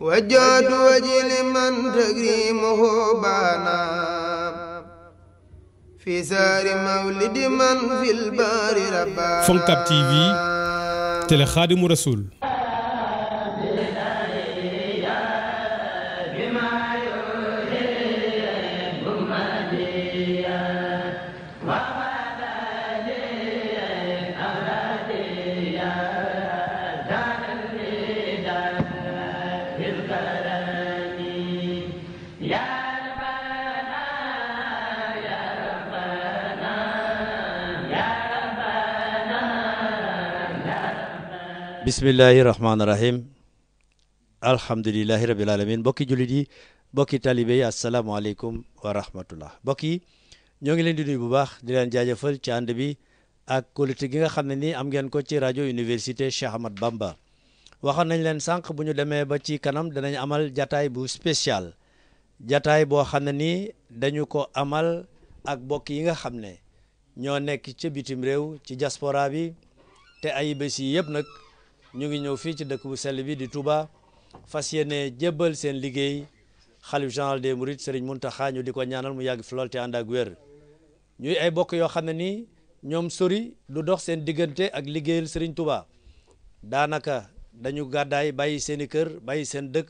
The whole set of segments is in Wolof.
وجاد وجل من تكريمه بانا في سار مولد من في البار ربانا فنكب تي في تلخادم رسول bismillahi rahmaani rahim alhamdulilahi rabil alamin mbokki jullit yi mbokki talibe yi asalaamaaleykum wa rahmatullah mbokk yi ñoo ngi leen di nuyu bu baax di leen jaajëfal ci ànd bi ak kóolute gi nga xam ne ni am ngeen ko ci rajo université Cheikh Ahmad Bamba waxoon nañ leen sànq bu ñu demee ba ci kanam danañ amal jataay bu special jataay boo xam ne ni dañu ko amal ak mbokk yi nga xam ne ñoo nekk ci bitim réew ci diaspora bi te ay bés yi yëpp ñu ngi ñëw fii ci dëkk bu sell bi di Touba fas yéene jébbal seen liggéey xalif général des Mourides Serigne Mountakha di ko ñaanal mu yàgg fi lool te ànd ak wér ñuy ay bokk yoo xam ne nii ñoom sori du dox seen diggante ak liggéeyal Serigne Touba daanaka dañu gàddaay bàyyi seen i kër bàyyi seen dëkk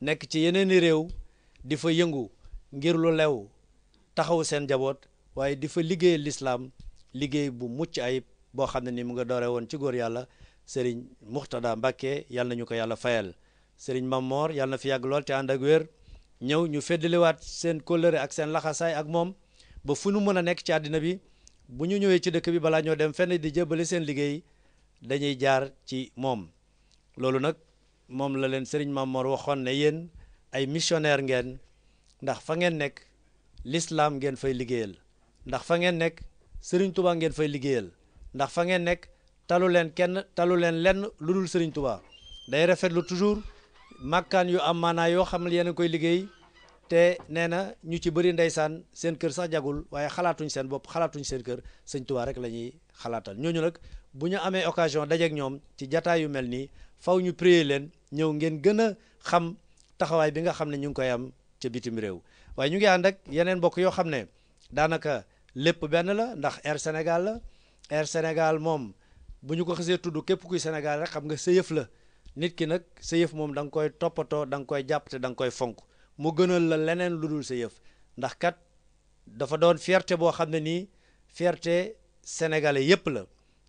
nekk ci yeneen i réew di fa yëngu ngir lu lew taxaw seen njaboot waaye di fa liggéeyal lislaam liggéey bu mucc ayib boo xam ne ni mu nga doore woon ci góor yàlla sëriñ Muxtada Mbàkke yàlla nañu ko yàlla fayal sëriñ Mamor yàlla na fi yàgg lool te ànd ak wér ñëw ñu feddaliwaat seen kóllëre ak seen laxasaay ak moom ba fu nu mën a nekk ci àddina bi bu ñu ñëwee ci dëkk bi balaa ñoo dem fenn di jébbale seen liggéey dañuy jaar ci moom loolu nag moom la leen sëriñ Mamor waxoon ne yéen ay missionnaire ngeen ndax fa ngeen nekk l'islam ngeen fay liggéeyal ndax fa ngeen nekk sëriñ Tuubaa ngeen fay liggéeyal ndax fa talu leen kenn talu leen lenn lu dul Serigne Touba day rafetlu toujours makkaan yu am maanaa yoo xam ne yéen a koy liggéey te nee na ñu ci bëri ndeysaan seen kër sax jagul waaye xalaatuñ seen bopp xalaatuñ seen kër Sëñ Touba rek la ñuy xalaatal ñooñu nag bu ñu amee occasion dajeek ñoom ci jataay yu mel nii faw ñu prier leen ñëw ngeen gën a xam taxawaay bi nga xam ne ñu ngi koy am ca bitim réew waaye ñu ngi ànd ak yeneen mbokk yoo xam ne daanaka lépp benn la ndax Air Sénégal la Sénégal moom. bu ñu ko xasee tudd képp kuy Sénégal rek xam nga sa yëf la nit ki nag sa yëf moom da nga koy toppatoo danga koy jàpp te da koy fonk mu gënal la leneen lu dul sa yëf ndax kat dafa doon fierté boo xam ne nii ferte sénégalais yépp la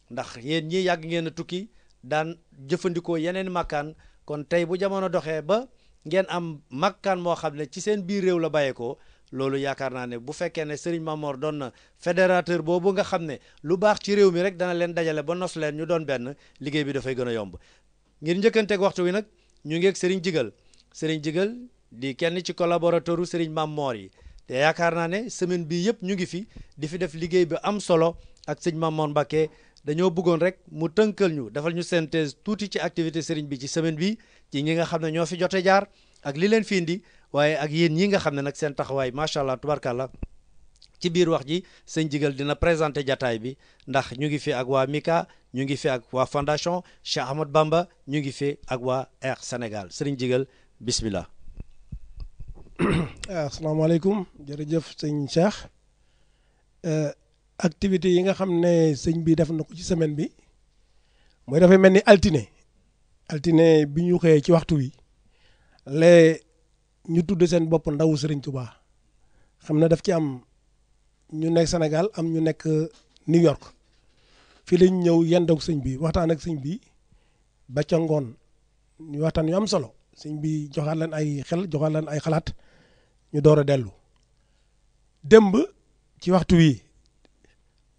ndax yéen ñi yàgg ngeen a tukki daan jëfandikoo yeneen makkan kon tey bu jamono doxee ba ngeen am makkaan moo xam ne ci seen biir réew la bàyyeekoo loolu yaakaar naa ne bu fekkee ne Serigne Mamor doon na fédérateur boobu nga xam ne lu baax ci réew mi rek dana leen dajale ba nos leen ñu doon benn liggéey bi dafay gën a yomb ngir njëkkanteek waxtu wi nag ñu ngi ak Serigne Jigal Serigne Jigal di kenn ci collaborateur u Serigne yi te yaakaar naa ne semaine bi yëpp ñu ngi fi di fi def liggéey bi am solo ak sëñ Mamor Mbacké dañoo bëggoon rek mu tënkal ñu defal ñu synthèse tuuti ci activité Serigne bi ci semaine bi ci ñi nga xam ne ñoo fi jote jaar ak li leen fi indi waaye ak yéen ñi nga xam ne nag seen taxawaay macha allah tubarkàlla ci biir wax ji sëñ Jigal dina présenté jataay bi ndax ñu ngi fi ak waa Mika ñu ngi fi ak waa fondation Cheikh Ahmad Bamba ñu ngi fi ak waa Air Sénégal sëriñ Jigal bismillah. Ah, asalaamaaleykum jërëjëf sëñ Cheikh eh, Activité yi nga xam ne sëñ bi def na ko ci semaine bi mooy dafay mel ni altine altine bi ñu xëyee ci waxtu wi les ñu tudd seen bopp ndawu Serigne Touba xam na daf ci am ñu nekk senegal am ñu nekk New York fii lañ ñëw yendoog sëñ bi waxtaan ak sëñ bi ba ca ngoon ñu waxtaan yu am solo sëñ bi joxaat leen ay xel joxaat leen ay xalaat ñu door a dellu démb ci waxtu wi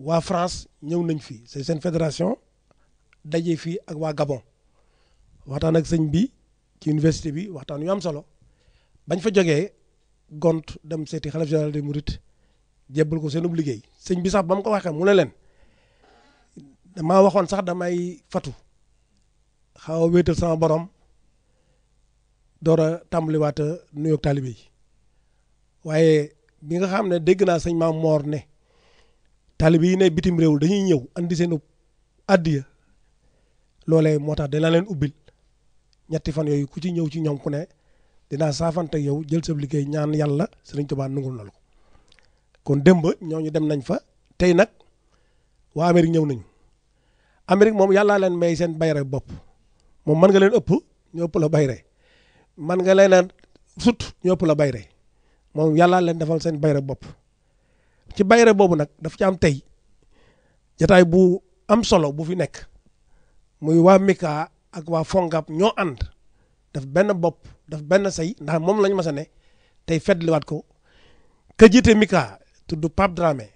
waa France ñëw nañ fi c'est seen fédération daje fii ak waa Gabon waxtaan ak sëñ bi ci université bi waxtaan yu am solo bañ fa jógee gont dem seeti xalif général de mourides jébbal ko seenub liggéey sëñ bi sax ba mu ko waxee mu ne leen dama waxoon sax damay fatu xaw a wéetal sama borom door a tàmbaliwaat nuyoog taalibe yi waaye bi nga xam ne dégg naa sëñ maam moor ne taalibe yi ne bitim réew dañuy ñëw andi seenub addiya loolee moo tax danaa leen ubbil ñetti fan yooyu ku ci ñëw ci ñoom ku ne dina saafante ak yow jël sa liggéey ñaan yàlla sëriñ Tuubaa nangul na la ko kon démb ñooñu dem nañ fa tey nag waa Amérique ñëw nañ Amérique moom yàllaa leen may seen bayre bopp moom mën nga leen ëpp ñu ëpp la bayre man nga leen a sut ñu ëpp la bayre moom yàllaa leen defal seen bayre bopp ci bayre boobu nag daf ci am tey jataay bu am solo bu fi nekk muy waa Mika ak waa Fongab ñoo ànd daf benn bopp daf benn say ndax moom lañu lañ masa ne tey fetliwaat ko ka jiite Mika tudd Pape Dramé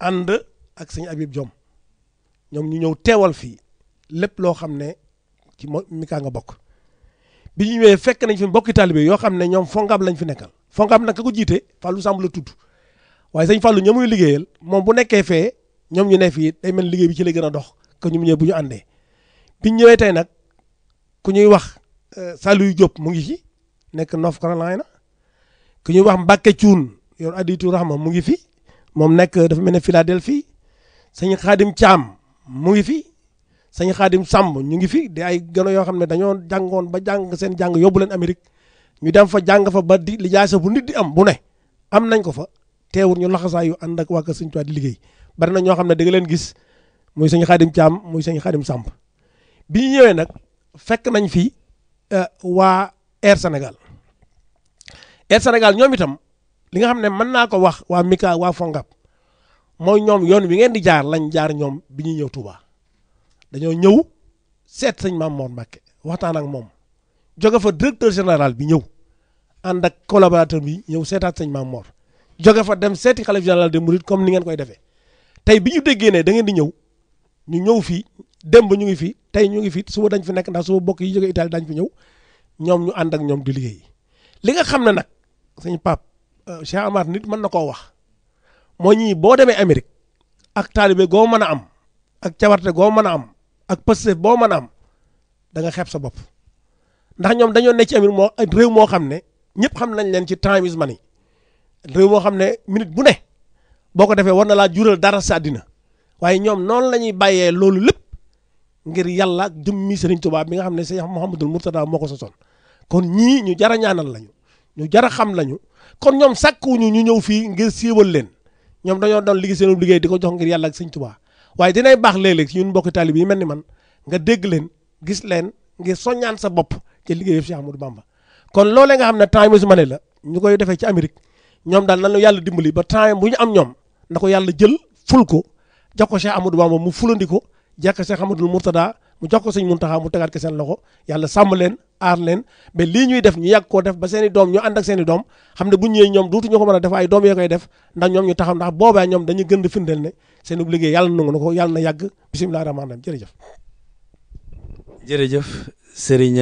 ànd ak sëñ Habib jom ñoom ñu ñëw teewal fii lépp loo xam ne ci Mika nga bokk bi ñu ñëwee fekk nañ fi mbokki taalibe yoo xam ne ñoom Fongab lañ fi nekkal Fongab nag ka ko jiite Fallou Samb la tudd waaye sëñ Fallou ñoo muy liggéeyal moom bu nekkee fee ñoom ñu ne fii day mel liggéey bi ci lay gën a dox que ñu ñëwee bu ñu àndee bi ñëwee tey nag ku ñuy wax Euh, Saliou jop mu ngi fi nekk North Carolina ku ñuy wax Mbacke Thioune yor Aditu Rahma mu ngi fi moom nekk dafa mel ne Philadelphie sëñ Xaadim Thiam mu ngi fi sëñ Xaadim Samb ñu ngi fi di ay gano yoo xam ne dañoo jàngoon ba jàng seen jàng yóbbu leen Amérique ñu dem fa jàng fa ba di lijaasa bu nit di am bu ne am nañ ko fa teewul ñu laxasaa yu ànd ak waa Kër liggéey bari na ñoo xam ne da leen gis muy sëñ Xaadim Thiam muy sëñ Xaadim Samb bi nag fekk nañ fii Euh, waa Air Sénégal Air Sénégal ñoom itam li nga xam ne mën naa ko wax waa Mika waa Fongab mooy ñoom yoon wi ngeen di jaar lañ jaar ñoom bi ñuy ñëw Touba dañoo ñëw seet sëñ Maam Mor Mbacke waxtaan ak moom jóge fa directeur général bi ñëw ànd ak collaborateur bi ñëw seetaat sëñ Maam moor jóge fa dem seeti xalif général de Mouride comme ni ngeen koy defee tey bi ñu déggee ne da ngeen di ñëw. ñu ñëw fii ba ñu ngi fi tey ñu ngi fi suba dañ fi nekk ndax suba bokk yi jóge Italie dañ fi ñëw ñoom ñu ànd ak ñoom di liggéey li nga xam ne nag suñu pap euh, Cheikh Amar nit mën na koo wax moo ñii boo demee Amérique ak taalibe goo mën a am ak cawarte goo mën a am ak pëstef boo mën a am da nga xeeb sa bopp ndax ñoom dañoo ne ci Amérique moo réew moo xam ne ñëpp xam nañ leen ci time is money réew moo xam ne minute bu ne boo ko defee war na laa jural dara sa àddina waaye ñoom noonu la ñuy bàyyee loolu lépp ngir yàlla ak jëmmi Sëriñ Tuubaa bi nga xam ne Seex Muhammadul Murtada moo ko sosoon kon ñii ñu jar a ñaanal lañu ñu jar a xam lañu kon ñoom sàkkuwuñu ñu ñëw fii ngir siiwal leen ñoom dañoo doon liggéey seenu liggéey di ko jox ngir yàlla ak Sëriñ Tuubaa waaye dinay baax léeg-léeg si ñun mbokki taalib mel ni man nga dégg leen gis leen ngir soññaan sa bopp ci liggéey yëpp Cheikh Bamba kon loolee nga xam ne temps yi musu la ñu koy defee ci Amérique ñoom daal nañu yàlla dimbali ba temps bu ñu am ñoom na ko yàlla jël ful ko jokko see Cheikh Amadou Bamba mu fulandi ko jox ko Cheikh Amadou Mourtada mu jox ko sëñ Muntaxa mu tegaat ko seen loxo yàlla sàmm leen aar leen ba lii ñuy def ñu yàgg koo def ba seeni doom ñu ànd ak seen i doom xam ne bu ñëwee ñoom duutu ñu ko mën a def ay doom yoo koy def ndax ñoom ñu taxaw ndax boobaa ñoom dañu gën di firndeel ne seen ub liggéey yàlla nangu na ko yàlla na yàgg bisimilah rahmaan rahim jërëjëf jërëjëf sëriñ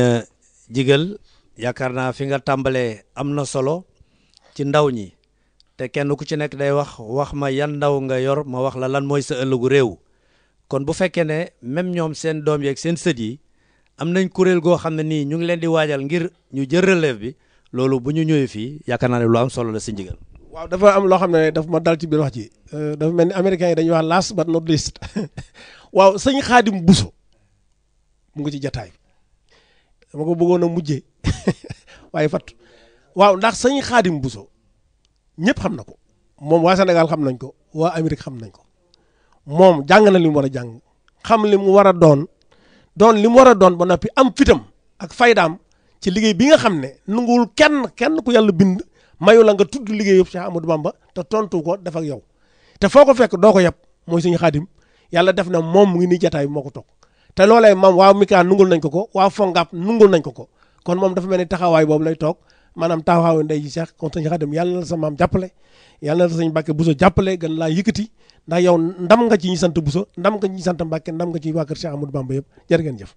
Jigal yaakaar naa fi nga tàmbalee am na solo ci ndaw ñi te kenn ku ci nekk day wax wax ma yan ndaw nga yor ma wax la lan mooy sa ëllëgu réew kon bu fekkee ne même ñoom seen doom yeeg seen sët yi am nañ kuréel goo xam ne nii ñu ngi leen di waajal ngir ñu jël relève bi loolu bu ñu ñëwee fii yaakaar naa ne lu am solo la si njigal waaw dafa am loo xam ne daf ma dal ci biir wax ji euh, dafa mel ni américains yi dañuy wax last but not least waaw sëñ Xaadim Buso mu ngi ci jataay dama ko bëggoon a mujjee waaye fat waaw ndax sëñ Xaadim Buso ñëpp xam na ko moom waa Sénégal xam nañ ko waa Amérique xam nañ ko moom jàng na li war a jàng xam li mu war a doon doon li mu war a doon ba noppi am fitam ak faydaam ci liggéey bi nga xam ne nanguwul kenn kenn ku yàlla bind mayul la nga tudd liggéey yëpp Cheikh Amadou Bamba te tontu ko defak yow te foo ko fekk doo ko yab mooy suñu xaadim yàlla def na moom mu ngi nii jataay bi moo ko toog te loolee moom waa Mika nungul nañ ko ko waa Fongap nungul nañ ko ko kon moom dafa mel ni taxawaay boobu lay toog maanaam taawaawu ndey ji Cheikh kon sëñ Xaadim yàlla la sa maam jàppale yàlla la sëñ Mbàkke Buso jàppale gën laa yëkkati ndax yow ndam nga ci ñi sant Buso ndam nga ci ñi sant Mbàkke ndam nga ci waa kër Cheikh Amadou Bamba yëpp jërë ngeen jëf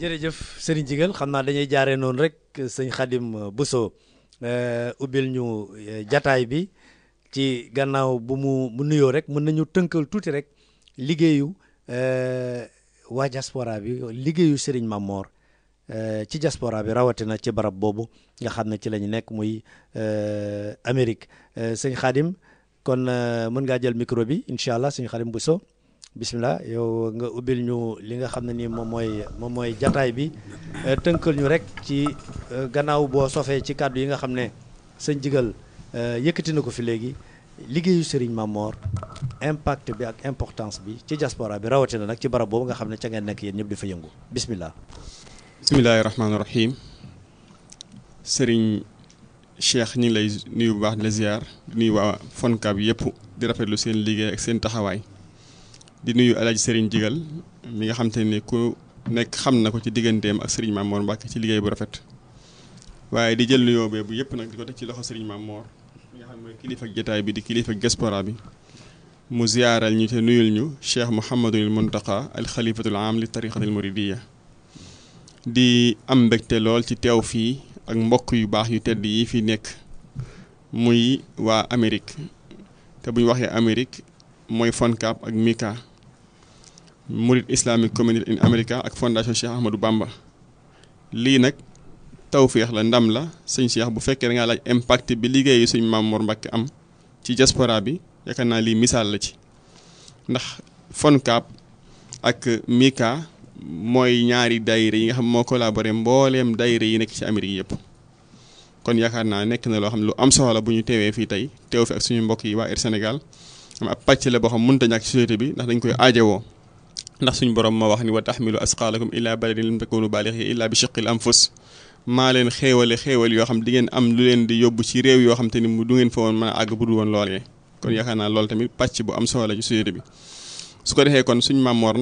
jërëjëf sëriñ Jigal xam naa dañuy jaare noonu rek sëñ xadim Buso euh, ubbil ñu euh, jataay bi ci gannaaw bu mu mu nuyoo rek mën nañu tënkal tuuti rek liggéeyu euh, waa diaspora bi liggéeyu sëriñ mamoor Eh, ci diaspora bi rawatina ci barab boobu nga xam ne ci la ñu nekk muy eh, Amérique eh, sëñ Xaadim kon mën ngaa jël micro bi incha allah sëñ Xaadim Bousso bisimilah yow nga ubbil ñu li nga xam ne nii moom mooy moom mooy jataay bi tënkal ñu rek ci gannaaw boo sofee ci kàddu yi nga xam ne sëñ Jigal yëkkati na ko fi léegi liggéeyu Serigne Mamor impact bi ak importance bi ci diaspora bi rawatina nag ci barab boobu nga xam ne ca ngeen nekk yéen ñëpp di fa yëngu bisimilah. bismillaahi rahmaani rahiim sëriñ Cheikh ñi lay nuyu bu baax di la ziar di nuyu waa Foncab yëpp di rafetlu seen liggéey ak seen taxawaay di nuyu alaaj sëriñ Jigal mi nga xam te ne ku nekk xam na ko ci digganteem ak sëriñ Maam Moor Mbàkke ci liggéey bu rafet waaye di jël nuyoo bee bu yëpp nag di ko teg ci loxo sëriñ Maam Moor mi nga xam mooy kilifa jotaay bi di kilifa diaspora bi mu ziyaaral ñu te nuyul ñu Cheikh Mouhamadul Muntaqa al xalifatul am li tariqatil muridiya di am mbégte lool ci teew fii ak mbokk yu baax yu tedd yi fi nekk muy waa Amérique te bu ñu waxee Amérique mooy FONCAB ak MICA Mouride Islamic Community in America ak fondation Cheikh Ahmadou Bamba lii nag tawféex la ndam la sëñ Cheikh bu fekkee da ngaa laaj impact bi liggéeyi suñ Maam Mor Mbacke am ci diaspora bi yaakaar naa lii misaal la ci ndax FONCAB ak MICA. mooy ñaari daayira yi nga xam moo ko collaboré mbooleem daayira yi nekk ci Amérique yëpp kon yaakaar naa nekk na loo xam lu am solo la bu ñu teewee fii tey teew fi ak suñu mbokk yi waa Air Sénégal am ab pàcc la boo xam mënut a ñàkk ci société bi ndax dañ koy aajowoo ndax suñu borom moo wax ni wa taxmilu asqaalakum ila baladin lam takunu baalixi illa bi shiqil anfus maa leen xéewale xéewal yoo xam di ngeen am lu leen di yóbbu ci réew yoo xam te ni mu du ngeen fa woon mën a àgg bu dul woon loolee kon yaakaar naa loolu tamit pàcc bu am solo la ci société bi su kon suñu Maam Moor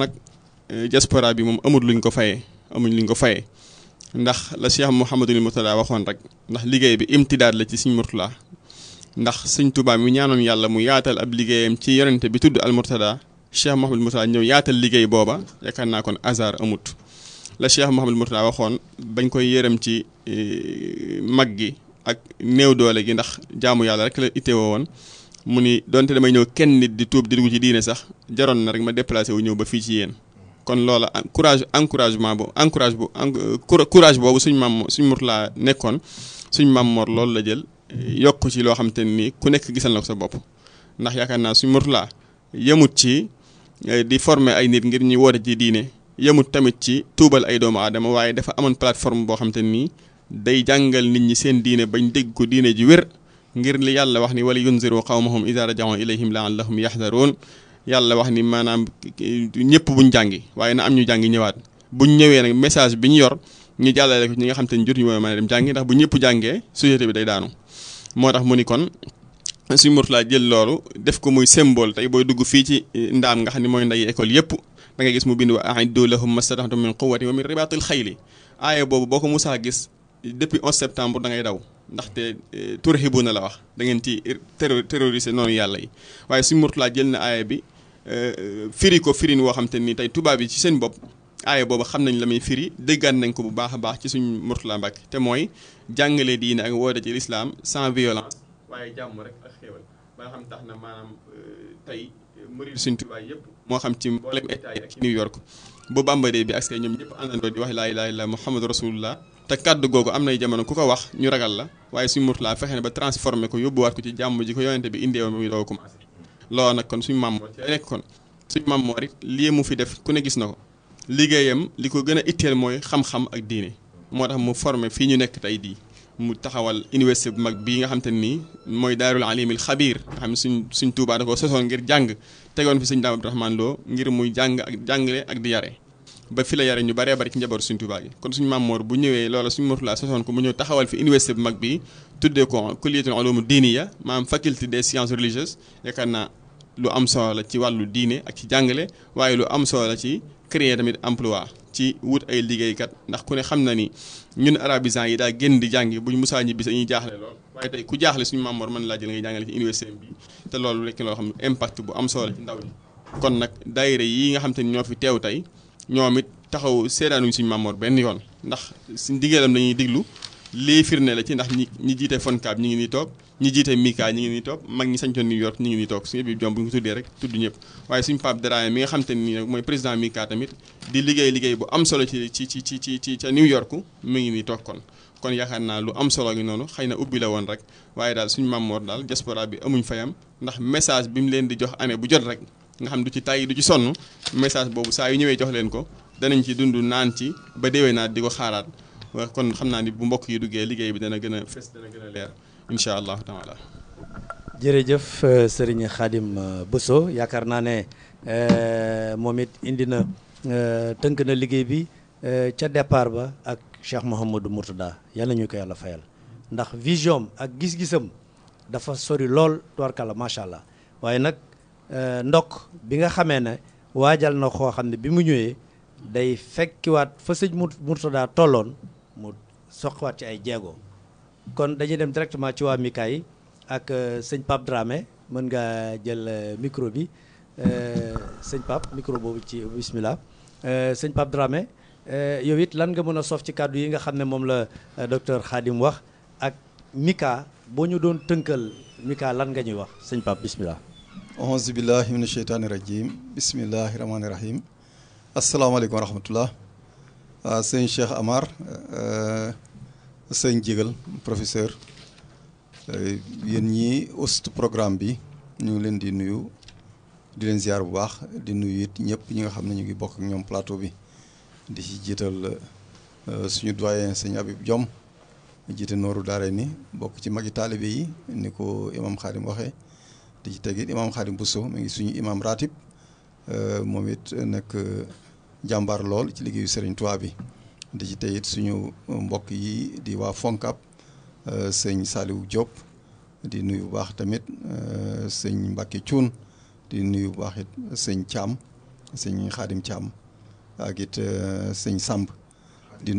diaspora bi moom amul luñ ko fayee amuñ luñ ko fayee ndax la Cheikh Mouhamadul Mourtada waxoon rek ndax liggéey bi imtidaad la ci Sëñ murtala ndax Sëñ Tuubaa mi ñaanoon yàlla mu yaatal ab liggéeyam ci yonente bi tudd al murtada Cheikh Mouhamadul Mourtada ñëw yaatal liggéey booba yaakaar naa kon hasard amut la Cheikh Mouhamadul Mourtada waxoon bañ koy yërëm ci mag gi ak néew doole gi ndax jaamu yàlla rek la itteewoo woon mu ni donte damay ñëw kenn nit di tuub di dugg ci diine sax jaroon na rek ma déplacé wu ñëw ba fii ci yéen kon loola courage encouragement bo encourage bo courage boobu suñ mam suñ Mourtala nekkoon suñ mam Mor loolu la jël yokk ci loo xam ni ku nekk gisal na ko sa bopp ndax yaakaar naa suñ Mourtala yemut ci di former ay nit ngir ñi woote ci diine yemut tamit ci tuubal ay doomu aadama waaye dafa amoon plateforme boo xam te day jàngal nit ñi seen diine bañ dégg ko diine ji wér ngir li yàlla wax ni wala yunziru qawmahum ida raja'u ilayhim la'allahum yaxdaruun yàlla wax ni maanaam ñëpp buñ jàngi waaye na am ñu jàngi ñëwaat buñ ñëwee nag message bi ñu yor ñu jàllale ko ñi nga xam te ne jot ñu mooy mën a dem jàngi ndax bu ñëpp jàngee société bi day daanu moo tax mu ni kon suñu murtulaa jël loolu def ko muy symbole tey booy dugg fii ci ndaam nga xam ne mooy nday école yëpp da ngay gis mu bind wa a'iddu lahum mastata'tum min quwwatin wa min ribatil xayli aaya boobu boo ko musaa gis depuis 11 septembre da ngay daw ndaxte turhibuna la wax da ngeen ci terroriser noonu yàlla yi waaye suñ murtulaa jël na aaya bi firi ko firin woo xam te ni tey tubaab yi ci seen bopp aaya boobu xam nañ la muy firi déggaan nañ ko bu baax a baax ci suñ murtulaa mbàkk te mooy jàngale diine ak woote ci lislaam sans violence waaye jàmm rek ak xéewal ba xam tax na maanaam tey murid suñ tubaab yëpp moo xam ci mboolem état yi ak New York bu bambadee bi ak ñoom ñëpp àndandoo di wax laa ilaaha illallaah Muhammadu Rasulullah te kàdd googu am na nay jamono ku ko wax ñu ragal la waaye suñ murtalaa fexe ne ba transformé ko yóbbu yóbbuwaat ko ci jàmm ji ko yonente bi indee woon muy doo commencé loolu nag kon suñu maam moor ci suñ maam moor it lii mu fi def ku ne gis na ko liggéeyam li ko gën a itteel mooy xam-xam ak diine moo tax mu formé fii ñu nekk tey di mu taxawal université bu mag bii nga xam te nii mooy daarul alimil xabiir nga xam ne suñ suñ tuubaa da ko sosoon ngir jàng tegoon fi suñ daam abdourahman loo ngir muy jàng ak jàngale ak di yare ba fi la yare ñu baree bari ci njaboot suñ Tuubaa yi kon suñu maam Mor bu ñëwee loola suñu Murtala sosoon ko mu ñëw taxawal fi université bu mag bi tuddee ko kulliyatul ulum diiniya maanaam faculté des sciences religieuses yaakaar naa am solo la ci wàllu diine ak ci jàngale waaye lu am solo la ci créer tamit emploi ci wut ay liggéeykat ndax ku ne xam na ni ñun arabisants yi daa génn di jàngi buñ musaa ñibbi dañuy jaaxle lool waaye tey ku jaaxle suñu Maam Mor mën laa jël ngay jàngale ci université bi te loolu rekk loo xam impact bu am solo ci ndaw ñi kon nag daayira yi nga xam te ni ñoo fi teew tey ñoom it taxaw seedaanuñ suñ Mame benn yoon ndax suñ diggeelam dañuy diglu lii firnde la ci ndax ñi ñi jiite FONCAB ñi ngi nii toog ñi jiite Mika ñi ngi nii toog mag ñi sañ New ñi ngi ñu ko tuddee rek tudd ñëpp waaye suñ Pape Dramé mi nga xam te nii nag mooy Mika tamit di liggéey liggéey bu am solo ci ci ci ci ci ca New York mi ngi nii toog kon kon yaakaar naa lu am solo gi noonu xëy na ubbi la woon rek waaye daal suñu Mame Mor daal diaspora bi amuñ fayam ndax message bi mu leen di jox année bu jot rek nga xam du ci tàyyi du ci sonn message boobu saa yu ñëwee jox leen ko danañ ci dund naan ci ba déwee naat di ko xaaraat kon xam naa ni bu mbokk yi duggee liggéey bi dana gën a fes dana gën a leer incha allahu taala jërëjëf euh, sëriñ Khadim euh, Bousso yaakaar naa ne euh, moom it indi na tënk na liggéey bi ca départ ba ak Cheikh Mouhamadou Mourtada yàlla ñu ko yàlla fayal ndax vision ak gis-gisam dafa sori lool tubarkalla macha allah waaye nag Euh, ndok bi nga xamee ne waajal na koo xam bi mu ñëwee day fekkiwaat fa sëñ murtada tolloon mu soqwaat ci ay jeego kon dañuy dem directement ci waa mika ak euh, sëñ Pape Dramé mën nga jël euh, micro bi sëñ Pape micro boobu ci bismillah sëñ Pape Dramé yow it lan nga mën sof soof ci kàddu yi nga xam ne la docteur Khadim wax ak mika boo doon tënkal mika lan nga ñuy wax sëñ pap bismillah auzu billahi min asheytaani rajim bismillahi rahmaani rahim asalaamaaleykum wa rahmatullah uh, sëñ Cheikh Amar uh, sëñ Jigal professeur uh, yéen ñi Ust Program bi ñu ngi di nuyu di leen ziar bu di nuyu it ñëpp ñi nga xam ne ñu ngi bokk ak ñoom bi di ci jiital suñu doyen sëñ Habib Diom jiite nooru daare ni bokk ci magi taalibe yi ni imam Xaadim Wahai. di ci tegit imaam Xaadim Bousso mu ngi suñu imaam ratib euh, moom it nekk euh, jàmbaar lool ci liggéeyu Serigne Touba bi di ci teyit suñu mbokk yi di waa Foncap euh, sëñ Saliou Diop di nuyu bu baax tamit sëñ Mbacke Cuun di nuyu bu it sëñ Thiam sëñ Xaadim Thiam ak it sëñ Samb di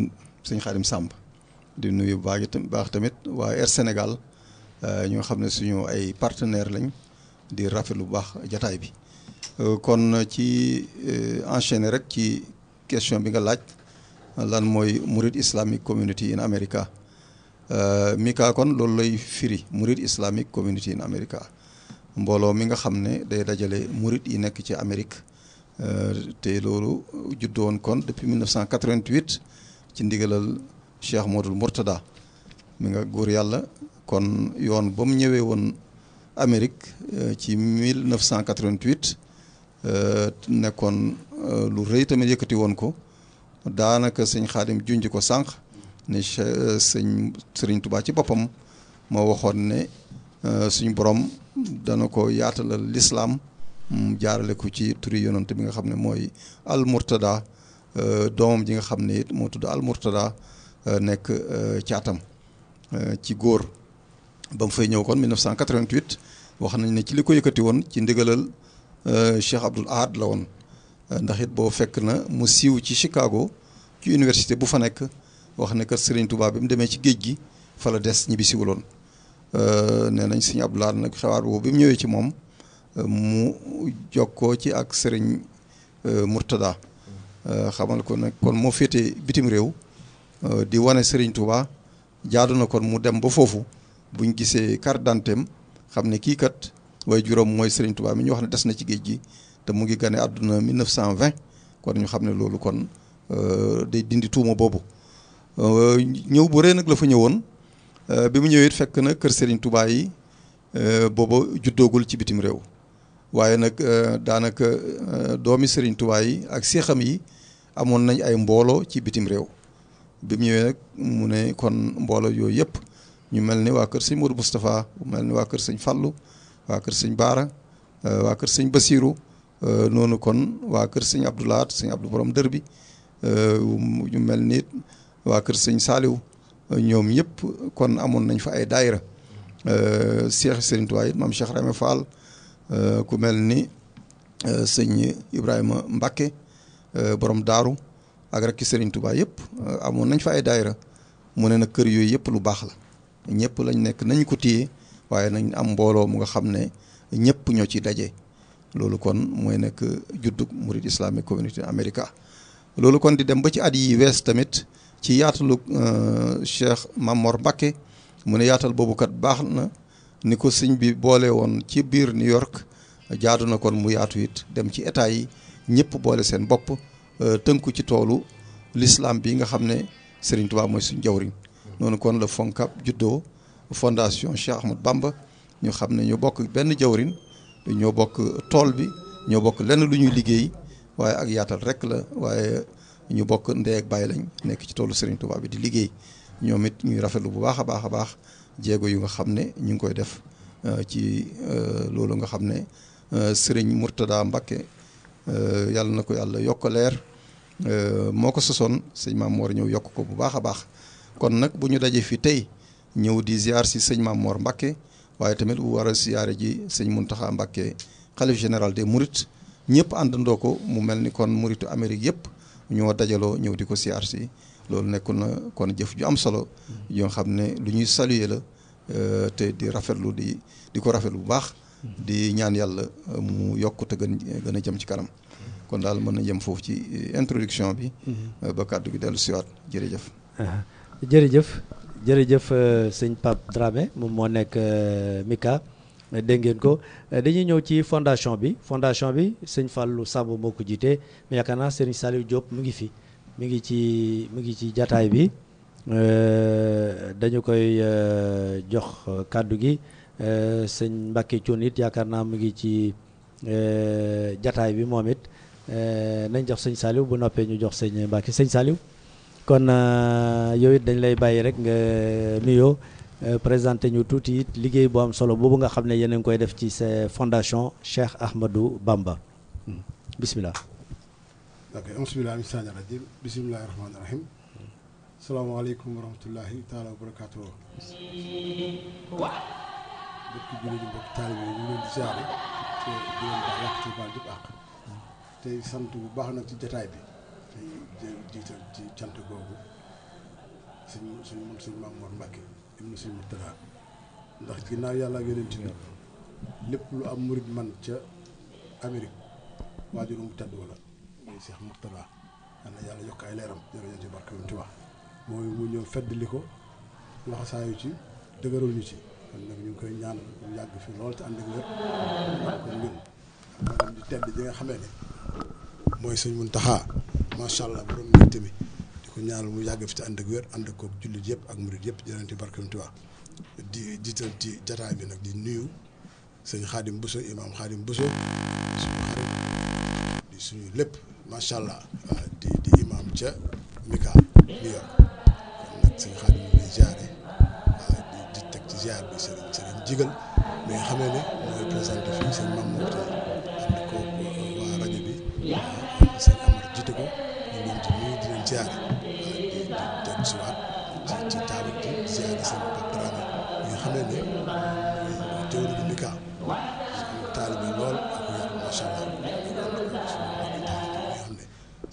sëñ Xaadim Samb di nuyu bu baax tamit waaye Air Sénégal ñoo xam ne suñu ay partenaires lañ di rafet lu baax jataay bi euh, kon ci euh, enchaîner rek ci question bi nga laaj lan mooy Murid Islamic Community in America euh, Mika kon loolu lay firi Murid Islamic Community in America mbooloo mi nga xam ne day dajale murid yi nekk ci Amérique te loolu juddoon kon depuis 1988 ci ndigalal Cheikh Modou Mourtada mi nga góor yàlla kon yoon ba mu ñëwee woon Amérique euh, ci 1988 euh, nekkoon euh, lu rëy tamit yëkkati woon ko daanaka sëñ Xaadim junj ko sànq ne sëñ Sëriñ Tuubaa ci boppam moo waxoon ne suñu borom dana ko yaatalal lislaam jaarale ko ci turi yonent bi nga xam ne mooy al murtada doomam ji nga xam ne it moo tudd al murtada nekk caatam ci góor. ba mu fay ñëw kon 1988 wax nañ ne ci li ko yëkkati woon ci ndigalal euh, Cheikh Abdoul Ahad la woon euh, ndax it boo fekk na mu siiw ci Chicago ci université bu fa nekk wax ne kat Serigne Touba bi mu demee ci géej gi fa des ñibbi siwuloon euh, nee nañ Serigne Abdoul nag xewaar bi mu ñëwee ci moom mu jokkoo ci ak Serigne Mourtada xamal ko nag kon moo féete bitim réew di wane Serigne Touba jaadu na kon mu dem ba foofu. buñ gisee carte d'identité xam ne kii kat waaye juróom mooy Serigne Touba mi ñu wax ne des na ci géej gi te mu ngi gane àdduna 1920 kon ñu xam ne loolu kon euh, day dindi tuuma boobu euh, ñëw bu ree nag la fa ñëwoon euh, bi mu ñëwee fekk na kër Serigne Touba yi booba juddoogul ci bitim réew waaye nag daanaka doomi Serigne Touba ak seexam yi amoon nañ ay mbooloo ci bitim réew bi mu ñëwee nag mu ne kon mbooloo yooyu yëpp. ñu mel ni waa kër sëñ Mourou Moustapha mel ni waa kër sëñ Fallou waa kër sëñ Baara euh, waa kër sëñ Basirou euh, noonu kon waa kër sëñ Abdoulaat sëñ Abdou Borom dër bi euh, ñu mel ni waa kër sëñ Saliou ñoom yëpp kon amoon nañ fa ay daayira Cheikh Serigne Touba it maam Cheikh Rahma Fall ku mel ni sëñ Ibrahima Mbacke borom daaru ak rakki Serigne Touba yëpp amoon nañ fa ay daayira mu ne nag kër yooyu yëpp lu baax la. ñëpp lañ nekk nañ ko téye waaye nañ am mbooloo mu nga xam ne ñëpp ñoo ci daje loolu kon mooy nekk juddug Mouride Islamic Community America loolu kon di dem ba ci at yi wees tamit ci yaatalu euh, Cheikh Mamor Mbacké mu ne yaatal boobu kat baax na ni ko sëñ bi boole woon ci biir New York jaadu na kon mu yaatu it dem ci état yi ñëpp boole seen bopp euh, tënku ci toolu l'islam bi nga xam ne Serigne Touba mooy suñ jawriñ noonu kon la FONCAB juddoo fondation Cheikh Ahmad Bamba ñu xam ne ñu bokk benn jawrin ñoo bokk tool bi ñoo bokk lenn lu ñuy liggéey waaye ak yaatal rek la waaye ñu bokk ndey ak bàyyi lañ nekk ci toolu Serigne Touba bi di liggéey ñoom it ñuy rafetlu bu baax a baax a baax jéego yu nga xam ne ñu ngi koy def euh, ci euh, loolu nga xam ne euh, Serigne Mourtada Mbacké yàlla na ko yàlla yokk leer moo ko sosoon sëñ maam war ñëw yokk ko bu baax a baax. kon nag bu ñu dajee fi tey ñëw di ziar si sëñ Maam Mor Mbacke waaye tamit bu war a ziare ji sëñ Mountakha Mbacke xalif général des Mourides ñëpp àndandoo ko mu mel ni kon Mourides Amérique yëpp ñoo dajaloo ñëw di ko ziar si loolu nekk na kon jëf ju am solo yoo xam ne lu ñuy saluer la euh, te di rafetlu di di ko rafetlu bu baax. di ñaan yàlla euh, mu yokkute gën gën jëm ci kanam. kon daal mën na jëm foofu ci euh, introduction bi. Mhm. ba kàddu gi dellu siwaat jërëjëf. jërëjëf jërëjëf euh, sëñ pap Dramé moom moo nekk euh, Mika euh, dégg ngeen ko dañuy ñëw ci fondation bi fondation bi sëñ Fallou Samb moo ko jiite mais yaakaar naa sëriñ Saliou Diop mu ngi fi mu ngi ci mu ngi ci jataay bi dañu koy jox kàddu gi sëñ Mbacke Thioune it yaakaar naa mu ngi ci jataay bi moom it nañ jox sëñ Saliou bu noppee ñu jox sëñ Mbacke sëñ Saliou kon euh, yow it dañ lay bàyyi rek nga euh, nuyoo euh, présenté ñu tuuti it liggéey bu am solo boobu nga xam ne yéen a ngi koy def ci sa fondation Cheikh Ahmadou Bamba hmm. bisimilah. ok bisimilah misaani rajim bisimilahi rahmaani rahim salaamaaleykum wa rahmatullahi taala wa barakaatu. mbokk jullit yi mbokk taalibe yi ñu leen di ziare te di leen baax yàq ci baal di baax te sant bu baax nag ci jotaay bi. jiital ci cant googu suñu suñu mën suñu maam Mor Mbacke ibnu suñu Murtada ndax ginnaaw yàlla ak yonent bi lépp lu am murid man ca Amérique waajurum tedd wala muy Seex Murtada yal na yàlla yokk ay leeram jërëjëf ci barke bi Tuubaa mooy mu ñëw feddali ko laxasaayu ci dëgëral ci kon nag ñu ngi koy ñaan yàgg fi lool te ànd ak lépp ko ñun di tedd ji nga xamee ne mooy sëñ Muntaxa macha allah borom mbégte mi di ko ñaanal mu yàgg fi ci ànd ak wér ànd ak koog jullit yëpp ak murit yëpp jërë ci barkeem Tuubaa di jiital ci jataay bi nag di nuyu sëñ Xaadim Bousso imaam Xaadim Bousso suñu xarit di suñu lépp macha allah ah, di di imaam ca Mika New York nag sëñ Xaadim ñu ngi ziare di di teg ci ziar bi sëriñ jigal mais xamee ne mooy présenté fii sëñ Maam Moor sëñ Amar jiite ko ñu leen di nuyu di leen di di dem si waat ci ci taabal bi ziare seen lool ak yar macha xam ne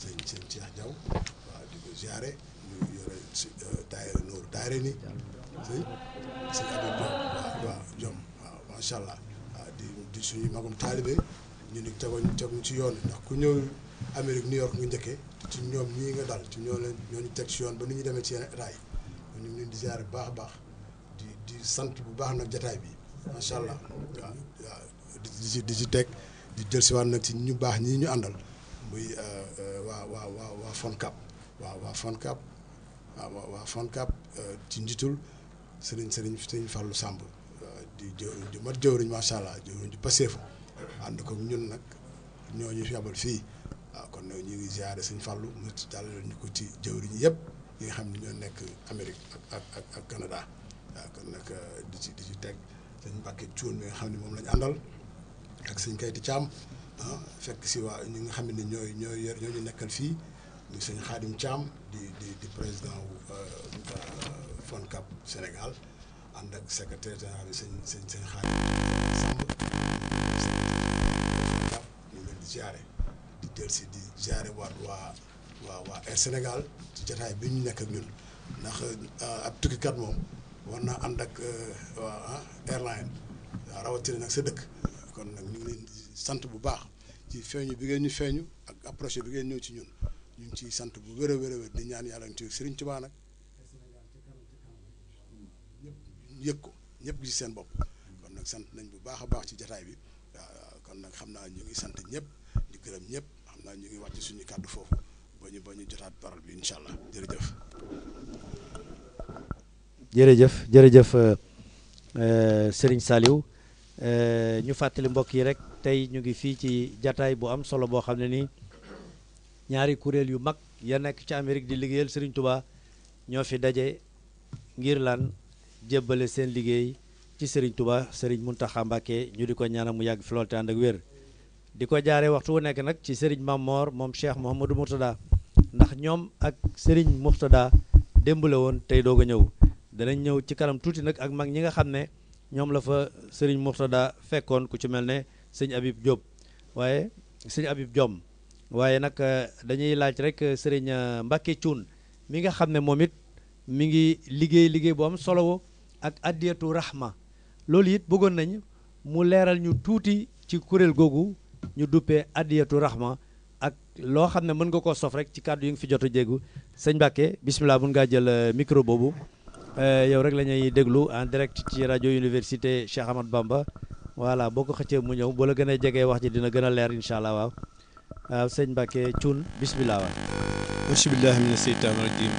sëñ sëñ Cheikh di ko ziare ñu yore si euh, daayira Nooru Daarayni sëñ allah di di magum taalibe ñu ni teguñ teguñ ci yoon ndax ku ñëw Amérique New York nga njëkkee ci ñoom ñii nga dal ci ñoo leen ñoo teg ci yoon ba nu ñu demee ci yeneen état yi ñu ngi leen di ziare bu baax baax di di sant bu baax nag jataay bi macha allah waaw waaw di ci teg di jël si waat nag ci ñu baax ñii ñu àndal muy euh, euh, waa waa waa waa FONCAP waaw waa FONCAP euh, ci njiitul sëriñ sëriñ sëriñ Fallou Samb di jëwriñ ju mat jëwriñ macha allah jëwriñ ju paseefu ànd ko ñun nag ñoo ñu fi yabal fii waaw ah, kon nag ñu ngi ziare sëñ Fallu mu jàllale ñu ko ci jëwriñ yëpp yi xam ne nekk Amérique ak ak ak Canada ah, kon nag ah, di ci di ci teg sëñ Mbàkke Cuun mi xam ne moom lañ àndal ak sëñ Kayti Caam fekk si waa ñi nga xam ne ñooy ñooy yor ñoo ñu nekkal fii ñu sëñ Xaadim Caam di di di président wu FONCAB Sénégal ànd ak secrétaire général bi sëñ Xaadim Samb ziare di del si di ziare waat waa waa waa Air Sénégal ci jataay bi ñu nekk ak ñun ndax euh, ab tukkikat moom war naa ànd ak euh, waa ah, airline waaw rawatina nag sa dëkk kon nag ñu ngi leen sant bu baax ci feeñu bi ngeen ñu feeñu ak approche bi ngeen ñëw ci ñun ñu ngi ciy sant bu wér a wér a wér di ñaan yàlla ñu ci Serigne Touba nag yëg ko ñëpp gis seen bopp kon nag sant nañ bu baax a baax ci jataay bi kon nag xam naa ñu ngi sant ñëpp gërëm ñëpp xam naa ñu ngi wàcc suñu kàddu foofu ba ñu ba ñu jotaat parole bi incha allah jërëjëf. jërëjëf sëriñ euh, euh, Serigne Saliou euh, ñu fàttali mbokk yi rek tey ñu ngi fii ci jataay bu am solo boo xam ne ni ñaari kuréel yu mag ya nekk ci Amérique di liggéeyal Serigne Touba ñoo fi daje ngir lan jébbale seen liggéey ci Serigne Touba Serigne Mountakha Mbacké ñu di ko ñaanal mu yàgg fi ànd ak wér. di ko jaaree waxtu wu nekk nag ci Serigne Mamor moom Cheikh Mouhamadou Mourtada ndax ñoom ak Serigne Mourtada démb la woon tey doog a ñëw danañ ñëw ci kanam tuuti nag ak mag ñi nga xam ne ñoom la fa Serigne Mourtada fekkoon ku ci mel ne sëñ Habib Diop waaye sëñ abib jom waaye nag euh, dañuy laaj rek euh, sëriñ euh, Mbacke Thioune mi nga xam ne moom it mi ngi liggéey liggéey bu am solo ak addiyatu rahma loolu it bëggoon nañ mu leeral ñu tuuti ci kuréel googu. ñu duppee adiyatu rahma ak loo xam ne mën nga koo sof rek ci kàddu yi nga fi jot a jéegu sëñ Mbacke bisimilah mun ngaa jël euh, micro boobu euh, yow rek la déglu en direct ci rajo université Cheikh Ahmad Bamba voilà boo ko xëccee mu ñëw boo la gën a jegee wax ji dina gën a leer incha allah waaw sëñ Mbacke Thioune bisimilah waaw. bisimilah mina seytaan rajim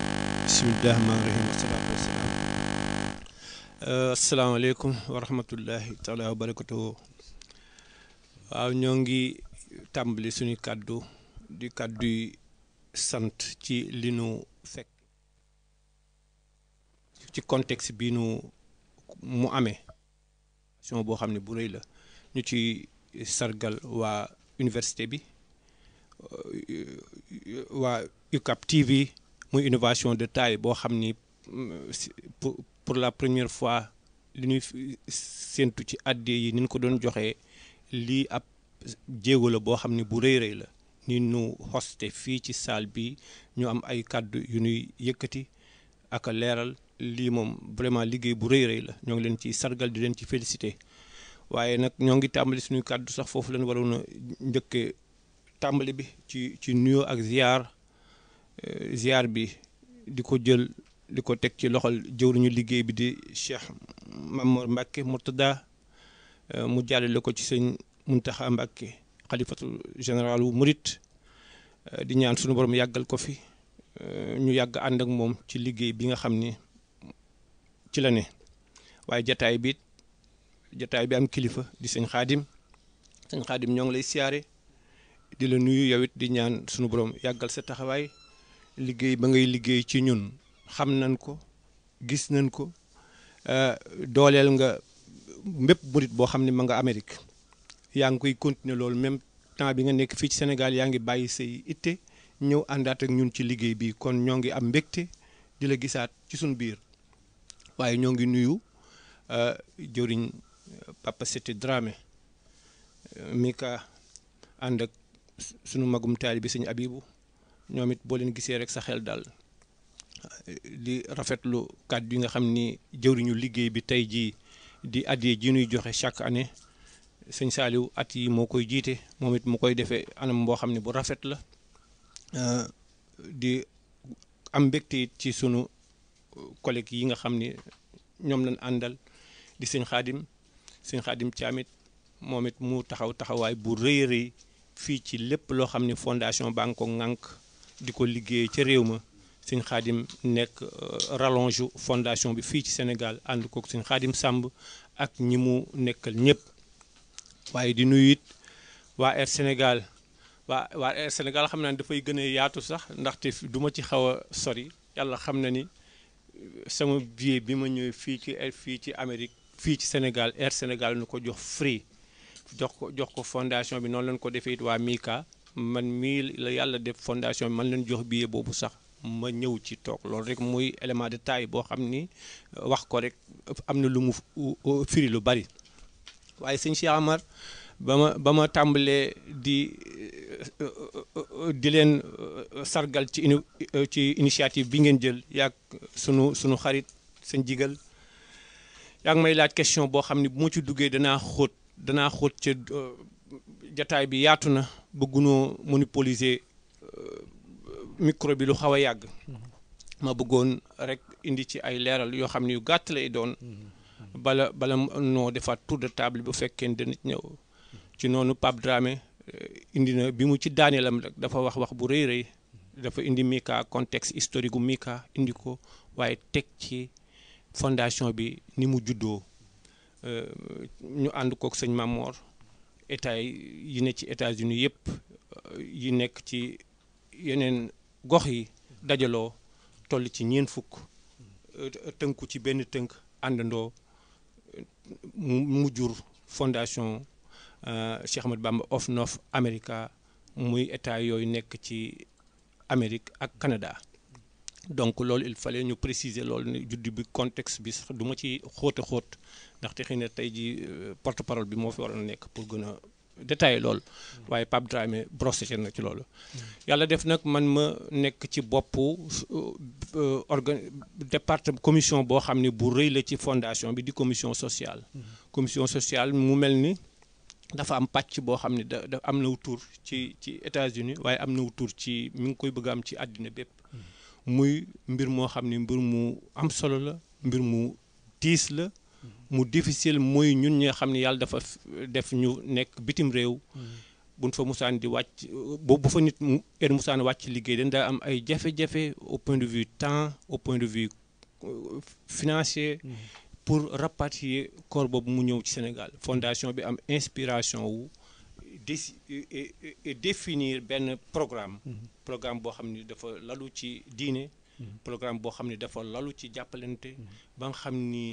bisimilah rahmaani rahim wasalaatu wasalaam euh, asalaamaaleykum wa rahmatullahi taala wa waaw ñoo ngi suñu cadeau di cadeau sante ci li ñu fek ci contexte bi ñu mu amé sion bo xam bu reuy la ñu ci sargal wa université bi euh, wa ukap TV muy innovation de taille bo xam pour la première fois li ñuy ci addé yi ñu ko lii ab jéego la boo xam ne bu rëy rëy la ni nu hoste fii ci saal bi ñu am ay kàddu yu nuy yëkkati ak leeral lii moom vraiment liggéey bu rëy rëy la ñoo ngi leen ci sargal di leen ci félicité waaye nag ñoo ngi tàmbali suñuy kàddu sax foofu leen waroon a njëkkee tàmbali bi ci ci nuyoo ak ziar euh, ziar bi di ko jël di ko teg ci loxol jëwriñu liggéey bi di Cheikh Mamour Mbacke Euh, mu jàllale ko ci sëñ Muntaxa Mbàkke xalifatul général wu murit euh, di ñaan suñu borom yàggal ko fi euh, ñu yàgg ànd ak moom ci liggéey bi nga xam ni ci la ne waaye jataay bi jataay bi am kilifa di sëñ xaadim sëñ xaadim ñoo ngi lay siyaare di la nuyu yowit di ñaan suñu borom yàggal sa taxawaay liggéey ba ngay liggéey ci ñun xam nañ ko gis nañ ko dooleel nga mbépp burit boo xam ne ma nga Amérique yaa ngi koy continuer loolu même temps bi nga nekk fii ci Sénégal yaa ngi bàyyi say itte ñëw ak ñun ci liggéey bi kon ñoo ngi am mbégte di la gisaat ci sun biir waaye ñoo ngi nuyu euh, jëriñ euh, Papa Cité Dramé euh, mika ka ànd ak sunu magum taali bi sëñ Abibu ñoom it boo leen gisee rek sa xel dal di rafetlu kàddu yi nga xam ni jëwriñu liggéey bi tey jii di addiye ji nuy joxe chaque année sëñ Saliou at yi moo koy jiite moom it mu koy defee anam boo xam ne bu rafet la euh, di am mbégte it ci sunu collègue yi nga xam ne ñoom lañ àndal di sëñ Xaadim sëñ Xaadim Caamit moom it mu taxaw taxawaay bu rëy rëy fii ci lépp loo xam ne fondation baa nga ko ŋànk di ko liggéey ca réew ma sëñ xaadim nekk euh, ralonge fondation bi fii ci Sénégal ànd kook sëñ xaadim Samb ak ñi mu nekkal ñépp waaye di nuyu it waa Air Sénégal waa waa Air Sénégal xam naa ni dafay gëna yaatu sax ndaxte duma ci xaw a sori yàlla xam na ni euh, sama billet bi ma ñëw fii ci fii ci Amérique fii ci Sénégal Air Sénégal nu ko jox free jox ko jox ko fondation bi noonu lañ ko defee it waa Mika man mii la yàlla def fondation bi man leen jox billet boobu sax ma ñëw ci toog loolu rek muy élément de taille boo xam ni euh, wax ko rek am na lu mu firi lu bari waaye sëñ Cheikh Amar ba ma ba ma tàmbalee di euh, euh, di leen sargal ci ci initiative bi ngeen jël yaag sunu sunu xarit sëñ jigal yaa may laaj question boo xam ne bu ma ci duggee danaa xóot danaa xóot ca jataay bi yaatu na bëggunoo monopoliser micro lu xaw a yàgg mm-hmm. ma bëggoon rek indi ci ay leeral yoo xam ne yu gàtt lay doon mm-hmm. bala bala noo defaat tour de table bu fekkee dana ñëw ci noonu Pape Dramé eh, indi na bi mu ci daaneelam rek dafa wax wax bu rëy rëy dafa indi Mika contexte historique gu Mika indi ko waaye teg ci fondation bi ni mu juddoo eh, ñu ànd kook sëñ Mamor état yi ne ci États-Unis yëpp eh, yi nekk ci yeneen gox yi dajaloo toll ci ñeen fukk euh, tënku ci benn tënk àndandoo mu jur fondation euh, Cheikh ahmad Bamba of North America muy état yooyu nekk ci Amérique ak Canada donc loolu il fallait ñu préciser loolu ni juddi bi contexte bi sax du ma ci xóota xóot ndaxte xëy na tey ji euh, porte parole bi moo fi waroon nekk pour gën a détaillé loolu waaye Pape Dramé brossé ci nag ci loolu yàlla def nag man ma nekk ci boppu euh, euh, organ département commission boo xam ne bu rëy la ci fondation bi di commission sociale commission sociale mu mel ni dafa am pàcc boo xam ne da am na wutur ci ci États-Unis waaye am na wutur ci mu ngi koy bëgg am ci àddina bépp muy mbir moo xam ne mbir mu am solo la mbir mu diis la mu difficile muy ñun ñi nga xam ne yàlla dafa def ñu nekk bitim réew. buñ fa musaan di wàcc bu fa nit heure musaan wàcc liggéey dañ daa am ay jafe-jafe au point de vue temps au point de vue euh, financier pour rapatrier corps boobu mu ñëw ci Sénégal fondation bi am inspiration wu dés et définir benn programme programme boo xam ni dafa lalu ci diine programme boo xam ni dafa lalu ci jàppalante ba nga xam ni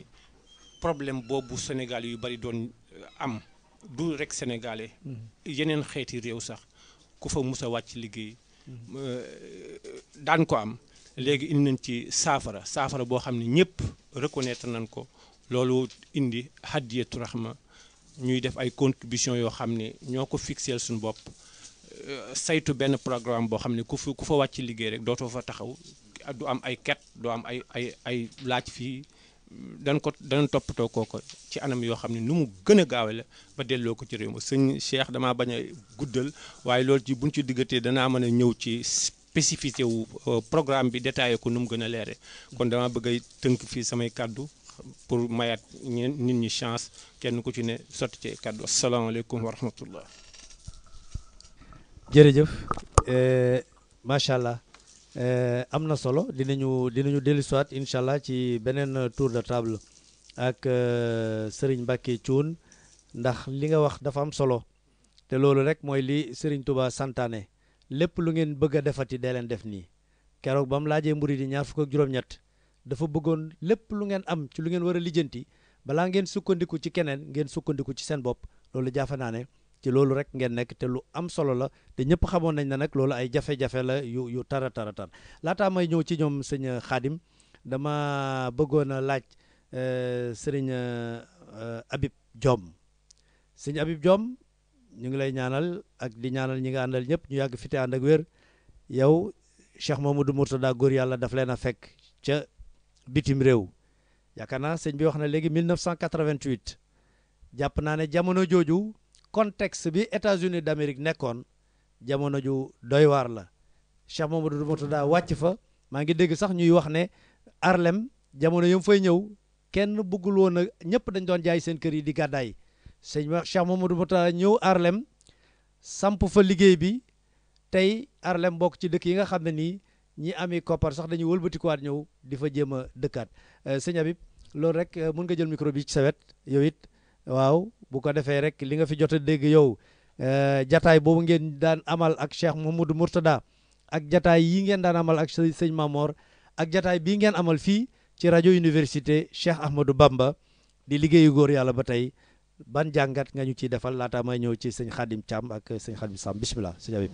problème boobu Sénégal yu bari doon euh, am du rek sénégalais. Mm-hmm. yeneen xeeti réew sax ku fa mus a wàcc liggéey. Mm-hmm. Euh, daan ko am léegi indi nañ ci saafara saafara boo xam ne ñëpp reconnaître nañ ko loolu indi hadiyatu rahma ñuy def ay contribution yoo xam ne ñoo ko fixeel suñu bopp euh, saytu benn programme boo xam ne ku fa ku fa wàcc liggéey rek dootoo fa taxaw du am ay ket du am ay ay ay laaj fii dañ ko dañ toppatoo kooko ci anam yoo xam ne nu mu gën a gaawe ba delloo ko ci réew mi sëñ Cheikh damaa bañ a guddal waaye loolu ci buñ ci diggatee danaa mën a ñëw ci spécificité wu euh, programme bi détaillé ko nu mu gën a leere kon damaa bëgg a tënk fii samay kàddu pour mayaat ñeen nit ñi chance kenn ku ci ne sotti ci kàddu asalaamaaleykum wa rahmatullah jërëjëf euh, allah Eh, am na solo dinañu dinañu dellu siwaat incha allah ci beneen tour de table ak eh, sëriñ Mbacke Thioune ndax li nga wax dafa am solo te loolu rek mooy li Serigne tubaa santaane lépp lu ngeen bëgg a defati dee leen def nii keroog ba mu laajee murid di ñaar fukk ak juróom-ñett dafa bëggoon lépp lu ngeen am ci lu ngeen war a lijjanti balaa ngeen sukkandiku ci keneen ngeen sukkandiku ci seen bopp loolu jaafa naa ne ci loolu rek ngeen nekk te lu am solo la te ñëpp xamoon nañ ne nag loolu ay jafe-jafe la yu yu tara tara tar laataa may ñëw ci ñoom sëñ Xaadim dama bëggoon a laaj euh, sëriñ euh, Habib joom sëñ Habib joom ñu ngi lay ñaanal ak di ñaanal ñi nga àndal ñëpp ñu yàgg fi te ànd ak wér yow du Mamadou Mourtada góor yàlla daf leen a fekk ca bitim réew yaakaar naa sëñ bi wax na léegi 1988 jàpp naa ne jamono jooju. contexte bi États-Unis d'Amérique nekkoon jamono ju doy waar la Cheikh Mamadou Mourtada wàcc fa maa ngi dégg sax ñuy wax ne Harlem jamono yam fay ñëw kenn buggul woon a ñëpp dañ doon jaay seen kër yi di gàddaay sëñ wax Cheikh Mamadou Mourtada ñëw Harlem samp fa liggéey bi tey Harlem mbokk ci dëkk yi nga xam ne nii ñi ami koppar sax dañuy wëlbatikuwaat ñëw di fa jéem a dëkkaat euh, sëñ loolu rek euh, mun nga jël micro ci sawet yow it waaw bu ko defee rek li nga fi jot a dégg yow eh, jataay boobu ngeen daan amal ak Cheikh Mouhamadou Mourtada ak jataay yi ngeen daan amal ak sëñ mamoor ak jataay bii ngeen amal fii ci rajo université Cheikh Ahmadou Bamba di liggéeyu góor yàlla ba tey ban jàngat nga ñu ciy defal laataa may ñëw ci sëñ Khadim Thiam ak sëñ Khadim Sam bisimilah si Habib.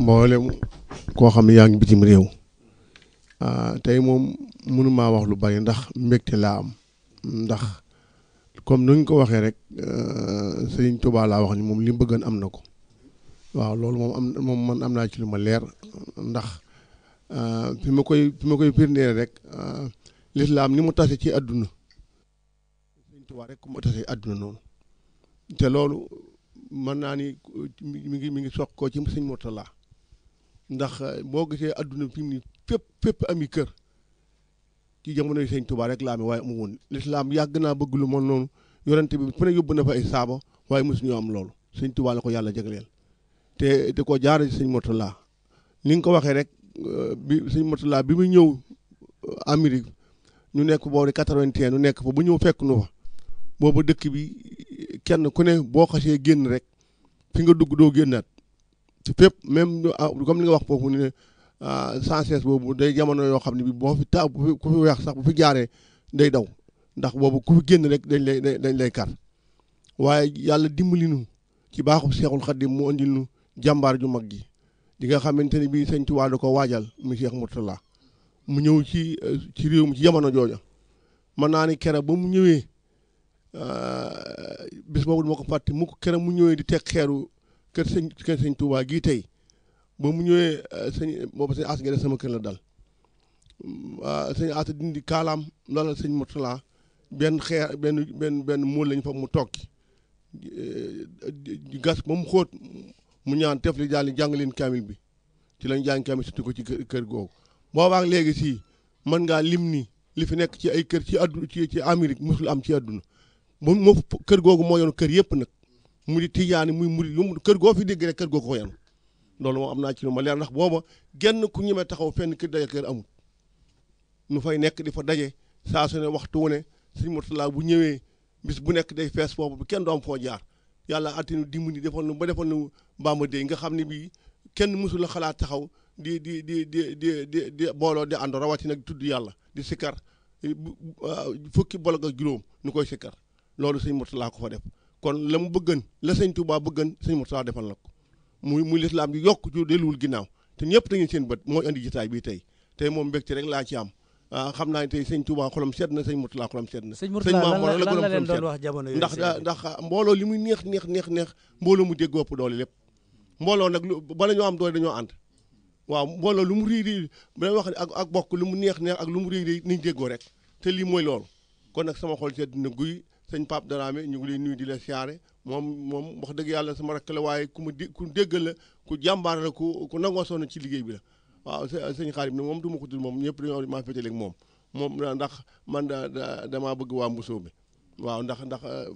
mboolem koo xam ne yaa ngi bitim réew ah, tey moom mënumaa wax lu bari ndax mbégte laa am ndax comme nu ko waxee rek eh, Sëriñ Tuubaa laa wax ni moom li mu am na ko waaw loolu moom am moom man am naa ci lu ma leer ndax eh, fi ma koy fi ma koy firndeel rek eh, am ni mu tase ci àdduna Sëriñ Tuubaa rek ku mu tase àdduna noonu te loolu mën naa ni mi ngi mi ngi soq ko ci Sëriñ Murtala ndax euh, boo gisee àdduna fi mu ni fépp ami kër ci jamonoy sëñ Tuubaa rek laa mi waaye amu woon lislaam yàgg naa bëgg lu mel noonu yonente bi fu ne yóbbu na fa ay saaba waaye mosuñu am loolu sëñ Tuubaa la ko yàlla jagleel te di ko jaara ci sëñ Murtala ni nga ko waxee rek euh, bi sëñ Murtala bi muy ñëw euh, Amérique ñu nekk boobu quatre-vingt-un ñu nekk fa bu ñëw fekk nu fa boobu dëkk bi kenn ku ne boo xasee génn rek fi nga dugg doo génnaat fépp même ah, comme li nga wax foofu ne ah, sansees boobu day jamono yoo xam ne bi boo fi ta bu fi ku fi weex sax bu fi jaaree day daw ndax boobu ku fi génn rek dañ lay dañ lay kar waaye yàlla dimbali nu ci baaxu Seexul Xadiim mu andil nu jàmbaar ju mag ji di nga xamante ne bii Sëñ Tuubaa da ko waajal mu Seex Murtala mu ñëw ci ci réew mi ci jamono jooja mën naa ni kere ba mu ñëwee ah, bis boobu dama ko fàtte mu ko kere mu ñëwee di teg xeeru kër sëñ kër sëñ Touba gii tey ba mu ñëwee eh, sëñ booba sëñ As ngeen sama kër la dal ah, sëñ As dindi kaalaam loolal sëñ Moutala benn xeer benn benn benn muul lañ mu toog eh, gas ba mu xóot mu ñaan tef li jàng leen kaamil bi ci lañ jàng kaamil surtout ko ci kër googu. boobaag léegi sii mën ngaa lim ni li fi nekk ci ay kër ci addu ci ci Amérique musul am ci àdduna moom moo kër googu moo yoon kër yëpp nag. mu di tijaani muy murid lu kër goo fi dégg rek kër goo ko yanu loolu moom am naa ci lu ma leer ndax genn ku ñemee taxaw fenn kër daje kër amul nu fay nekk di fa daje saa su ne waxtu wu ne suñu Murtala bu ñëwee bis bu nekk day fees foofu kenn du foo jaar yàlla attinu dimbali defoon nu ba defoon nu Bamba dey nga xam ne bii kenn mësul xalaat taxaw di di di di di di di booloo di ànd rawatina tudd yàlla di sikkar ah, fukki bolog ak juróom nu koy sikkar loolu suñu Murtala ko fa def kon la mu bëggan la sëñ Touba bëggan sëñ Moustapha defal na ko muy muy lislaam ji yokk ju delluwul ginnaaw te ñëpp dañuy seen bët mooy andi jitaay bii tey te moom mbégte rek laa ci am ah, xam naa ne tey sëñ Touba xolam na sëñ Mourtala xolam sedd na sëñ Maam Mor la gën a xolam sedd ndax ndax ah, mbooloo li muy neex neex neex neex mbooloo mu dégg wopp doole lépp mbooloo nag lu bala ñoo am doole dañoo ànd waaw mbooloo lu mu rii rii dañ wax ne ak ak bokk lu mu neex neex ak lu mu rii rii niñ déggoo rek te lii mooy loolu kon nag sama xol sedd na guy sëñ Pape Darame ñu ngi lay nuyu di la siyaare moom moom wax dëgg yàlla sama rakk la waaye ku ma di ku déggal la ku jàmbaar la ku nangoo sonn ci liggéey bi la waaw sëñ xaarim ne moom du ma ko tudd moom ñëpp dañoo maa féetale ak moom moom ndax man da damaa bëgg waa mbusoo bi waaw ndax ndax euh,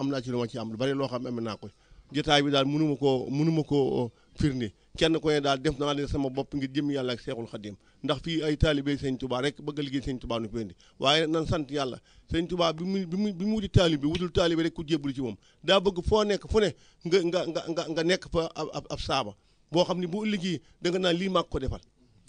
am naa ci lu ma ci am lu bari loo xam ame naa ko jotaay bi daal mënuma koo mënuma koo firnde kenn ku ne daal def naa ne sama bopp ngir jëm yàlla ak seexul xadim ndax fii ay taalibe sëñ tubaa rek bëgg a liggéey sëñ tubaa nu fi waaye nan sant yàlla sëñ tubaa bi mu bi mu bi mu wuti taalibe wutul taalibe rek ku jébbalu ci moom daa bëgg foo nekk fu ne nga nga nga nga nga nekk fa ab ab saaba boo xam ne bu ëllëgee danga nga naan lii màgg ko defal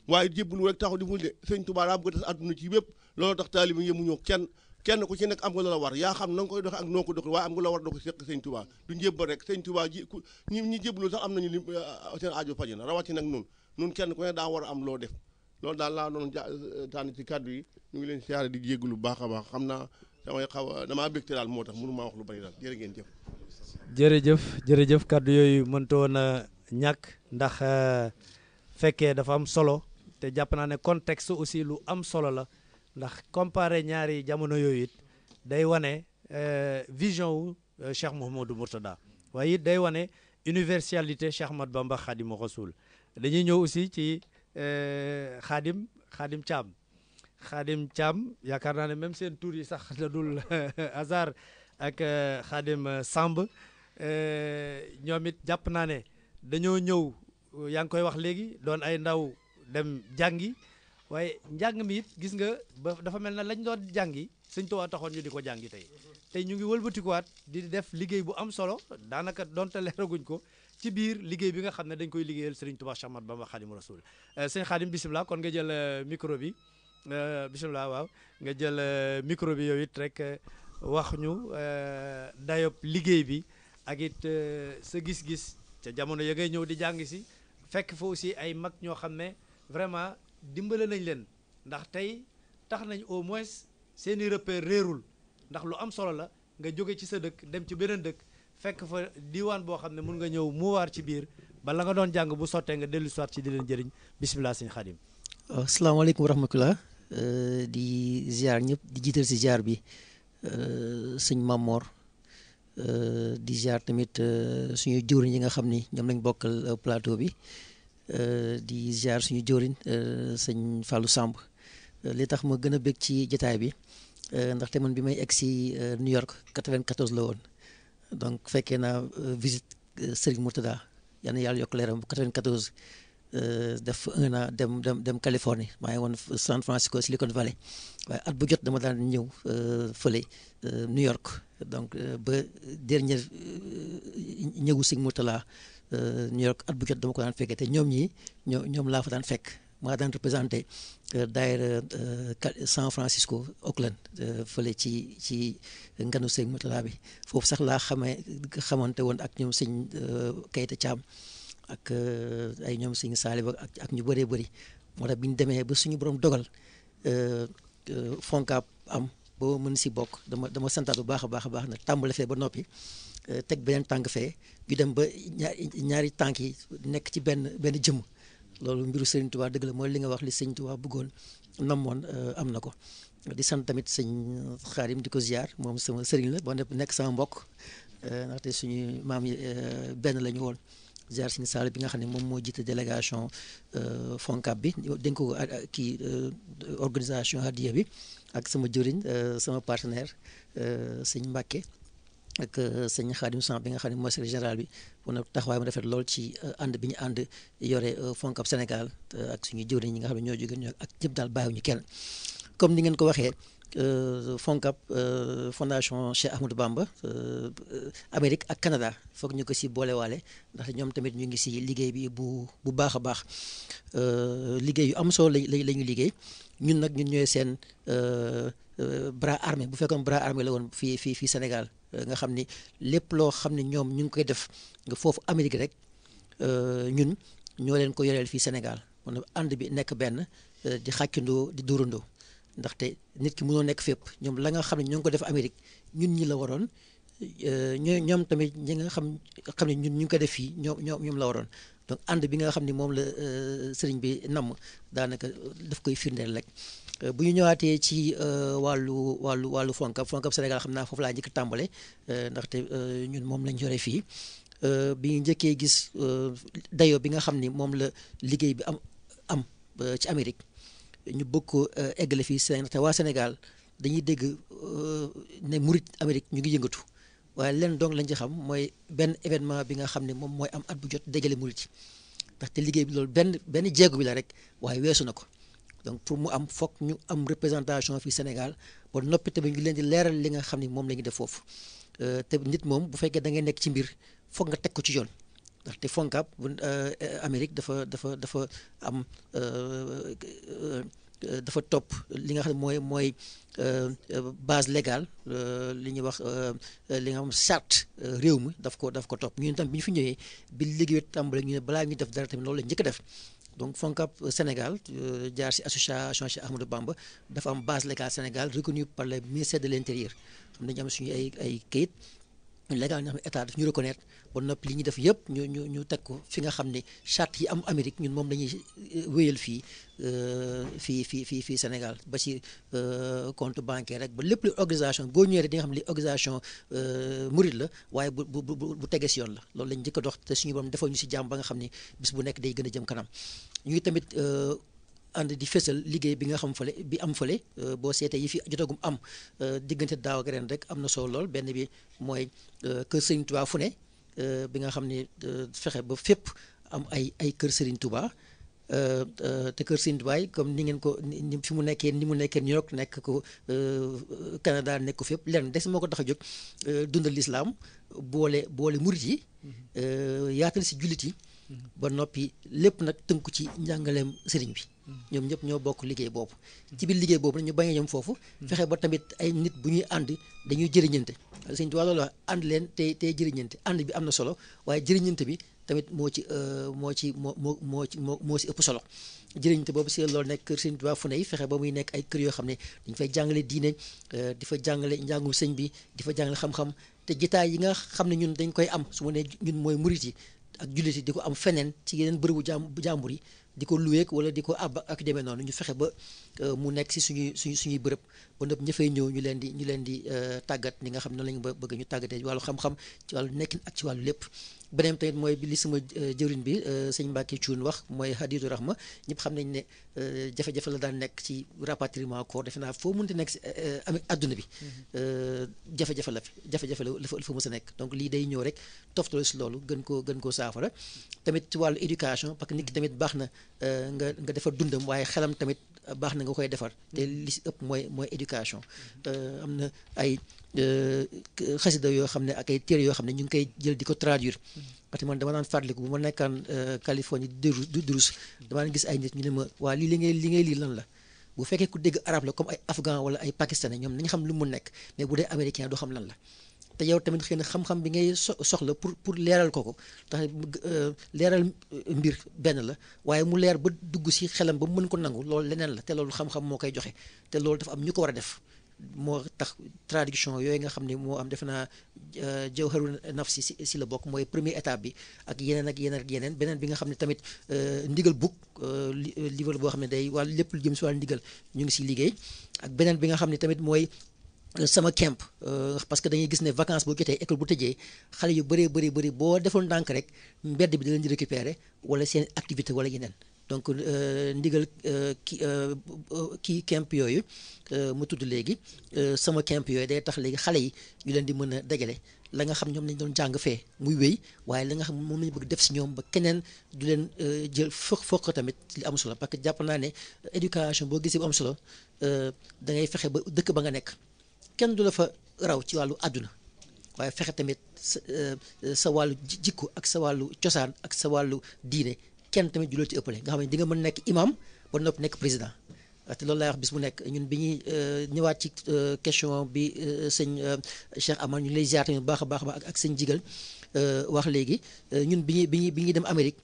waaye jébbalu rek taxu di ful de sëñ tubaa daa bëgg a tas àdduna ci bépp loolu tax taalibe yemuñoo kenn kenn ku ci nekk am nga la war yaa xam na nga koy doxe ak noo ko doxe waaye am nga la war doo ko seq sëñ Tuubaa du njébbal rek sëñ Tuubaa ji ku ñi ñi jébbalu sax am nañu li euh, seen aajo faj na rawati nag nun nun kenn ku daa war a def loolu daal laa doon ja euh, tànn ci kàddu yi ñu ngi leen siyaare di jéggalu bu baax a baax xam naa damay xaw a damaa bégte daal moo tax mënu maa wax lu bari daal jërë ngeen jëf jërëjëf jërëjëf kàddu yooyu mëntoon a ñàkk ndax euh, fekkee dafa am solo te jàpp naa ne contexte aussi lu am solo la ndax comparé ñaari jamono yooyu day wane euh, vision wu euh, Cheikh Mouhamadou Mourtada waaye it day wane universalité Cheikh Ahmad Bamba Khadimu Rasoul dañuy ñëw aussi ci euh, Khadim Khadim Thiam Khadim Thiam yaakaar naa ne même seen tur yi sax da dul hasard ak Khadim Samb ñoom it jàpp naa ne dañoo ñëw yaa ngi koy wax léegi doon ay ndaw dem jàngi waaye njàng mi it gis nga ba dafa mel na lañ doon jàngi sëñ Tuubaa taxoon ñu di ko jàngi tey tey ñu ngi wëlbatikuwaat di def liggéey bu am solo daanaka donte leeraguñ ko ci biir liggéey bi nga xam ne dañ koy liggéeyal sëriñ Tuubaa Cheikh Ahmadou Bamba Xaadimu Rasuul euh, sëñ Xaadim bisimilah kon nga jël euh, micro bi euh, bisimilah waaw nga jël micro bi yow it rek wax ñu dayob liggéey bi ak it sa gis-gis ca jamono ya ngay ñëw di jàng si fekk fa si ay mag ñoo xam ne vraiment dimbale nañ leen ndax tey tax nañ au moins seeni repère réerul ndax lu am solo la nga jóge ci sa dëkk dem ci beneen dëkk fekk fa diwaan boo xam ne mun nga ñëw muuwaar ci biir bala nga doon jàng bu sottee nga dellu soit ci di leen jëriñ bisimilah sëñ Xadim. waaw salaamaaleykum wa rahmatulah euh, di ziar ñëpp di jiital si ziar bi euh, sëñ Mamor euh, di ziar tamit suñuy jëwriñ yi nga xam ni ñoom nañ bokkal plateau bi. Euh, di ziar suñu jóorin euh, sëñ Fallou Samb euh, li tax ma gën a bég ci jataay bi ndaxte man bi may egg si New York 94 la woon donc fekkee naa visite Serigne Mourtada yal yàlla yokk leeram 94 def un an dem dem dem Californie maa ngi woon San Francisco Silicon Valley waaye at bu jot dama daan ñëw fële New York donc ba dernier ñëwu Serigne Mourtada Euh, New York at bu jot dama ko daan fekkee te ñoom ñi ñoo ñoom laa fa daan fekk maa daan représenté euh, daayira euh, San Francisco Oakland fële ci ci nganu sëñ Murtala bi foofu sax laa xamee xamante woon ak ñoom sëñ Kayta Caam ak ay ñoom sëñ Saalib ak ñu baree bari moo tax bi ñu demee ba suñu borom dogal fonkaab am ba mën si bokk dama dama santaat bu baax a baax a baax na tàmbale fee ba noppi Euh, teg beneen tànk fee ñu dem ba ñaari tànk yi nekk ci benn benn jëmm loolu mbiru Serigne Touba dëgg la mooy li nga wax li sëñ Touba bëggoon moon euh, am na ko di sant tamit sëñ Xaadim di ko ziar moom sama Serigne la boo nekk sama mbokk euh, ndaxte suñu maam yi benn la ñu woon ziar sëñ Saal bi nga xam ne moom moo jiite délégation FONCAB bi dénk ko kii organisation hadiya bi ak sama jëriñ sama partenaire sëñ Mbacke ak euh, sëñ Xaadim Samb bi nga xam ne mooy secrétaire général bi pour nag taxawaay mu rafet lool ci euh, ànd bi ñu ànd yore euh, Foncab Sénégal ak suñu jëwriñ ñi nga xam ne ñoo jóge ñoo ak ñëpp daal bàyyiwuñu kenn comme ni ngeen ko waxee Foncab fondation Cheikh Ahmadou Bamba Amérique ak Canada foog ñu ko si boolewaale ndax ñoom tamit ñu ngi si liggéey bi bu bu baax a baax liggéey yu am solo la la ñu liggéey ñun nag ñun ñooy seen bras armé bu fekkoon bras armé la woon fii fii fii Sénégal Euh, nga xam ni lépp loo xam ne ñoom ñu ngi koy def nga foofu Amérique rek euh, ñun ñoo leen ko yoreel fii Sénégal kon ànd bi nekk benn euh, di xàccandoo di dóorandoo ndaxte nit ki mënoo nekk fépp ñoom la nga xam ne ñoo ngi ko def Amérique ñun ñi la waroon ñoo ñoom tamit ñi nga xam xam ne ñun ñu ngi ko def fii ñoo ñoom la waroon donc ànd bi nga xam ni moom la sëriñ bi namm daanaka daf koy firndeel rek Euh, bu ñu ñëwaatee ci euh, wàllu wàllu wàllu FONCAB FONCAB Sénégal xam naa foofu laa njëkk tàmbale euh, ndaxte ñun moom lañ yore fii bi ñu njëkkee gis dayo bi nga xam ni moom la liggéey bi am am ci Amérique ñu bëgg ko eggale fii ndaxte waa Sénégal dañuy dégg ne murit Amérique ñu ngi yëngatu waaye leen donc lañ ci xam mooy benn événement bi nga xam ne moom mooy am at bu jot déggale murit yi ndaxte liggéey bi loolu benn benn jéego bi la rek waaye weesu na ko donc pour mu am foog ñu am représentation fi Sénégal ba noppi tamit ñu leen di leeral li nga xam ni moom la ñu def foofu euh, te nit moom bu fekkee da ngay nekk ci mbir foog nga teg ko ci yoon ndaxte FONCAB bu euh, Amérique dafa dafa dafa am euh, dafa topp li nga xam ne mooy mooy base légale li ñuy wax li nga xam charte réew mi daf ko daf ko topp ñu ñun tam bi ñu fi ñëwee bi liggéey tàmbale ñu ne balaa ñuy def dara tamit loolu la njëkk def donc FONCAP Sénégal euh, jaar ci association Cheikh Ahmadou Bamba dafa am base légale Sénégal reconnue par le ministère de l'intérieur. intérieur xam nañu am suñu ay ay kayit légal nga xam ne état daf ñu reconnaître ba noppi li ñu def yëpp ñu ñu ñu teg ko fi nga xam ne charte yi am Amérique ñun moom dañuy euh, wéyal fii euh, fii fii fii fii Sénégal ba ci euh, compte bancaire rek ba lépp li organisation boo ñëwee di nga xam ne li organisation murid la waaye bu bu bu tege si yoon la loolu lañ njëkk a dox te suñu borom defal si ci jàmm ba nga xam ne bis bu nekk day gën a jëm kanam ñuy tamit ànd di fësal liggéey bi nga xam fële bi am fële euh, boo seetee yi fi jotagum am euh, diggante daaw ak ren rek am na soo lool benn bi mooy euh, kër Serigne Touba fu ne bi nga xam ni fexe ba fépp am ay ay kër Serigne Touba te kër Serigne comme ni ngeen ko ni fi mu nekkee ni mu nekkee New York nekk ko Canada nekk ko fépp lenn des moo ko tax a jóg dundal lislaam boole boole murit yi mm-hmm. yaatal si jullit yi. ba noppi lépp nag tënku ci njàngaleem sëriñ bi ñoom ñëpp ñoo bokk liggéey boobu ci biir liggéey boobu nag ñu bañ a ñoom foofu fexe ba tamit ay nit bu ñuy ànd dañuy jëriñante sëriñ Tuubaa loolu leen tey tey jëriñante ànd bi am na solo waaye jëriñante bi tamit moo ci euh, moo ci moo moo moo ci moo moo si ëpp solo jëriñante boobu si loolu nekk kër sëriñ Tuubaa fu ne yi fexe ba muy nekk ay kër yoo xam ne dañ fay jàngale diine euh, di fa jàngale njàngum sëñ bi di fa jàngale xam-xam te jitaay yi nga xam ne ñun dañ koy am su ma ne ñun mooy murit yi ak jullit yi di ko am feneen ci yeneen bërëbu jàmbur yi di ko luweeg wala di ko ab ak demee noonu ñu fexe ba euh, mu nekk si suñuy suñu suñuy bërëb ba nëpp ña fay ñëw ñu leen di ñu leen di euh, tàggat ni nga xam ne lañ ba bëgg ñu tàggatee ci wàllu xam-xam ci wàllu nekkin ak ci wàllu lépp beneen tamit mooy li sama euh, jëriñ bi euh, sëñ Mbacke Thioune wax mooy hadidu ma ñëpp xam nañ ne euh, jafe-jafe la daan nekk ci rapatriement corps defe naa foo mënti nekk si am adduna bi mhm. jafe-jafe la fi jafe-jafe la fa fa mës nekk donc lii day ñëw rek toftalo si loolu gën koo gën koo saafara tamit ci wàllu éducation parce que nit ki mhm. tamit baax na nga nga defar dundam waaye xelam tamit baax na nga koy defar te li si ëpp mooy mooy éducation mm-hmm. am na ay euh, xasida yoo xam ne ak ay téere yoo xam ne ñu ngi koy jël di ko traduire mm-hmm. parce que man dama daan fàttaliku bu ma nekkaan euh, Californie du durus damaa daan gis ay nit ñu ne ma waa lii li ngay li ngay lii lan la bu fekkee ku dégg arab la comme ay afghan wala ay pakistanais ñoom nañ xam lu mu nekk mais bu dee americain doo xam lan la te yow tamit xëy na xam-xam bi ngay soxla pour pour leeral ko ko tax euh, leeral mbir benn la waaye mu leer ba dugg si xelam ba mu mën ko nangu loolu leneen la te loolu xam-xam moo koy joxe te loolu dafa am ñu ko war a def moo tax traduction yooyu nga xam ni moo am defe naa euh, jawharu nafsi si si la bokk mooy premier état bi ak yeneen ak yeneen ak yeneen beneen bi nga xam ne tamit euh, ndigal book livre boo xam ne day wàllu lépp lu jëm si wàllu ndigal ñu ngi siy liggéey ak beneen bi nga xam ne tamit mooy Euh, sama kemp euh, parce que dañuy gis ne vacances boo jotee école bu tëjee xale yu bëree bëri bëri boo defoon ndànk rek mbedd bi da leen di récupérer wala seen activité wala yeneen donc euh, ndigal ki kii kemp yooyu ma tudd léegi sama kemp yooyu day tax léegi xale yi ñu leen di mën a dajale la nga xam ñoom lañ doon jàng fee muy wéy waaye la nga xam moom lañu bëgg def si ñoom ba keneen du leen jël foq foq tamit li am solo parce que jàpp naa ne éducation boo gisee bu am solo da ngay fexe ba dëkk ba nga nekk kenn du la fa raw ci wàllu àdduna waaye fexe tamit sa euh, sa wàllu jikko ak sa wàllu cosaan ak sa wàllu diine kenn tamit juloo ci ëppale nga xam ne di nga mën nekk imam ba noppi nekk président euh, te loolu laay wax bis bu nekk ñun bi ñuy euh, ñëwaat ci question bi sëñ Cheikh Amar ñu lay ziar tamit baax a baax ak ak sëñ Jigal wax léegi ñun bi bi ñuy bi ngi dem Amérique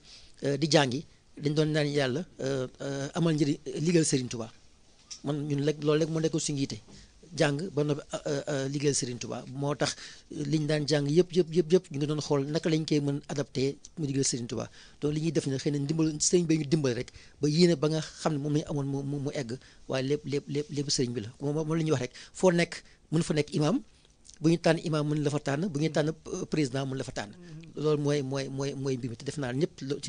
di jàngi dañ doon naan yàlla amal njëriñ liggéeyal Serigne tubaa man ñun rek loolu rek moo nekkoon si yitte jàng ba noppi liggéeyal Serigne Touba moo tax liñ daan jàng yëpp yëpp yëpp yëpp ñu ngi doon xool naka lañ koy mën adapté mu liggéeyal Serigne Touba donc li ñuy def ne xëy na ndimbal sëriñ bi ñu dimbal rek ba yéene ba nga xam ne moom la ñu amoon mu mu egg waaye lépp lépp lépp lépp sëriñ bi la moom la ñuy wax rek naa ñëpp dox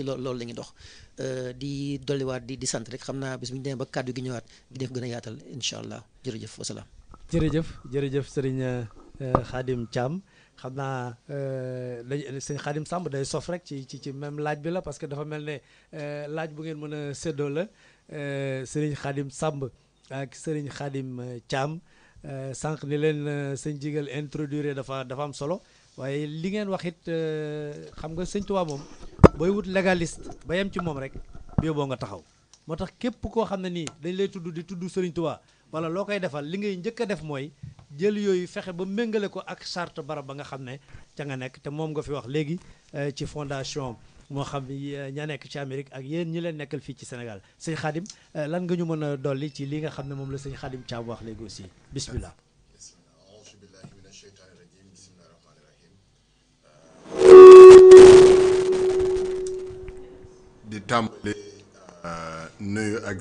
euh, di dolliwaat di sant rek xam naa bis bu ñu demee ba kàddu gi ñëwaat di def gën a yaatal incha allah jërëjëf wasalaam jërëjëf jërëjëf sëriñ euh, euh, Khadim caam xam naa dañuy euh, sëriñ Khadim Samb day sof rek ci ci ci même laaj bi la parce que dafa mel ne laaj bu ngeen mën a séddoo la sëriñ Khadim sàmb ak sëriñ Khadim Thiam sànq ni leen sëñ jigal introduire dafa dafa am solo waaye li ngeen wax it xam nga sëñ Tuubaa moom booy wut légaliste ba yem ci moom rek bio boo nga taxaw moo tax képp koo xam ne nii dañ lay tudd di tudd sëriñ Tuubaa wala loo koy defal li ngay njëkk a def mooy jël yooyu fexe ba méngale ko ak charte barab ba nga xam ne ca nga nekk te moom nga fi wax léegi euh, ci fondation moo xam euh, ña nekk ci Amérique ak yéen ñi leen nekkal fii ci Sénégal sëñ Xadim euh, lan nga ñu mën a dolli ci li nga xam ne moom la sëñ Xadim Thiam wax léegi aussi bismillah di tàmbali nuyu ak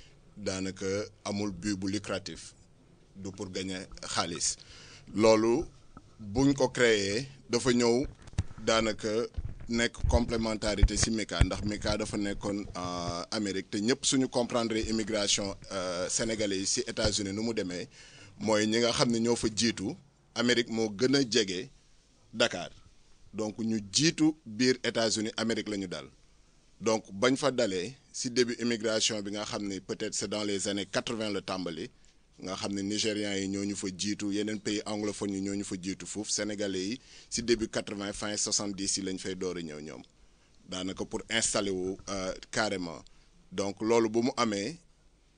danaka amul but bu lucratif du pour gagner khalis loolu buñ ko créer dafa ñew danaka nek complémentarité si MICA ndax meka dafa nekkon en euh, Amérique te ñep suñu comprendre immigration euh, sénégalais ci États-Unis nu mu démé moy ñi nga xam ñoo fa jitu Amérique mo gëna a Dakar donc ñu jitu biir États-Unis Amérique lañu dal donc bañ fa dalé si début immigration bi nga xamné peut être c'est dans les années 80 le tambalé, nga xamné nigériens yi ñoo ñu fa jitu yenen pays anglophones yi ñoo ñu fa jitu fouf sénégalais yi si début 80 fin 70 soixante :fra fay door ñew ñom danaka pour installer wu euh, carrément donc lolu bu mu amé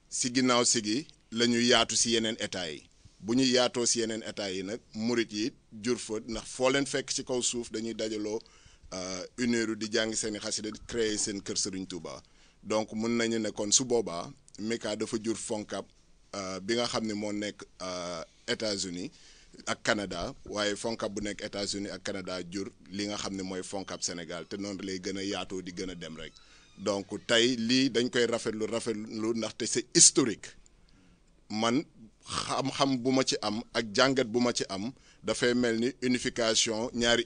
si ginnaw si gi la yaatu si yenen état yi bu ñu yaatoo si yeneen états yi nak mourid yi jur fa ndax fo leen fekk ci kaw suuf dañuy dajaloo euh, une heure di jàng seen i créer seen kër Serigne Touba donc mën nañu ne kon su boobaa dafa jur euh, bi nga ne moo nekk euh, États-Unis ak Canada waaye FONCAB bu nekk États-Unis ak Canada jur li nga xam Sénégal lay di dem rek donc tey lii dañ koy c'est historique man xam-xam bu ci am ak am ni unification ñaari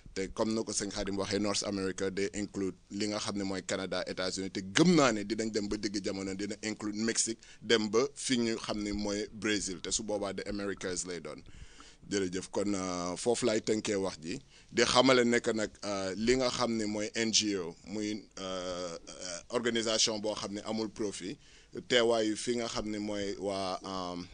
te comme na ko sëñ Xaadim waxee North America day include li nga xam ne mooy Canada États-Unis te gëm naa ne dinañ dem ba digg jamono dina include Mexique dem ba fi ñu xam ni mooy Brésil te su boobaa de Americas lay doon jërëjëf kon euh, foofu lay tënkee wax ji di xamale nekk nag euh, li nga xam ne mooy NGO muy euh, organisation boo xam ne amul profit teewaayu fi nga xam ni mooy waa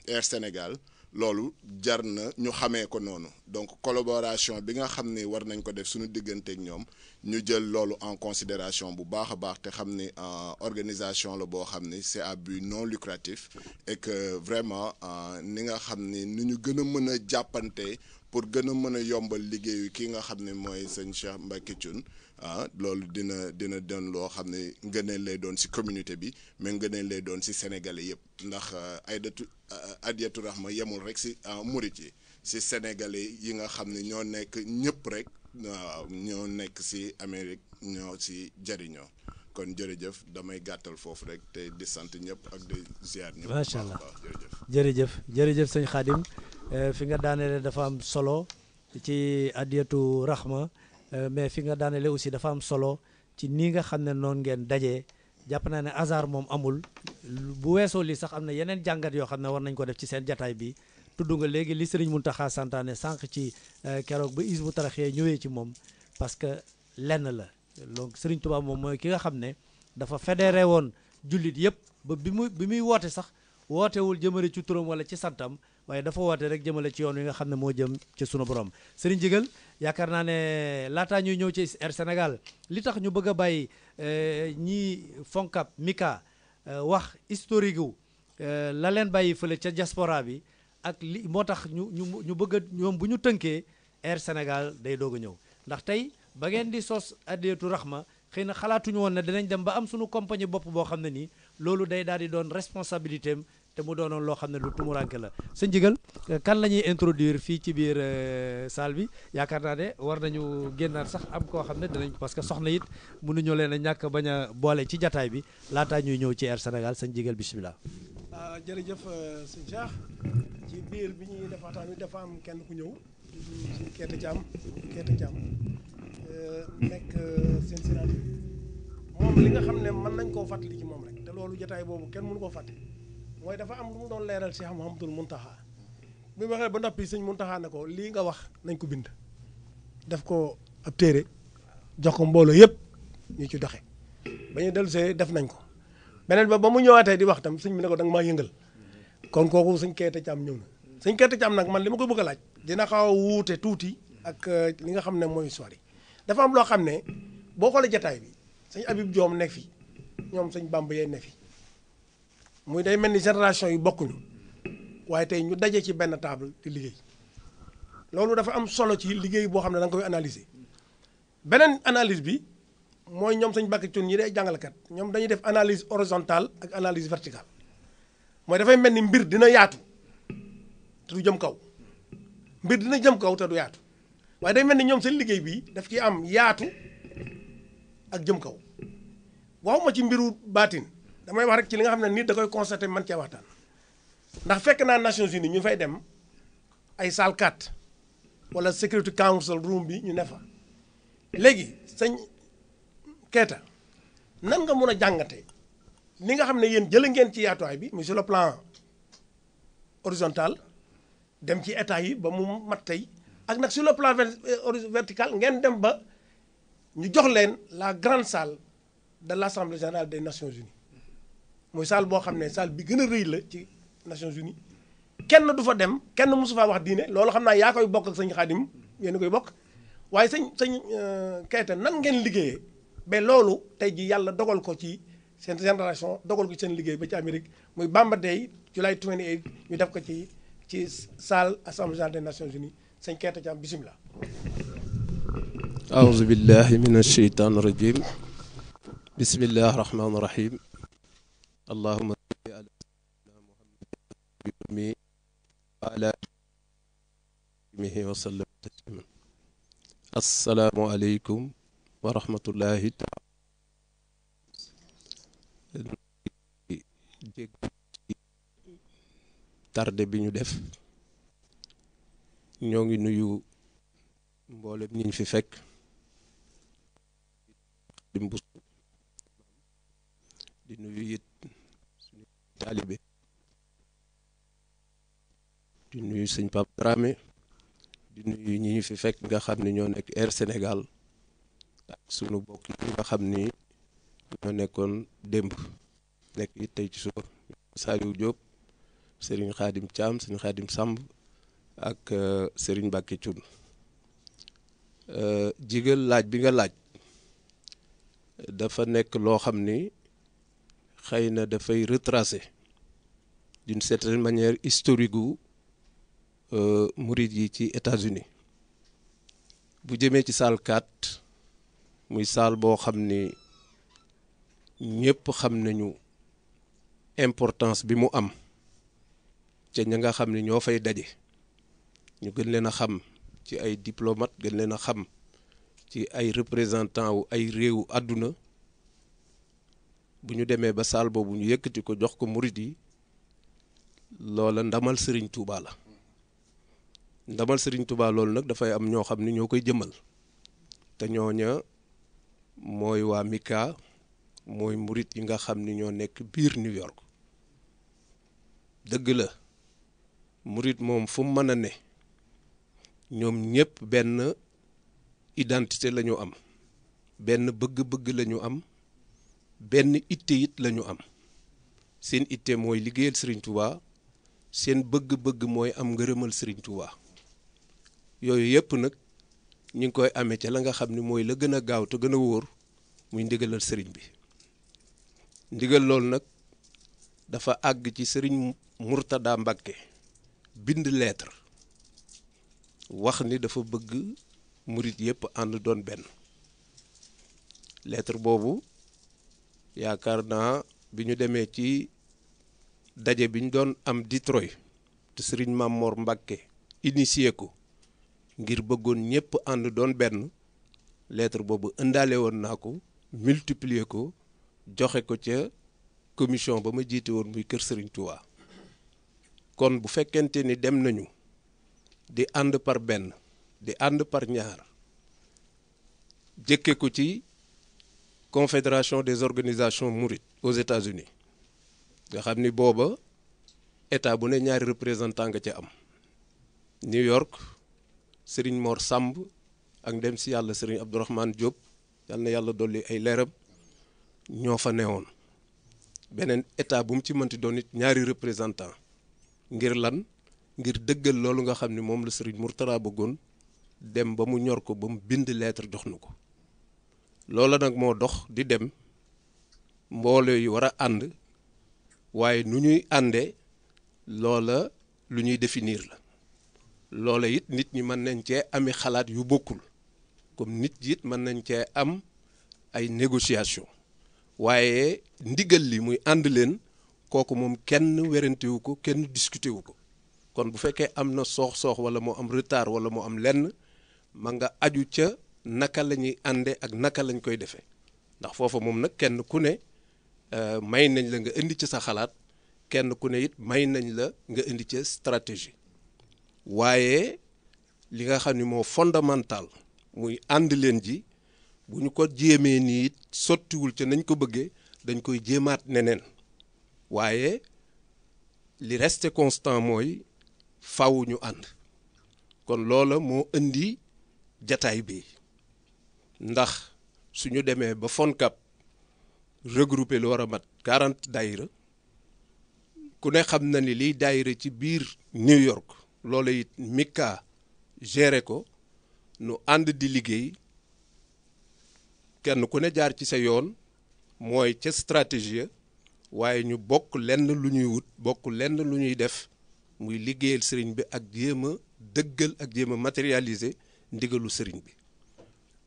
Air Sénégal loolu jar na ñu xamee ko noonu donc collaboration bi nga xam war nañ ko def suñu digganteeg ñoom ñu jël loolu en considération bu baax a baax te xam ni euh, organisation la boo xam c'est à but non lucratif et que vraiment euh, ni nga xam ni ni ñu gën a mën a jàppante pour gën a mën a yombal liggéeyu ki nga xam ne mooy sëñ Cheikh Mbacké Thioune ah loolu dina dina doon loo xam ne ngëneel lay doon si communauté bi mais :fra ngëneel lay doon si sénégalais :fra yëpp ndax %e ah, Aïdatou %e ah, Adjatou Rahma yemul rek si ah murit yi si sénégalais yi nga xam ne ñoo nekk ñëpp rek waaw ñoo nekk si Amérique ñoo si jëriñoo kon jërëjëf damay gàttal foofu rek te di sant ñëpp ak di ziar ñëpp macha allah jërëjëf jërëjëf eh, fi nga daaneelee dafa am solo ci Adjatou Rahma Euh, mais fi nga daaneele aussi dafa am solo ci nii nga xam ne noonu ngeen dajee jàpp naa ne hasard moom amul bu weesoo lii sax am na yeneen jàngat yoo xam ne war nañ ko def ci seen jataay bi tudd nga léegi li Serigne Mountakha santaane sànq ci euh, keroog ba Hizbut Tarqiyyah ñëwee ci moom parce que lenn la donc Serigne Touba moom mooy ki nga xam ne dafa federe woon jullit yëpp ba bi muy bi muy woote sax wootewul jëmale ci turam wala ci santam waaye dafa woote rek jëmale ci yoon wi nga xam ne moo jëm ci sunu borom Serigne Jigal yaakaar naa ne laataa ñuy ñëw ci Air Sénégal li tax ñu bëgg a bàyyi eh, ñii Foncab Mika eh, wax historique wu eh, la leen bàyyi fële ca diaspora bi ak li moo tax ñu ñu ñu bëgg ñoom bu ñu tënkee Air Sénégal day doog a ñëw ndax tey ba ngeen di sos Adiyatu Rahma xëy na xalaatuñu woon ne dinañ dem ba am suñu compagnie bopp boo xam ne nii loolu day daal di doon responsabilité te mu doonoon loo xam ne lu tumuranke la sa njigal kan la ñuy introduire fii ci biir euh, salle bi yaakaar naa ne war nañu génnaat sax am koo xam ne dinañ parce que soxna it mënuñu leen a ñàkk bañ a boole ci jataay bi laataa ñuy ñëw ci Air Sénégal sa njigal bisimilah. ah jërëjëf euh, sëñ Cheikh ci biir bi ñuy defar tamit dafa am kenn ku ñëw suñu keete jàmm keete moom li nga xam ne mën nañ koo fàttali ci moom rek te loolu jataay boobu kenn mënu koo fàttali. mooy dafa am lu mu doon leeral Cheikh Mouhamadul Mountakha bi mu waxee ba noppi sëñ Mountakha ne ko lii nga wax nañ ko bind. def ko ab téere jox ko mbooloo yëpp ñu ci doxe ba ñu dellu def nañ ko beneen ba ba mu ñëwaatee di wax tam sëñ bi ne ko danga maa yëngal kon kooku sëñ Keeta am ñëw na. sëñ Keeta Thiam nag man li ma ko bëgg a laaj. dina xaw a wuute tuuti ak euh, li nga xam ne mooy sori dafa am loo xam ne boo xoolee jataay bi sëñ Habib joom ne fi ñoom sëñ Bamba yee ne fi. muy day mel ni génération yi bokkuñu waaye tey ñu daje ci benn table di liggéey loolu dafa am solo ci liggéey boo xam ne da nga koy analyser beneen analise bi mooy ñoom sañ bàkki cun ñi day jàngalekat ñoom dañuy def analise horizontale ak analyse verticale mooy dafay mel ni mbir dina yaatu te du jëm kaw mbir dina jëm kaw te du yaatu waaye day mel ni ñoom seen liggéey bi daf ciy am yaatu ak jëm kaw waxuma ci mbiru baatin damay wax rek ci li nga xam ne nit da koy constaté man cee waxtaan ndax fekk naa Nations Unies ñu fay dem ay salle 4 wala Security Council room bi ñu ne fa léegi sëñ Keita nan nga mun a jàngate li nga xam ne yéen jëla ngeen ci yaatuwaay bi mu le plan horizontal dem ci état yi ba mu mat tey ak nag si le plan euh, vertical ngeen dem ba ñu jox leen la grande salle de l'Assemblée générale des Nations Unies moy salle bo xamné ne salle bi gëna reuy la ci Nations Unies kenn du fa dem kenn musu fa wax diine loolu xamna ya koy bok ak sëñ khadim yéen koy bok waye sëñ sëñ kayta nan ngeen liggéey ba loolu tay ji yàlla dogal ko ci seen génération dogal ko ci seen liggéey ba ci Amérique muy Bamba Day July 28 ñu def ko ci ci salle assemblée générale des Nations Unies sëñ Keita Thiam bismillah a'udhu billahi minash shaitanir rajim bismillahi rahmaani rahim اللهم صل على سيدنا محمد وعلى آله وسلم تسليما السلام عليكم ورحمة الله تعالى tardé bi ñu def ñoo ngi nuyu mboolem ñiñ fi fekk di nuyu it taalibe di nuyu sëñ Pape Dramé di ñu fi fekk nga xam ni ñoo nekk Air Sénégal ak sunu bokk yi nga xam ni ñoo nekkoon démb nekk it tey ci suba Saliou Diop Serigne Khadim Thiam Serigne Khadim Samb ak euh, Serigne Mbacke Thioune euh, jigal laaj bi nga laaj dafa nekk loo xam ni xeyna da fay retracer d'une certaine manière historique euh murit yi ci États-Unis bu jëmee ci salle 4 muy salle bo xamni ñepp xamnañu importance bi mu am ca ñinga xamni ño fay dajé ñu gën leen xam ci ay diplomate gën leen xam ci ay représentants ou ay réewu aduna buñu démé ba sal bobu ñu yëkëti ko jox ko mouride yi loola ndamal serigne Touba la ndamal sirintu Touba loolu da fay am ño xamni ni koy jëmmal té ñoña mooy wa Mika mooy mouride yi nga xamni ño nekk biir New York deug la mouride mom fu mëna né ne ñëpp ben benn identité lañu am benn bëgg-bëgg lañu am benn itte it la am seen itte mooy liggéeyal Serigne Touba seen bëgg-bëgg mooy am ngërëmal sëriñ Touba yooyu yëpp nag ñu ngi koy amee ca la nga xam ni mooy la gën a gaaw te gën a wóor muy ndigalal sëriñ bi ndigal loolu nag dafa àgg ci sëriñ Mourtada Mbacké bind lettre wax ni dafa bëgg murit yëpp ànd doon benn lettre boobu. yaakaar naa bi ñu demee ci daje bi ñu doon am Detroit te Serigne Mamor Mbacke initié ko ngir bëggoon ñëpp ànd doon benn lettre boobu ëndaale woon naa ko multiplier ko joxe ko ca commission ba ma jiite woon muy kër Serigne Touba kon bu fekkente ni dem nañu di ànd par benn di ànd par ñaar jëkke ko ci confédération des organisations mourides aux États-Unis nga xam ni booba état bu ne ñaari représentant nga am New York Serigne Mor Samb ak dem si Yalla Serigne Abdourahmane Diop Yalla na yàlla dolli ay leeram ñoo fa néwon benen état bu mu ci mënti doon nit ñaari représentant ngir lan ngir dëggal loolu nga xamni mom moom la Serigne Mourtala bëggoon dem ba mu ñor ko ba mu bind lettre jox loola nag moo dox di dem mboole yu war a ànd waaye nu ñuy àndee loola lu ñuy definiir la loola it nit ñi mën nañ cee ami xalaat yu bokkul comme nit yi it mën nañ cee am ay négociation waaye ndigal li muy ànd leen kooku moom kenn werantewu ko kenn discuté wu ko kon bu fekkee am na soox-soox wala mu am retard wala mu am lenn ma nga aju ca naka lañuy àndee ak naka lañ koy defee ndax foofa moom nag kenn ku ne euh, may nañ la nga indi ca sa xalaat kenn ku ne it may nañ la nga indi ca stratégie waaye li nga xam ni moo fondamental muy ànd leen ji bu ñu ko jéemee nii it sottiwul ca nañ ko bëggee dañ koy jéemaat neneen waaye li reste constant mooy faw ñu ànd kon loola moo indi jataay bi ndax suñu demee ba FONCAB regroupé lu war a mat quarante daayira ku ne xam na ni liy daayira ci biir New York loolu it Mika gere ko nu ànd di liggéey kenn ku ne jaar ci sa yoon mooy ca stratégie waaye ñu bokk lenn lu wut bokk lenn lu ñuy def muy liggéeyal sëriñ bi ak jéem a dëggal ak jéem a matérialiser ndigalu sëriñ bi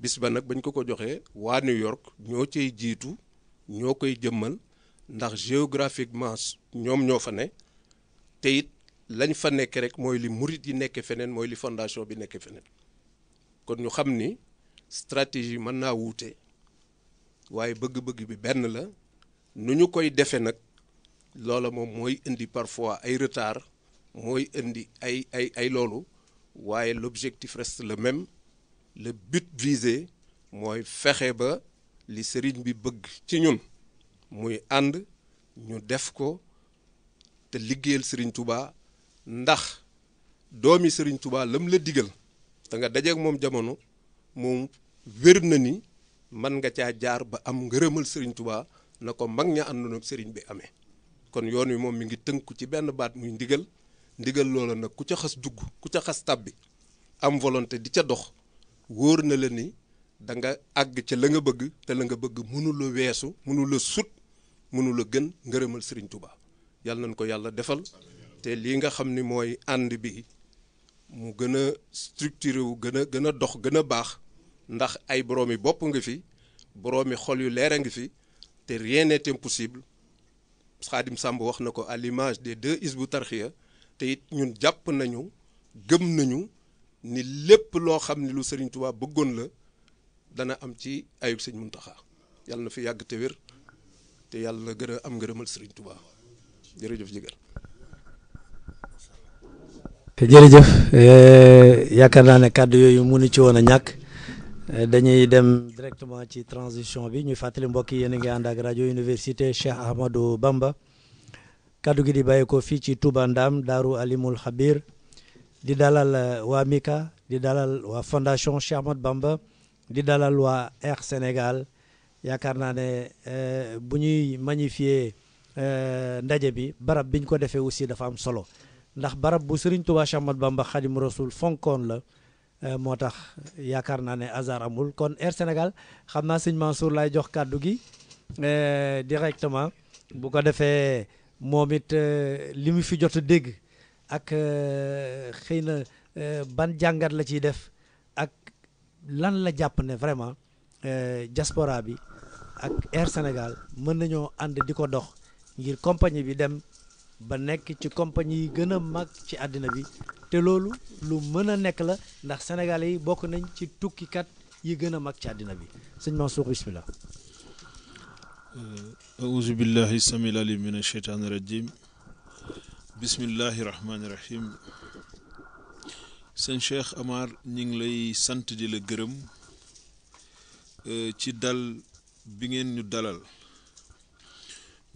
bis ba nag bañ ko ko joxee waa New York ñoo cay jiitu ñoo koy jëmmal ndax géographiquement ñoom ñoo fa ne te it lañ fa nekk rek mooy li murit yi nekk feneen mooy li fondation bi nekk feneen kon ñu xam ni stratégie mën naa wuute waaye bëgg-bëgg bi benn la nu ñu koy defee nag loola moom mooy indi parfois ay retard mooy indi ay ay ay loolu waaye l'objectif reste le même le but visé mooy fexe ba li sëriñ bi bëgg ci ñun muy ànd ñu def ko te liggéeyal sëriñ Touba ndax doomi sëriñ Touba lam la digal te nga dajeek moom jamono moom wér na ni mën nga caa jaar ba am ngërëmal sëriñ Touba na ko mag ña àndoon sëriñ bi amee kon yoon wi moom mi ngi tënku ci benn baat muy ndigal ndigal loola nag ku ca xas dugg ku ca xas tàbbi am volonté di ca dox wóor na la ni danga àgg ca la nga bëgg te la nga bëgg mënu weesu mënu sut mënu la gën ngërëmal Serigne Touba yàlla nañ ko yàlla defal te lii nga xam ni mooy ànd bi mu gën a structuré wu gën a gën a dox gën a baax ndax ay boroomi bopp nga fi boroomi xol yu leer a ngi fi te rien n'est impossible Xaadim Samb wax na ko à l'image des deux Hizbut Tarqiyyah te it ñun jàpp nañu gëm nañu. ni lépp loo xam ne lu Serigne tubaa bëggoon la dana am ci ayub sëñ Muntaxa yàlla na fi yàgg te te yàlla na gën a am ngërëmal Serigne Touba jërëjëf jigal eh, jërëjëf eh, yaakaar naa ne kàddu yooyu mënu ci woon a ñàkk eh, dañuy dem directement ci transition bi ñu fàttali mbokk yi yéen a ngi ànd ak université Cheikh Ahmadou Bamba kàddu gi di bàyyeekoo fii ci Touba Ndam Daaru Alimul Xabir di dalal euh, waa Mika di dalal waa fondation Cheikh Bamba di dalal waa Air Sénégal yaakaar naa ne euh, bu ñuy magnifier euh, ndaje bi barab bi ko defee aussi dafa am solo ndax barab bu Serigne Touba Cheikh Bamba Khadim Rasoul fonkoon la moo tax yaakaar naa ne hasard amul kon Air Sénégal xam naa sëñ Mansour lay jox kàddu gi directement bu ko defee moom it li mu fi jot a dégg. ak euh, xëy na euh, ban jàngat la ciy def ak lan la jàpp ne vraiment euh, diaspora bi ak Air Sénégal mën nañoo ànd di ko dox ngir compagnie bi dem ba nekk ci compagnie yi gën a mag ci àddina bi te loolu lu mën a nekk la ndax sénégalais yi bokk nañ ci tukkikat yi gën a mag ci àddina bi sëñ Mansour bismillah auzu billahi bismillahi rahmaani rahim sëñ Cheikh Amar ñi ngi lay sant di la gërëm e, ci dal bi ngeen ñu dalal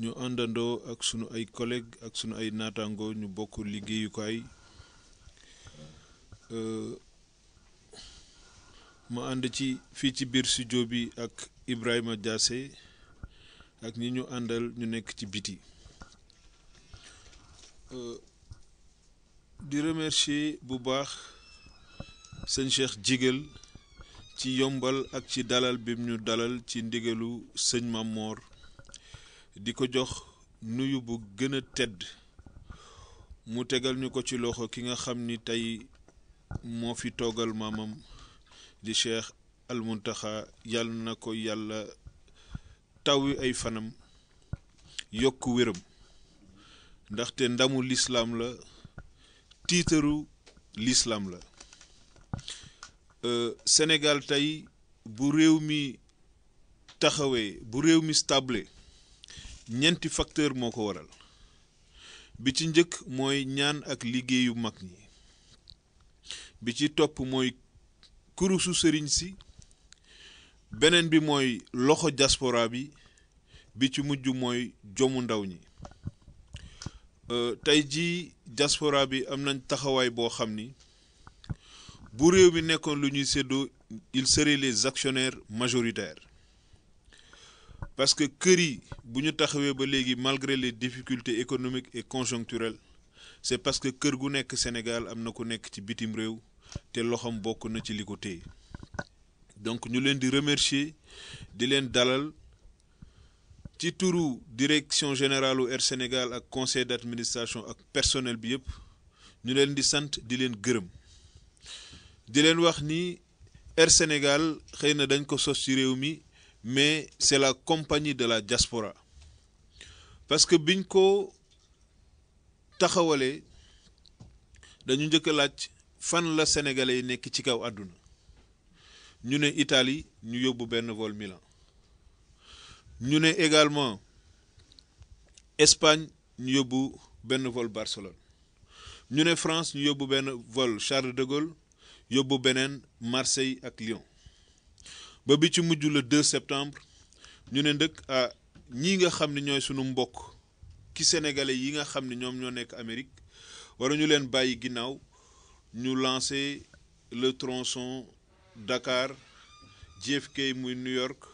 ñu àndandoo ak sunu ay collègues ak sunu ay nataangoo ñu bokk liggéeyukaay e, mu ànd ci fii ci biir studio bi ak Ibrahima jaase ak ñi ñu àndal ñu nekk ci biti Euh, di remercier bu baax sëñ Cheikh Jigéel ci yombal ak ci dalal bim ñu dalal ci ndigalu sëñ Mamor di ko jox nuyu bu gëna a tedd mu tegal ñu ko ci loxo ki nga xam ni tey moo fi toogal maamam di Cheikh Al Muntaxa na ko yàlla taw ay fanam yokk wéram ndaxte ndamu lislaam la tiitaru lislaam la euh, Sénégal tey bu réew mi taxawee bu réew mi ñeenti facteur moo ko waral bi ci njëkk mooy ñaan ak liggéeyu mag ñi bi ci topp mooy kurusu sëriñ si beneen bi mooy loxo diaspora bi bi ci mujj mooy jomu ndaw ñi Euh, tey jii diaspora bi am nañ taxawaay boo xam ni bu réew mi nekkoon ils seraient les actionnaires majoritaires parce que kër yi ba malgré les difficultés économiques et conjoncturelles c'est parce que kër gu Sénégal am na ku nekk ci bitim réew te loxam bokk na ci li donc ñu leen di remercier di leen dalal ci turu direction générale de Air Sénégal ak conseil d'administration ak personnel bi yëpp ñu leen di sant di leen gërëm di leen wax ni Air Sénégal xëy na dañ ko sos ci mi mais c'est la compagnie de la diaspora parce que biñ ko taxawalee dañu njëkk laaj fan la sénégalais yi nekk ci kaw àdduna ñu ne Italie ñu yóbbu benn vol Milan ñu ne également Espagne ñu yóbbu benn vol Barcelone ñu ne France ñu yóbbu benn vol Charles de Gaulle yóbbu beneen Marseille ak Lyon ba bi ci mujj le 2 septembre ñu ne ndëkk à ñii nga xam ne ñooy sunu mbokk ki sénégalais yi nga xam ne ñoom ñoo nekk Amérique wara ñu leen bàyyi ginnaaw ñu lancé le tronçon Dakar JFK muy New York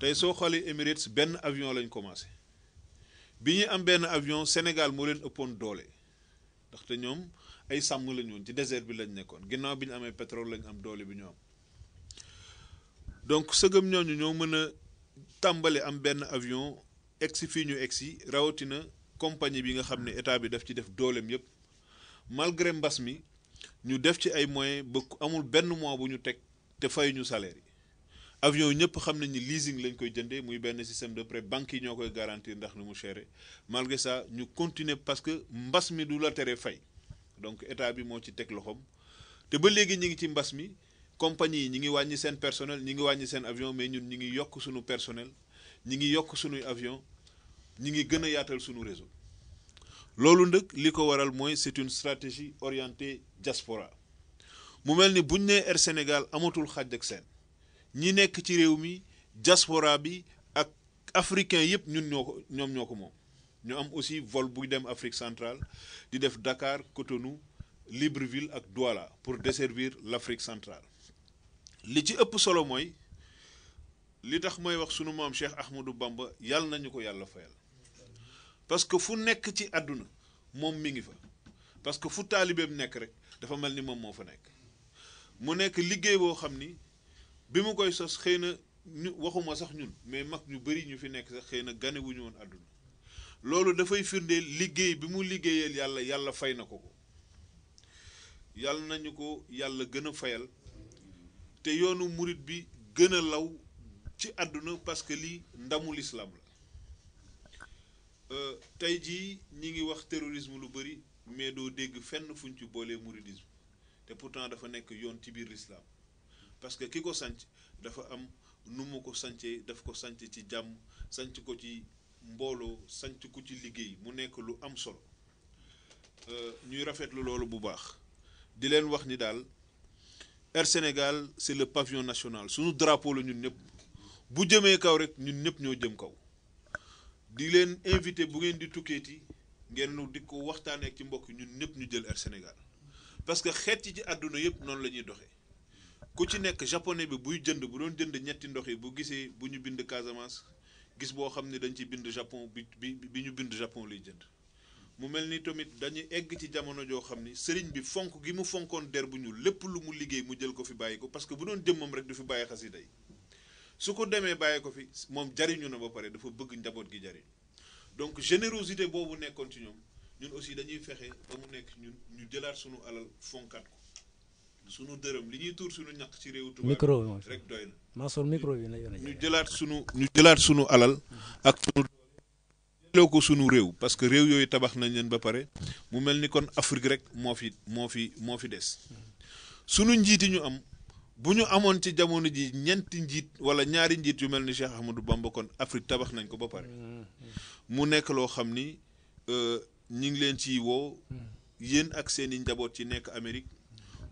tey soo xoolee Emirates benn avion lañ commencé bi ñuy am benn avion Sénégal moo leen ëppoon doole ndaxte ñoom ay sàmm lañ woon ci désert bi lañ nekkoon ginnaaw bi ñu amee pétrole lañ am doole bi ñu donc sëgëm ñooñu ñoo mën a tàmbali am benn avion exi fii ñu egsi rawatina compagnie bi nga xam ne état bi daf ci def dooleem yépp malgré mbas mi ñu def ci ay moyens ba amul benn mois bu ñu teg te fay ñu salaire yi avion yi ñëpp xam nañ ni leasing lañ koy jëndee muy benn système de prêt banque yi ñoo koy garantir ndax lu mu chéré malgré ça ñu continuer parce que mbas mi du la tere fay donc état bi moo ci teg loxom te ba léegi ñi ngi ci mbas mi compagnie yi ñi ngi wàññi seen personnel ñi ngi wàññi seen avion mais ñun ñi ngi yokk suñu personnel ñi ngi yokk suñu avion ñi ngi gën a yaatal suñu réseau loolu ndëkk li ko waral mooy c'est une stratégie orientée diaspora mu mel ni buñ nee Air Sénégal amatul xàjj ak seen ñi nekk ci réew mi diaspora bi ak africain yëpp ñun ñoo ñoom ñoo ko moom ñu am aussi vol buy dem Afrique centrale di def Dakar Cotonou Libreville ak Douala pour desservir l'Afrique centrale li ci ëpp solo mooy li tax may wax sunu maam Cheikh Ahmadou Bamba yàlla nañu ko yàlla fayal parce que fu nekk ci àdduna moom mi ngi fa parce que fu taalibeem nekk rek dafa mel ni moom moo fa nekk mu nekk liggéey boo xam ni bi mu koy sos xëy na waxuma sax ñun mais mag ñu bari ñu fi nekk sax xëy na ganewuñu woon àdduna loolu dafay firnde liggéey bi mu liggéeyal yàlla yàlla fay na ko ko yàlla nañu ko yàlla gën a fayal te yoonu murit bi gën a law ci àdduna parce que lii ndamu lislaam la euh, tey jii ñi ngi wax terrorisme lu bari mais doo dégg fenn fuñ ci boole mouridisme te pourtant dafa nekk yoon ci biir lislaam parce que ki ko dafa am numu ko vie, daf ko sanc ci jàmm sanc ko ci mbolo ko ci mu nek lu am solo euh, ñuy lu lolu bu baax di wax Air Sénégal c'est le pavillon national suñu drapeau lu ñun ñep bu jëmee kaw rek ñun ñep ñoo jëm kaw di invité bu ngeen di tukéti ngeen ko waxtane ak ci mbokk ñun ñep ñu jël Air Sénégal parce que xeet ci àdduna yëpp non lañuy ku ci nekk japonais bi buy jënd bu doon jënd ñetti ndox yi bu gisee bu ñu bind Casamance gis boo xam ne dañ ci bind Japon bi bi bi ñu bind Japon lay jënd mu mel ni tamit dañuy egg ci jamono joo xam ni sëriñ bi fonk gi mu fonkoon der bu ñu lépp lu mu liggéey mu jël ko fi bàyyi ko parce que bu doon jëmmam rek du fi bàyyi xasida yi su ko demee bàyyi ko fi moom jariñu na ba pare dafa bëgg njaboot gi jariñ donc générosité boobu nekkoon ci ñoom ñun aussi dañuy fexe ba mu nekk ñun ñu jëlaat sunu alal fonkaat ko sunu dërëm li ñuy tuur sunu ñaq ci réew tubaab micro bi rek doy na. maa sol micro bi la ñu jëlaat sunu ñu jëlaat sunu alal ak sunu delloo sunu réew parce que réew yooyu tabax nañ leen ba pare mu mel ni kon Afrique rek moo fi moo fi moo fi des sunu njiiti ñu am bu ñu amoon ci jamono ji ñeenti njiit wala ñaari njiit yu mel ni Cheikh Ahmadou Bamba kon Afrique tabax nañ ko ba pare mu nekk loo xam ni euh, ñu ngi leen ci woo hmm. yéen ak seeni njaboot ci nekk Amérique.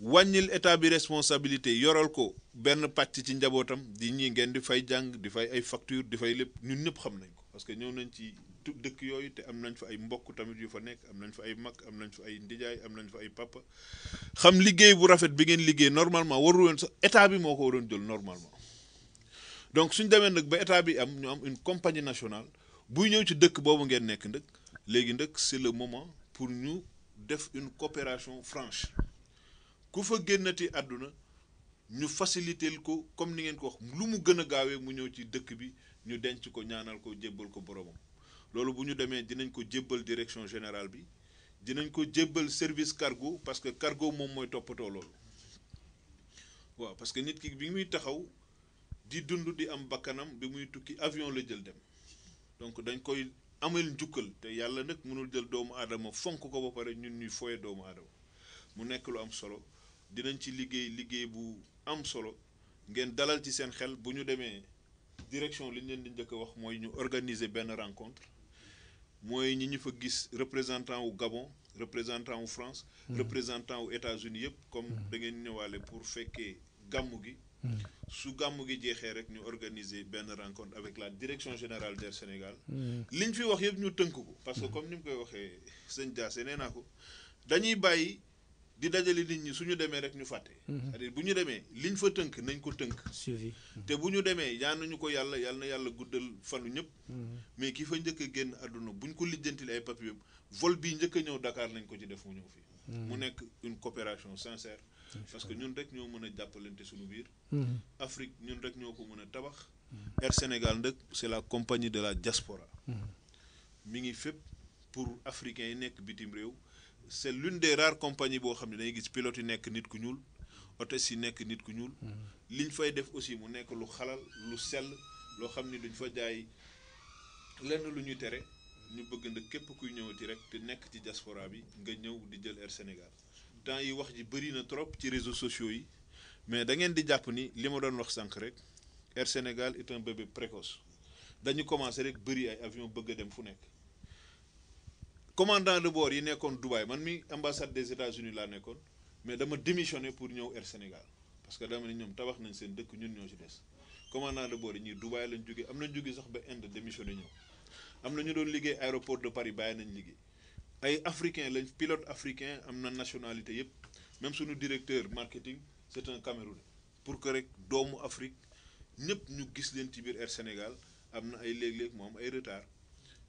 wàññil état bi responsabilité yoral ko benn pàcc ci njabootam di ñi ngeen di fay jàng di fay ay facture di fay lépp ñun ñëpp xam nañ ko parce que ñëw nañ ci dëkk yooyu te am nañ fa ay mbokk tamit yu fa nekk am nañ fa ay mag am nañ fa ay ndijaay am nañ fa ay papa xam liggéey bu rafet bi ngeen liggéey normalement waru woon sax état bi moo ko waroon jël normalement donc suñ demee nag ba état bi am ñu am une compagnie nationale buy ñëw ci dëkk boobu ngeen nekk ndëkk léegi ndëkk c'est le moment pour ñu def une coopération franche ku fa génnati àdduna ñu faciliter ko comme ni ngeen ko wax lu mu gën a gaawee mu ñëw ci dëkk bi ñu denc ko ñaanal ko jébbal ko boromam loolu bu ñu demee dinañ ko jébbal direction général bi dinañ ko jébbal service cargo parce que cargo moom mooy toppatoo loolu waaw parce que nit ki bi muy taxaw di dund di am bakkanam bi muy tukki avion la jël dem donc dañ koy ameel njukkal te yàlla nag mënul jël doomu aadama fonk ko ba pare ñun ñuy foye doomu aadama mu nekk lu am solo dinañ ci liggéey liggéey bu am solo ngeen dalal ci seen xel bu ñu demee direction li ñu leen di njëkk a wax mooy ñu organiser benn rencontre mooy ñi ñu fa gis représentant wu Gabon représentant wu France hmm. représentant wu États-Unis yëpp comme hmm. da ngeen ñëwaale pour fekkee gàmmu gi hmm. su gàmmu gi jeexee rek ñu organiser benn rencontre avec la direction générale d'Air Sénégal liñ fi wax yëpp ñu tënk ko parce que comme ni mu koy waxee sëñ Dia nee naa ko dañuy bàyyi di dajale nit ñi suñu nous rek ñu nous mhm. cest dire buñu démé liñ fa nous nañ ko mhm. ko na guddal fanu ñëpp. Mhm. mais ki fa ñëk nous aduna buñ ko nous ay vol bi ñëk ñëw Dakar nañ ko ci def une coopération sincère. parce que ñun rek ñoo mën a suñu biir. Afrique ñun rek tabax. Sénégal c'est la compagnie de la diaspora mi ngi pour africains c'est l'une des rares compagnies bo xamni dañuy gis pilote yi nekk nit ku ñuul hôtesse yi nekk nit ku ñuul hmm. liñ fay def aussi mu nek lu xalal lu sel lo xamni duñ fa jaay lenn lu ñuy tere ñu bëgg na képp kuy ñëwati rek te nekk ci diaspora bi nga ñëw di jël Air Sénégal temps yi wax ji bëri na trop ci réseaux sociaux yi mais da ngeen di japp ni li ma doon wax sank rek Air Sénégal est un bébé précoce dañu commencé rek bëri ay avion bëgg dem fu nekk commandant de bord yi nekkoon Dubaï man mi ambassade des États-Unis laa nekkoon mais dama démissionné pour ñëw Air Sénégal parce que dama ne ñoom tabax nañ seen dëkk ñun ñoo ci des commandant de bord yi ñuy Dubaï lañ jóge am nañ jóge sax ba Inde démissionné ñëw am na ñu doon liggéey aéroport de Paris bàyyi nañ liggéey ay africain lañ pilote africain am na nationalité yëpp même suñu directeur marketing c'est un Camerounais pour que rek doomu Afrique ñëpp ñu gis leen ci biir Air Sénégal am na ay léeg-léeg mu am ay retard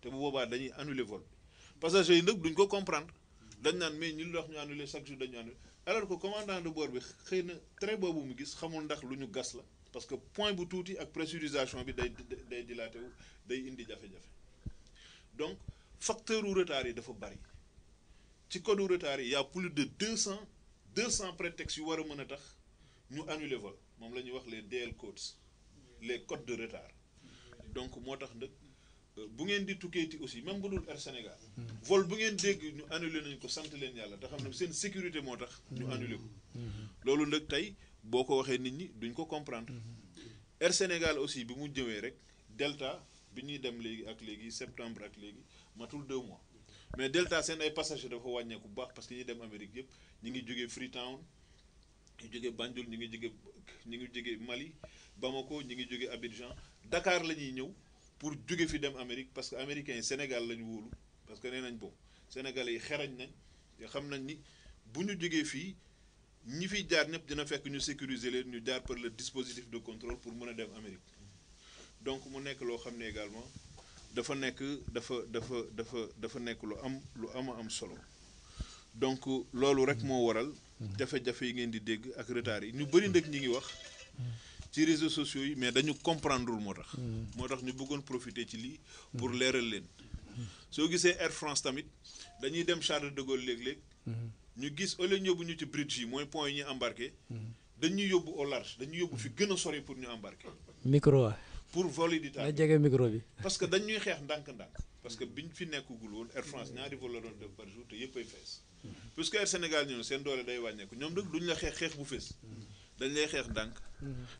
te bu boobaa dañuy annuler vol bi que yi nag duñ ko comprendre dañ naan mais ñu wax ñu annuler chaque jour dañu annuler alors que commandant de bord bi xëy na très boobu mu gis xamul ndax lu ñu gas la parce que point bu tuuti ak pressurisation bi day day dilaté wu day indi jafe-jafe donc facteur retard yi dafa bari ci code retard yi y' a plus de 200 200 prétextes yu war a mën a tax ñu annuler vol moom la ñuy wax les DL codes les codes de retard donc moo tax nag bu ngeen di tukkeeti aussi même bu dul Air Sénégal. vol bu ngeen dégg ñu annulé nañ ko sant leen yàlla te xam ne seen sécurité moo tax. ñu annulé ko. loolu nag tey boo ko waxee nit ñi duñ ko comprendre. Air Sénégal aussi bi mu jëwee rek Delta bi ñuy dem léegi ak léegi septembre ak léegi matul deux mois mais Delta seen ay passagers dafa wàññeeku bu baax parce que ñi dem Amérique yëpp ñi ngi jógee Freetown ñi jógee Banjul ñi ngi jógee ñu ngi jógee Mali Bamako ñi ngi jógee Abidjan Dakar la ñuy ñëw pour jóge fi dem Amérique parce que américains yi Sénégal lañ wóolu parce que nenañ nañ bon sénégalais yi nañ xam nañ ni buñu ñu fi ñi fi jaar ñëpp dina fekk ñu sécuriser leen ñu jaar par le dispositif de contrôle pour mën dem Amérique donc mu nekk loo xam ne également dafa nekk dafa dafa dafa dafa nekk lu am lu ama am solo donc loolu rek moo waral jafe-jafe yi ngeen di dégg ak retard yi ñu bëri ndëg ñi ngi wax ci réseaux sociaux yi mais dañu comprendre moo motax hmm. moo tax ñu bëggoon profiter ci li pour leeral leen. soo gisee Air France tamit dañuy dem Charles de Gaulle léeg-léeg. Hmm. ñu gis au lieu ñu ñu ci bridge yi mooy point yi ñuy embarqué. Hmm. dañuy yóbbu au large dañuy yóbbu fi gën a sori pour ñu embarqué. micro pour vol la taal micro bi. parce que dañuy xeex ndànk-ndànk. parce que biñ fi nekkagul woon Air France ñaari vol la doon def par jour te yëpp ay fees. puisque Air Sénégal ñoom seen doole day wàññeeku ñoom nag duñ la xeex xeex bu fees dañ lay xeex ndànk.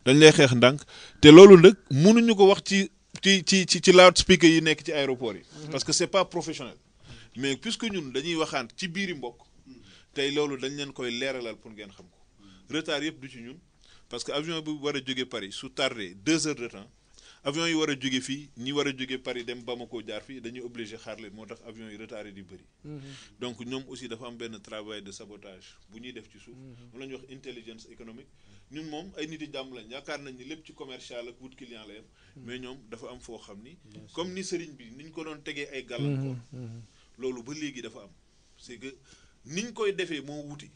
dañ lay xeex ndànk te loolu nag mënuñu ko wax ci ci ci ci ci loud yi nekk ci aéroport yi. Mhm. parce que c'est pas professionnel. mais puisque ñun dañuy waxaan ci biiri mbokk. tey loolu dañ leen koy leeralal pour ngeen xam ko. retard yëpp du ci ñun parce que avion bu war a jógee Paris su tardé deux heures de temps avion yi war a jóge fii ñi war a jóge Paris dem Bamako jaar fii dañuy obligé xaar leen moo tax avion yi retardé yi di bëri mhm. donc ñoom aussi dafa am benn travail de sabotage bu ñuy def ci suuf mu mhm. la ñuy wax intelligence économique ñun moom ay nit yi jàmm lañ yaakaar nañ ni lépp ci commercial ak wut client la yem mhm. mais ñoom dafa am foo xam ni comme ni sëriñ bi niñ ko doon tegee ay gàllankoor loolu ba léegi dafa am c'est que niñ koy defee moo wuti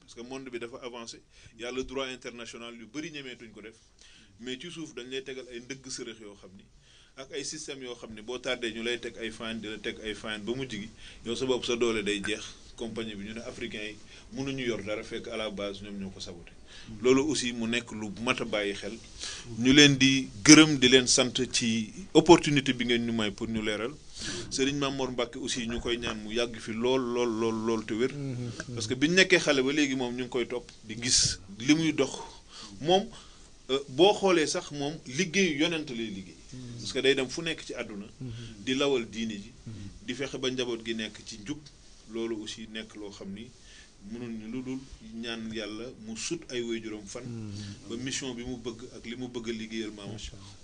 parce que monde bi dafa avancé yàlla droit international yu bëri ñemeetuñ ko def mais ci suuf dañ lay tegal ay ndëgg sërëx yoo xam ni ak ay système yoo xam ni boo tardé ñu lay teg ay fine di la teg ay fine ba mu jigi yoo sa bopp sa doole day jeex compagnie bi ñu ne africain yi mënuñu yor dara fekk à la base ñoom ñoo ko saboté loolu aussi mu nekk lu mat a bàyyi xel ñu leen di gërëm di leen sant ci opportunité bi ngeen ñu may pour ñu leeral Serigne Mamor Mbacke aussi ñu koy ñaan mu yàgg fi lool lool lool lool te wér mm-hmm. parce que biñ nekkee xale ba léegi moom ñu ngi koy topp di gis li muy dox moom Euh, boo xoolee sax moom liggéeyu yonent lay liggéey mm-hmm. parce que day dem fu nekk ci àdduna mm-hmm. di lawal diine ji mm-hmm. di fexe ba njaboot gi nekk ci njub loolu aussi nekk loo xam ni mënul ñu lu dul ñaan yàlla mu sut ay waajuram fan ba mission bi mu bëgg ak li mu bëgg a liggéeyal maama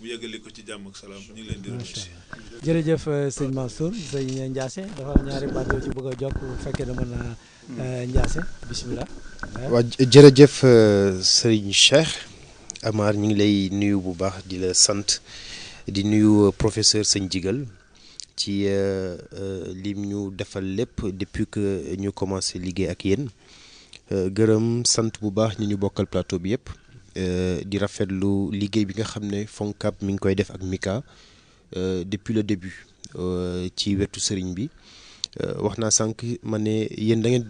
mu yeggali ko ci jàmm ak salaam ñu ngi leen di remercier jërëjëf euh, sëñ Mansour sëñ Ndiassé dafa am ñaari baat ci bëgg a jokk bu fekkee na mën a Ndiassé bisimilah waaw jërëjëf euh, sëriñ Cheikh Amar nous sommes lay la euh, professeur saint Digal qui euh, fait euh, defal depuis que ñu commencé ligue ak ont euh, bu baax ñu nous plateau bi di de ligue bi nga ne Nous koy def depuis le début ci tout bi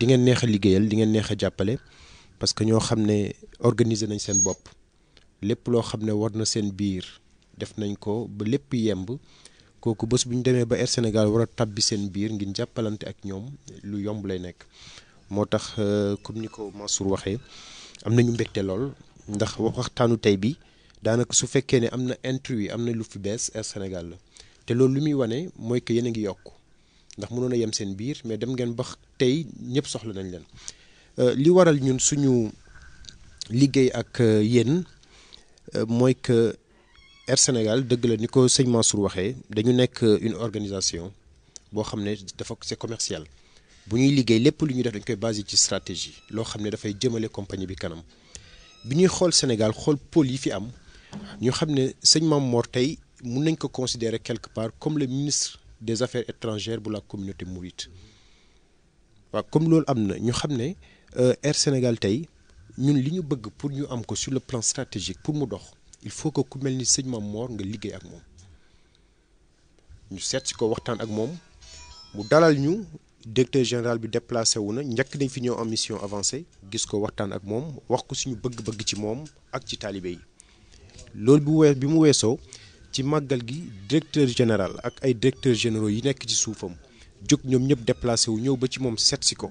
le di parce que nous avons organisé organiser nañ lépp loo xam ne war na seen biir def nañ ko ba lépp yemb kooku bés bu ñu demee ba Air Sénégal war a tabbi seen biir ngir jàppalante ak ñoom lu yomb lay nekk moo tax euh, comme ni ko Mansour waxee am nañu mbégte lool ndax waxtaanu tey bi daanaka su fekkee ne am na yi am na lu fi bees Air Sénégal la te loolu lu muy wane mooy que yéen a ngi yokk ndax mënoon a yem seen biir mais dem ngeen ba tey ñëpp soxla nañ leen euh, li waral ñun suñu liggéey ak euh, yéen. Euh, moy que Air Sénégal deug la ni seigne Mansour waxé dañu nek euh, une organisation bo xamné dafa c'est commercial buñuy liggéey lépp lu ñuy def dañ koy basé ci stratégie lo xamné da fay jëmale compagnie bi kanam biñuy xol Sénégal xol pôle yi fi am ñu xamné seigne sëñ Mame Mor tey nañ ko considérer quelque part comme le ministre des affaires étrangères bu la communauté mouride wa comme lool amna ñu xamné euh, Air Sénégal tay ñun li ñu bëgg pour ñu am ko sur le plan stratégique pour mu dox il faut que ku mel ni sëñ Mame Mor nga liggéey ak moom ñu seet si ko waxtaan ak moom mu dalal ñu directeur général bi déplacé wu na njëkk nañ fi ñëw en mission avancée gis ko waxtaan ak moom wax ko suñu bëgg-bëgg ci moom ak ci taalibe yi loolu bu wee bi mu weesoo ci màggal gi directeur général ak ay directeur généraux yi nekk ci suufam jóg ñoom ñëpp déplacé wu ñëw ba ci moom seet si ko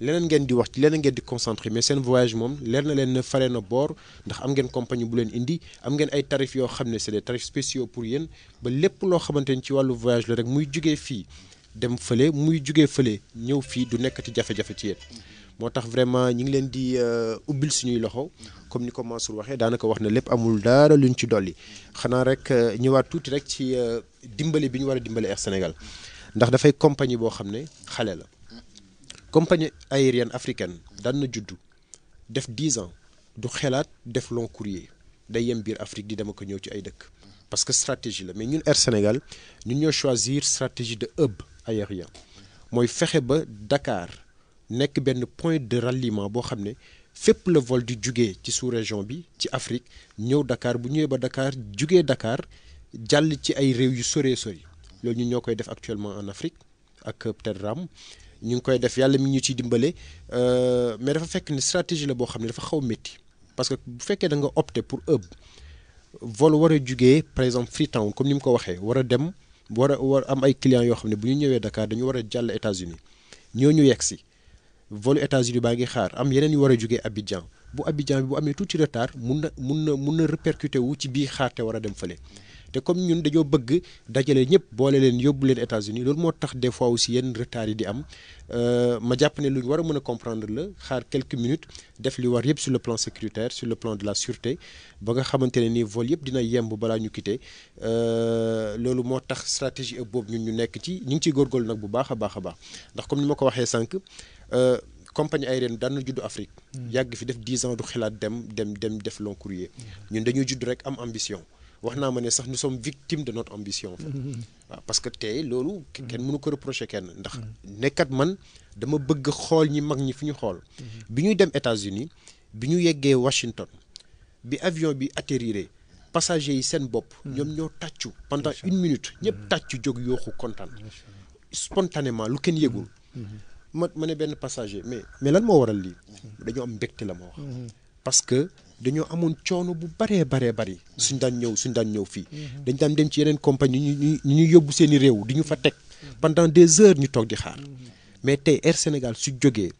leneen ngeen di wax ci leneen ngeen di concentré mais seen voyage moom leer na leen ne fare na boor ndax am ngeen compagnie bu leen indi am ngeen ay tarifs yoo xam ne c'est des tarifs spéciaux pour yéen ba lépp loo xamante ci wàllu voyage la rek muy jugee fii dem fële muy jugee fële ñëw fii du nekkati jafe-jafe ci yéen moo tax vraiment ñi ngi leen di euh, ubbil suñuy loxo comme ni ko Mansour waxee daanaka wax na lépp amul dara luñ ci dolli xanaa rek euh, ñëwaat tuuti rek ci euh, dimbali bi ñu war a dimbali Air Sénégal ndax dafay compagnie boo xam ne xale la compagnie aérienne africaine dans na juddu def dix ans du xelaat def long courrier day yem biir Afrique di dem ko ñëw ci ay parce que stratégie la mais ñun Air Sénégal ñun ñoo choisir stratégie de hub aérien mooy fexe ba Dakar nekk ben point de ralliement boo xam Fait le vol du Djougé, ci sous région bi ci Afrique ñëw Dakar bu ñëwee ba Dakar Djougé Dakar jàll ci ay réew yu sore sori loolu ñun ñoo def actuellement en Afrique ak peut Ram ñu ngi koy def yàlla mi ñu ciy dimbale %e mais :fra dafa fekk ni stratégie la boo xam ne dafa xaw a métti parce que bu fekkee da nga opté pour ëpp vol war a jugee par exemple :fra Freetown comme ni mu ko waxee war a dem war a war am ay clients yoo xam ne bu ñu ñëwee Dakar dañu war a jàll Etat-unis ñooñu yegg si volu Etat-unis baa ngi xaar am yeneen yu war a jugee Abidjan bu Abidjan bi bu amee tuuti retard :fra mun na mun na mun na répercuté wu ci bii xaar te war a dem fële te comme ñun dañoo bëgg dajale ñëpp boole leen yóbbu leen états unis loolu moo tax des fois aussi :fra yenn retards yi di am [r] euh, ma jàpp ne lu ñu war a mën a comprendre :fra la xaar quelques minutes def li war yëpp sur le plan sécuritaire sur le plan de la sûreté ba nga xamante ne ni vol :fra yëpp dina yemb balaa ñu quitter :fra euh, loolu moo tax stratégie :fra boobu ñun ñu nekk ci ñu ngi ciy góorgóorlu nag bu baax a baax a baax ndax comme ni ma ko waxee sànq euh, compagnie aérienne :fra daan na judd Afrique hmm. yàgg fi def 10 ans du xalaat dem dem dem def long courrier hmm. ñun dañuy judd rek am ambition :fra wax naa ma ne sax nous sommes victimes de notre ambition. Mm-hmm. parce que tey loolu. Mm-hmm. kenn mënu ko reprocher kenn ndax. Mm-hmm. nekkat man dama bëgg xool ñi mag ñi fi ñu xool. bi ñuy dem États-Unis bi ñu yeggee Washington bi avion bi atterriré passagers yi seen bopp. ñoom ñoo tàccu pendant une minute. ñëpp tàccu jóg yooxu kontaan. spontanément lu kenn yëgul. ma ma ne benn passager mais mais lan moo waral lii. dañoo am mbégte la ma wax. parce que. dañoo amoon coono bu baree baree bari suñ daan ñëw suñ daan ñëw fii dañ daan dem ci yeneen compagnie ñu ñu ñu yóbbu seeni réew di ñu fa teg pendant des heures ñu toog di xaar mais tey Air Sénégal su jógee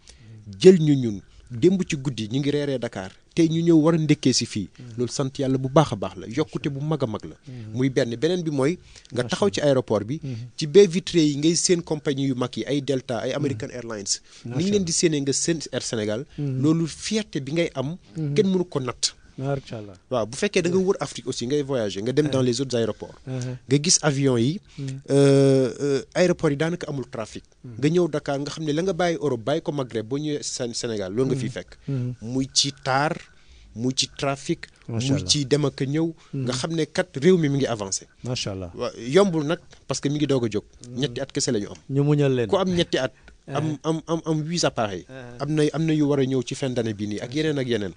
jël ñu ñun démb ci guddi ñu ngi reeree Dakar tey ñu ñëw war a ndekkee si fii mm. loolu sant yàlla bu baax a baax la yokkute bu mag a mag la mm. muy benn beneen bi mooy nga taxaw ci aéroport bi mm-hmm. ci baie vitrée yi ngay seen compagnie yu mag yi ay Delta ay American mm. Airlines ni ñu leen di séenee nga seen Air Sénégal mm-hmm. loolu fierté bi ngay am mm-hmm. kenn mënu ko natt waaw bu fekkee da nga wër Afrique aussi ngay voyager nga dem dans les autres aéroports eh, eh. nga gis avion yi hmm. euh, euh, aéroports yi daanaka amul trafic hmm. nga ñëw dakaar nga xam ne la nga bàyyi Europe bàyyi ko Maghreb boo ñëwee Sénégal loolu nga fiy hmm. fekk muy ci taar mu ci trafic mu ci dem ak ñëw nga xam ne kat réew mi mi ngi avancé macha allah waaw yombul nag parce que mi ngi doog a jóg ñetti at kese la ñu am ñu muñal leen ku am ñetti at eh. am am am am huit appareils am na am na yu war a ñëw ci fin d'année bi nii ak yeneen ak yeneen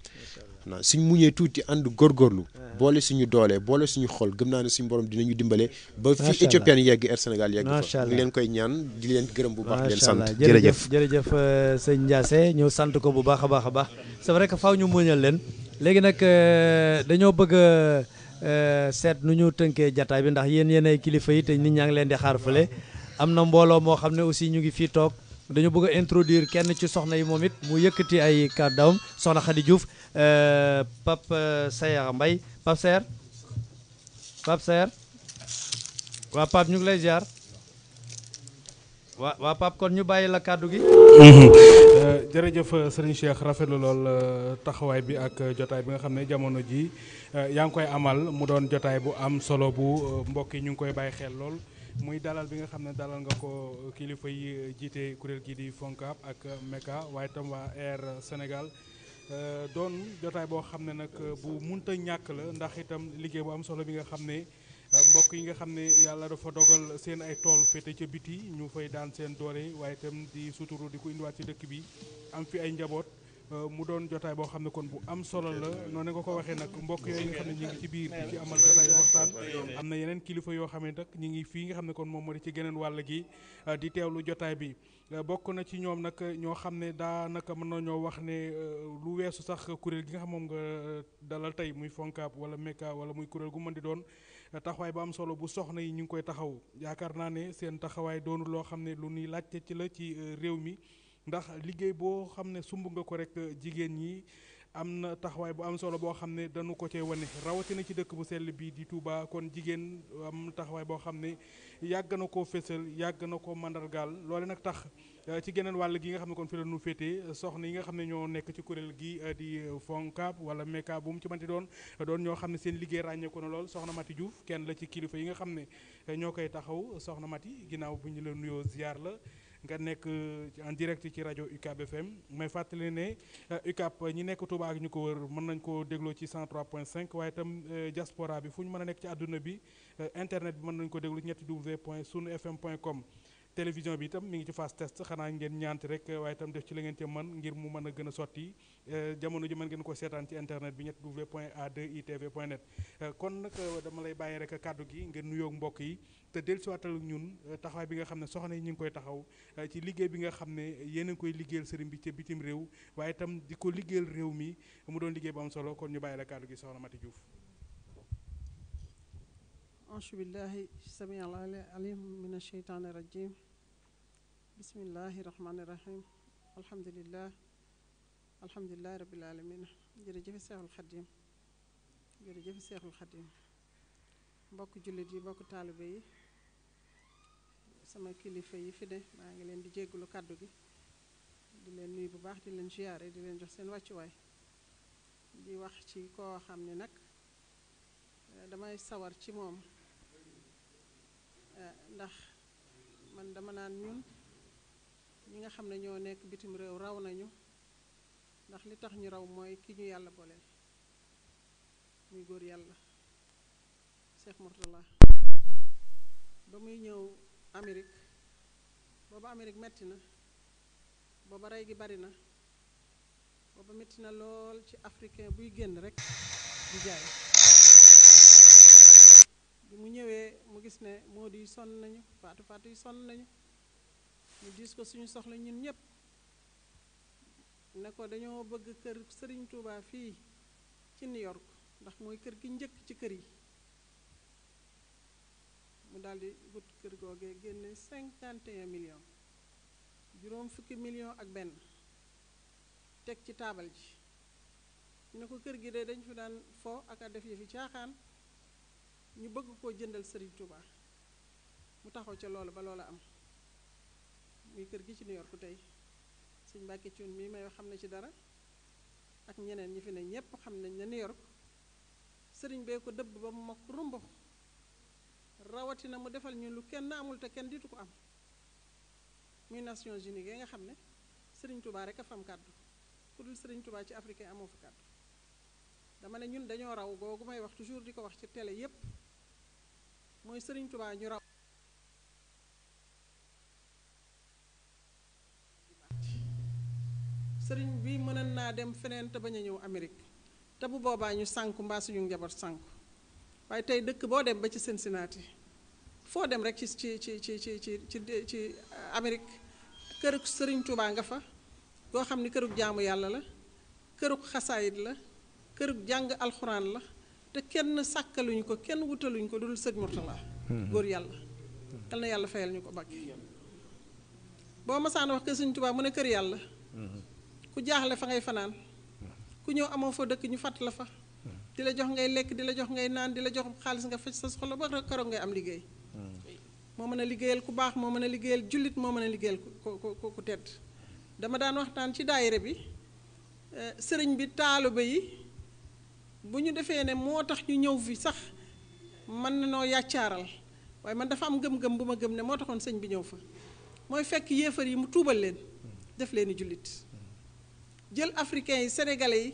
waaw suñ muñee tuuti ànd góorgóorlu ah. boole suñu doolee boole suñu xol gëm naa ne suñu borom dinañu dimbale ba fii Éthiopienne yegg Air Sénégal yegg fa ngi leen koy ñaan di leen gërëm bu baax di leen sant jërëjëf jërëjëf euh, sëñ Ndiassé ñëw sant ko bu baax a baax a baax c'est vrai que faaw ñu muñal leen léegi nag euh, dañoo bëgg a euh, seet nu ñu tënkee jataay bi ndax yéen yéen ay kilifa yi te nit ñaa ngi leen di xaar fële am na mbooloo moo xam ne aussi ñu ngi fii toog dañoo bëgg a kenn ci soxna yi moom it mu yëkkati ay kàddaam soxna Khady Diouf Euh, euh, Pape Sayar Mbaye Pape Sayar waa Pape ñu ngi lay ziar waa waa Pape kon ñu bàyyi la kàddu gi. Euh, jërëjëf sëriñ Cheikh rafetlu lool taxawaay bi ak jotaay bi nga xam ne jamono ji yaa ngi koy amal mu doon jotaay bu am solo bu mbokk yi ñu ngi koy bàyyi xel lool. muy dalal bi nga xam ne dalal nga ko kilifa yi jiite kuréel gii di FONCAB ak MECA waaye tam waa Air Sénégal. Euh, doon jotaay boo xam ne nag euh, bu munta ñàkk la ndax itam liggéey bu am solo bi nga xam ne euh, mbokk yi nga xam ne yàlla dafa dogal seen ay tool féete ca biti ñu fay daan seen doole waaye itam di suturu di ko indiwaat ci dëkk bi am fi ay njaboot mu doon jotaay boo xam ne kon bu am solo la noonu nga ko waxee nag mbokk yooyu nga xam ne ñu ngi ci biir di ci amal jotaay waxtaan am na yeneen kilifa yoo xam ne nag ñu ngi fii nga xam ne kon moom moo di ci geneen wàll gi di teewlu jotaay bi Euh, bokk na ci ñoom nag euh, ñoo xam ne daa daanaka mën nañoo wax ne euh, lu weesu sax kuréel gi nga xam moom nga dalal tey muy Foncab wala MECA wala muy kuréel gu mën di doon taxawaay ba am solo bu soxna yi ñu ngi koy taxaw yaakaar naa ne seen taxawaay doonu loo xam ne lu nuy laajte ci la ci réew mi ndax liggéey boo xam ne sumb nga ko rek jigéen ñi am na taxawaay boo am solo boo xam ne danu ko cee wane rawatina ci dëkk bu sell bii di tuubaa kon jigéen am taxawaay boo xam ne yàgg na koo fésal yàgg na ko mandargaal loole nag tax euh, ci geneen wàll gi nga xam ne kon fi la ñu féetee soxna yi nga xam ne ñoo nekk ci kuréel gi euh, di euh, Foncab wala Mecca bu mu ci manti doon doon ñoo xam ne seen liggéey ràññeeku na lool soxna Mati Diouf kenn la ci kilifa yi nga xam ne ñoo koy taxaw soxna Mati ginnaaw bu ñu la nuyoo ziar la nga nek en direct ci radio UCAB FM may fàttali ne euh, UCAB ñi nek Touba ak ñu wër mën nañ ko dégloo ci 103.5 waye tam diaspora bi fu mëna nek ci aduna bi euh, internet bi mën nañu ko déglu ñetti w point fm point com télévision bi itam mi ngi ci phase test xanaa ngeen ñaanti rek waaye itam def ci la ngeen ci mën ngir mu mën a gën a sotti eh, jamono ji mën ngeen ko seetaan ci internet bi ñett double point a itv point net eh, kon nag eh, dama lay bàyyi rek kàddu gi ngeen nuyoog mbokk yi te dellusiwaatal ak ñun taxawaay bi nga xam ne soxna yi ñu ngi koy taxaw ci liggéey bi nga xam ne yéen a ngi koy liggéeyal sëriñ bi ci bitim réew waaye itam di ko liggéeyal réew mi mu doon liggéey bu solo kon ñu bàyyi la kàddu gi soxna Mati Diouf أعوذ بالله السميع العليم من الشيطان الرجيم بسم الله الرحمن الرحيم الحمد لله الحمد لله رب العالمين جرجف الشيخ الخديم جرجف الشيخ الخديم بوك جولي بوك طالبي سما كليفه يي في ده ماغي لين دي جيغلو كادو دي دي لين نوي بو باخ دي لين زياره دي لين جوخ سين واتي واي دي واخ سي كو خامني نك damay sawar ci moom Eh, ndax man dama naan ñun ñi nga xam ne ñoo nekk bitim réew raw nañu ndax li tax ñu raw mooy ki ñu yàlla booleel muy góor yàlla Cheikh Mourtala ba muy ñëw Amérique booba amerig metti na booba rey gi bari na booba metti na lool ci africain buy génn rekk di jaay mu ñëwee mu gis ne Modou yi sonn nañu Fatou Fatou yi sonn nañu ñu diis ko suñu soxla ñun ñëpp ne ko dañoo bëgg kër Serigne Touba fii ci New York ndax mooy kër gi njëkk ci kër yi mu daldi wut kër googee génne 51 millions juróom fukki millions ak benn teg ci taabal ji ñu ne ko kër gi de dañ fi daan foo ak a def yëfi caaxaan ñu bëgg koo jëndal Serigne Touba mu taxaw ca loolu ba loola am muy kër gi ci New York tey sëñ Mbàkke Cuun mii may xam na ci dara ak ñeneen ñi fi ne ñépp xam nañ ne New York sëriñ bee ko dëbb ba mu mag rumbux rawatina mu defal ñu lu kenn amul te kenn ditu ko am muy Nations Unies yi nga xam ne sëriñ Touba rek a fam kàddu ku dul sëriñ Touba ci africain amoo fa kàddu dama ne ñun dañoo raw googu may wax toujours di ko wax ci télé yépp mooy sëriñ Touba ñu raw sëriñ bi mënoon naa dem feneen te bañ a ñëw amerig te bu boobaa ñu sànku mbaa njaboot sànku waaye tey dëkk boo dem ba ci Cincinnati foo dem rek ci ci ci ci ci ci ci sëriñ Touba nga fa goo xam ni kërug jaamu yàlla la kërug xasaayit la kërug jàng alxuraan la te kenn sakaluñ ko kenn wutaluñ ko dul sëñ murtala hmm. gor yalla yal na fayal ñuko bakki bo ma masaana wax ke seigne touba mu ne keur yalla ku jaaxle fa ngay fanaan ku ñew amo fo dekk ñu fat la fa di jox ngay lek di jox ngay nan di jox xaliss nga fecc sa xol ba keroog ngay am liggey mo meuna liggeyal ku bax mo meuna liggeyal julit mo meuna liggeyal ku tedd dama daan waxtaan ci daayira bi eh, sëriñ bi taalibe bu ñu defee ne moo tax ñu ñëw fi sax man na noo yàccaaral waaye man dafa am gëm-gëm bu ma gëm ne moo taxoon sëñ bi ñëw fa mooy fekk yéefar yi mu tuubal leen def leen i jullit jël africains yi sénégalais yi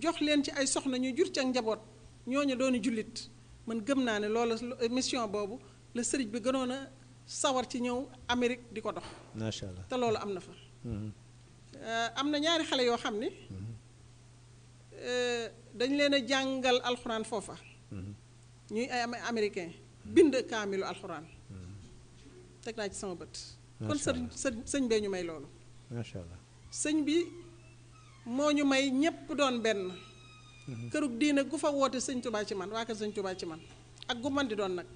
jox leen ci ay soxna ñu jur ci ak njaboot ñooñu dooni jullit man gëm naa ne loola mission boobu la sëriñ bi gënoon a sawar ci ñëw Amérique di ko dox. macha allah te loolu am na fa. Mm-hmm. Euh, am na ñaari xale yoo xam ni. Mm-hmm. Euh, dañ leen a jàngal alxuraan foofa mhm. ñuy ay américain bind kaamilu alxuraan mhm. teg naa ci sama bët kon sa sëñ bee ñu may loolu macha sëñ bi moo ñu may ñépp doon benn mhm. kërug diine gu fa woote sëñ tubaa ci man waa kër sëñ tubaa ci man ak gu man di doon nag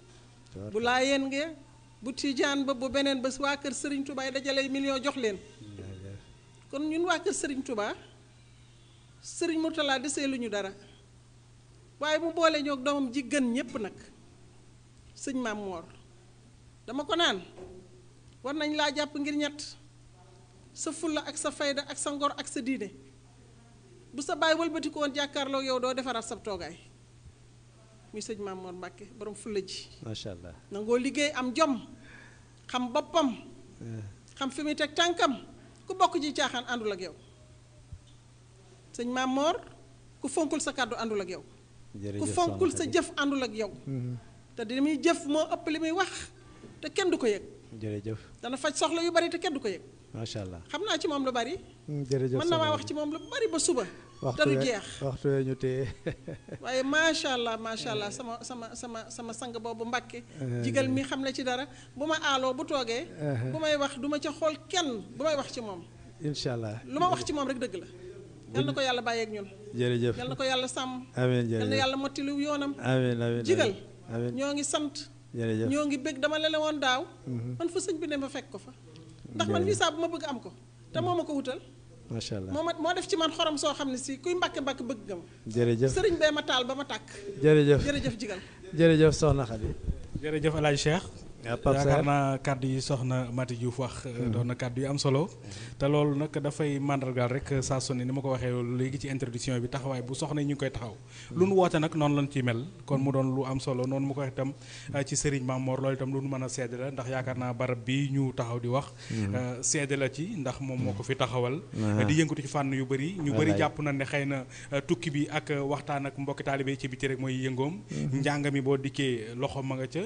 bu laayeen ngee bu tijaan ba bu beneen ba waa kër sëriñ tubaa yi dajale million jox leen kon ñun waa kër sëriñ tubaa sëriñ Mourtala desee lu ñu dara waaye mu boole ñoo doomam ji gën ñépp nag sëñ maam moor dama ko naan war nañ laa jàpp ngir ñett sa fulla ak sa fayda ak sa ngor ak sa diine bu sa baay wëlbati ko jàkkaarloo yow doo defaraat sab toogaay muy sëñ maam moor Mbàkke borom fulla ji macha allah nangoo liggéey am jom xam boppam eh. xam fi muy teg tànkam ku bokk ci caaxaan àndul ak yow sëñ Maam Mor ku fonkul sa kàddu àndul ak yow ku fonkul sa jëf àndul ak yow mm-hmm. te di muy jëf moo ëpp li muy wax te kenn du ko yëg jërëjëf dana faj soxla yu bari te kenn du ko yëg macha allah xam naa ci moom lu bari mm, jërëjëf mën wax ci moom lu bari ba suba te du jeex waxtu ñu waaye macha allah macha allah sama sama sama sama sang boobu mbàkke eh. jigal mi xam ne ci dara bu ma aaloo bu toogee eh. bu may wax du ma ca xool kenn bu may wax ci moom incha allah lu ma wax ci moom rek dëgg la yal na ko yàlla bàyyeeg ñun. jërëjëf na ko yàlla sàmm. amiin jërëjëf yal na yàlla mottaliw yoonam. amiin amiin jigal ñoo ngi sant. jërëjëf ñoo ngi bëgg dama lele woon daaw. Mhm. man fu sëñ bi ne ma fekk ko fa. ndax man saa bu ma bëgg am ko. te moo ma ko wutal. macha allah moo ma moo def ci man xorom soo xam ne si kuy mbàkke mbàkke bëgg nga ma. jërëjëf sëriñ bee ma taal ba ma tàkk. jërëjëf jërëjëf jigal. jërëjëf soxna Xadi. jërëjëf El Hadj yaakaar ya, Karena kàddu yi soxna Mati Diouf wax eh, hmm. kardi am solo hmm. te nak nag dafay màndargaal rek eh, saa su ne ni ma ko waxee léegi ci introduction bi taxawaay bu soxna ñu koy taxaw hmm. lu nu woote nag lañ ci mel kon mu doon lu am solo non mu ko wax itam eh, ci Serigne Mamor loolu itam lu nu mën a seede la ndax yaakaar naa barab bi ñu taxaw di wax seede la ci ndax moom moo fi taxawal di ci yu ñu na ne tukki bi ak waxtaan ak mbokki taalibe ci biti rek mooy yëngoom njàng mi boo dikkee ma nga ca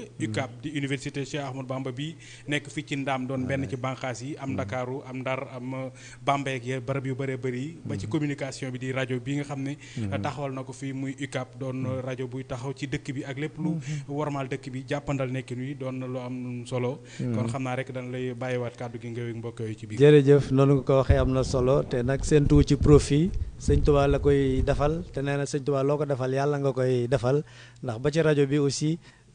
di université Cheikh Ahmad Bamba bi nekk fii ci ndaam doon benn ci banqaas yi am mm. ndakaaru am ndar am uh, bambeeg ya barab yu bëree bëri mm. ba ci communication bi di rajo bi nga xam ne mm-hmm. uh, taxawal na ko fii muy UCAP doon mm. rajo buy taxaw ci dëkk bi ak lépp lu mm-hmm. warmaal dëkk bi jàppandal nekkin wi doon na lu am solo kon xam naa rek dana lay bàyyiwaat kàddu gi ngëwéeg mbokk yooyu ci biir jërëjëf noonu nga ko waxee am na solo te nag seen tuuti ci profit sëñ Tuubaa la koy defal te nee na sëñ Tuubaa ko defal yàlla nga koy defal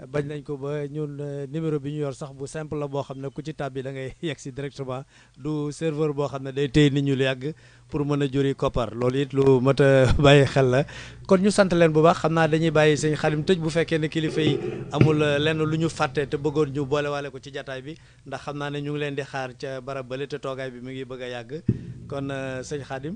bañ nañ ko ba ñun euh, numéro bi ñu yor sax bu simple la boo xam ne ku ci tàbbi da ngay yegg si directement du serveur boo xam ne day téy nit ñu lu yàgg pour mën a juri koppar loolu it lu mat a bàyyi xel la kon ñu sant leen bu baax xam naa dañuy bàyyi sëñ Xadim tëj bu fekkee ne kilifa yi amul euh, lenn lu ñu fàtte te bëggoon ñu ko ci jataay bi ndax xam naa ne ñu ngi leen di xaar ca barab bële te toogaay bi mu ngi bëgg a yàgg kon euh, sëñ Xadim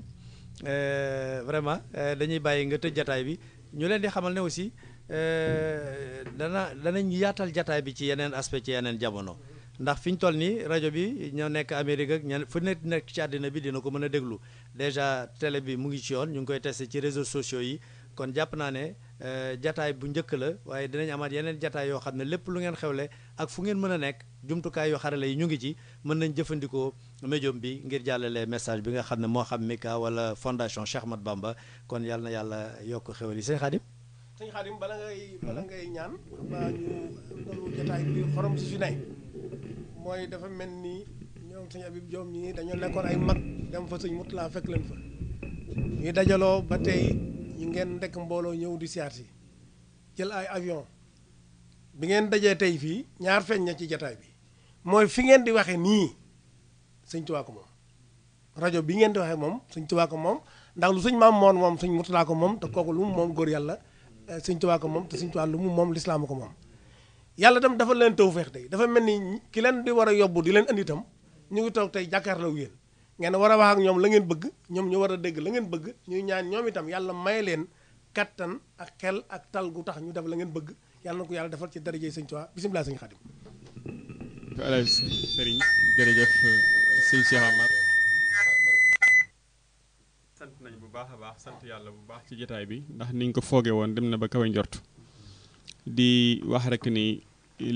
vraiment dañuy bàyyi nga tëj jataay bi ñu leen di xamal ne aussi Euh, dana danañ yaatal jataay bi ci yeneen aspect ci yeneen jamono ndax fi ñu toll nii rajo bi ñoo nekk Amérique ak ñan fu nekk nekk ci àddina bi dina ko mën a déglu déjà tele bi mu ngi ci yoon ñu ngi koy testé ci réseaux sociaux yi kon jàpp naa ne euh, jataay bu njëkk la waaye dinañ amaat yeneen jataay yoo xam ne lépp lu ngeen xewle ak fu ngeen mën a nekk jumtukaay yoo xarale yi ñu ngi ci mën nañ jëfandikoo médium bi ngir jàllale message bi nga xam ne moo xam Mika wala fondation Cheikh Ahmadou Bamba kon yàlla na yàlla yokk xewal yi sëñ Xaadim sëñ Xaadim bala ngay. bala ngay ñaan. mbaa mooy dafa mel ni ñoom sëñ Habib Diom ñii dañoo nekkoon ay mag dem fa sëñ laa fekk leen fa. ñuy dajaloo ba tey ñu ngeen ndekk mbooloo ñëw di siyaat si jël ay avion bi ngeen dajee tey fii ñaar feeñ na ci jataay bi mooy fi ngeen di waxee nii sëñ Tuubaa ko moom. rajo bi ngeen di waxee moom sëñ Tuubaa ko moom. ndax lu sëñ maam moon moom sëñ laa ko moom te kooku lu mu moom góor yàlla Eh, sëñ Tuubaa ko moom te sëñ Tuubaa lu mu moom lislaam ko moom yàlla tam dafa leen tawfeex tey dafa mel ni ki leen di war a yóbbu di leen indi tam ñu ngi toog tey jàkkaarloo yéen ngeen war a wax ak ñoom la ngeen bëgg ñoom ñu war a dégg la ngeen bëgg ñu ñaan ñoom itam yàlla may leen kattan ak xel ak tal gu tax ñu def la ngeen bëgg yàlla na ko yàlla defal ci darajey sëñ Tuubaa bisimilah sëñ Xaadim. jërëjëf sëñ Cheikh Amar baax a baax sant yàlla bu baax ci jotaay bi ndax niñ ko fooge woon dem na ba kawe njort di wax rek ni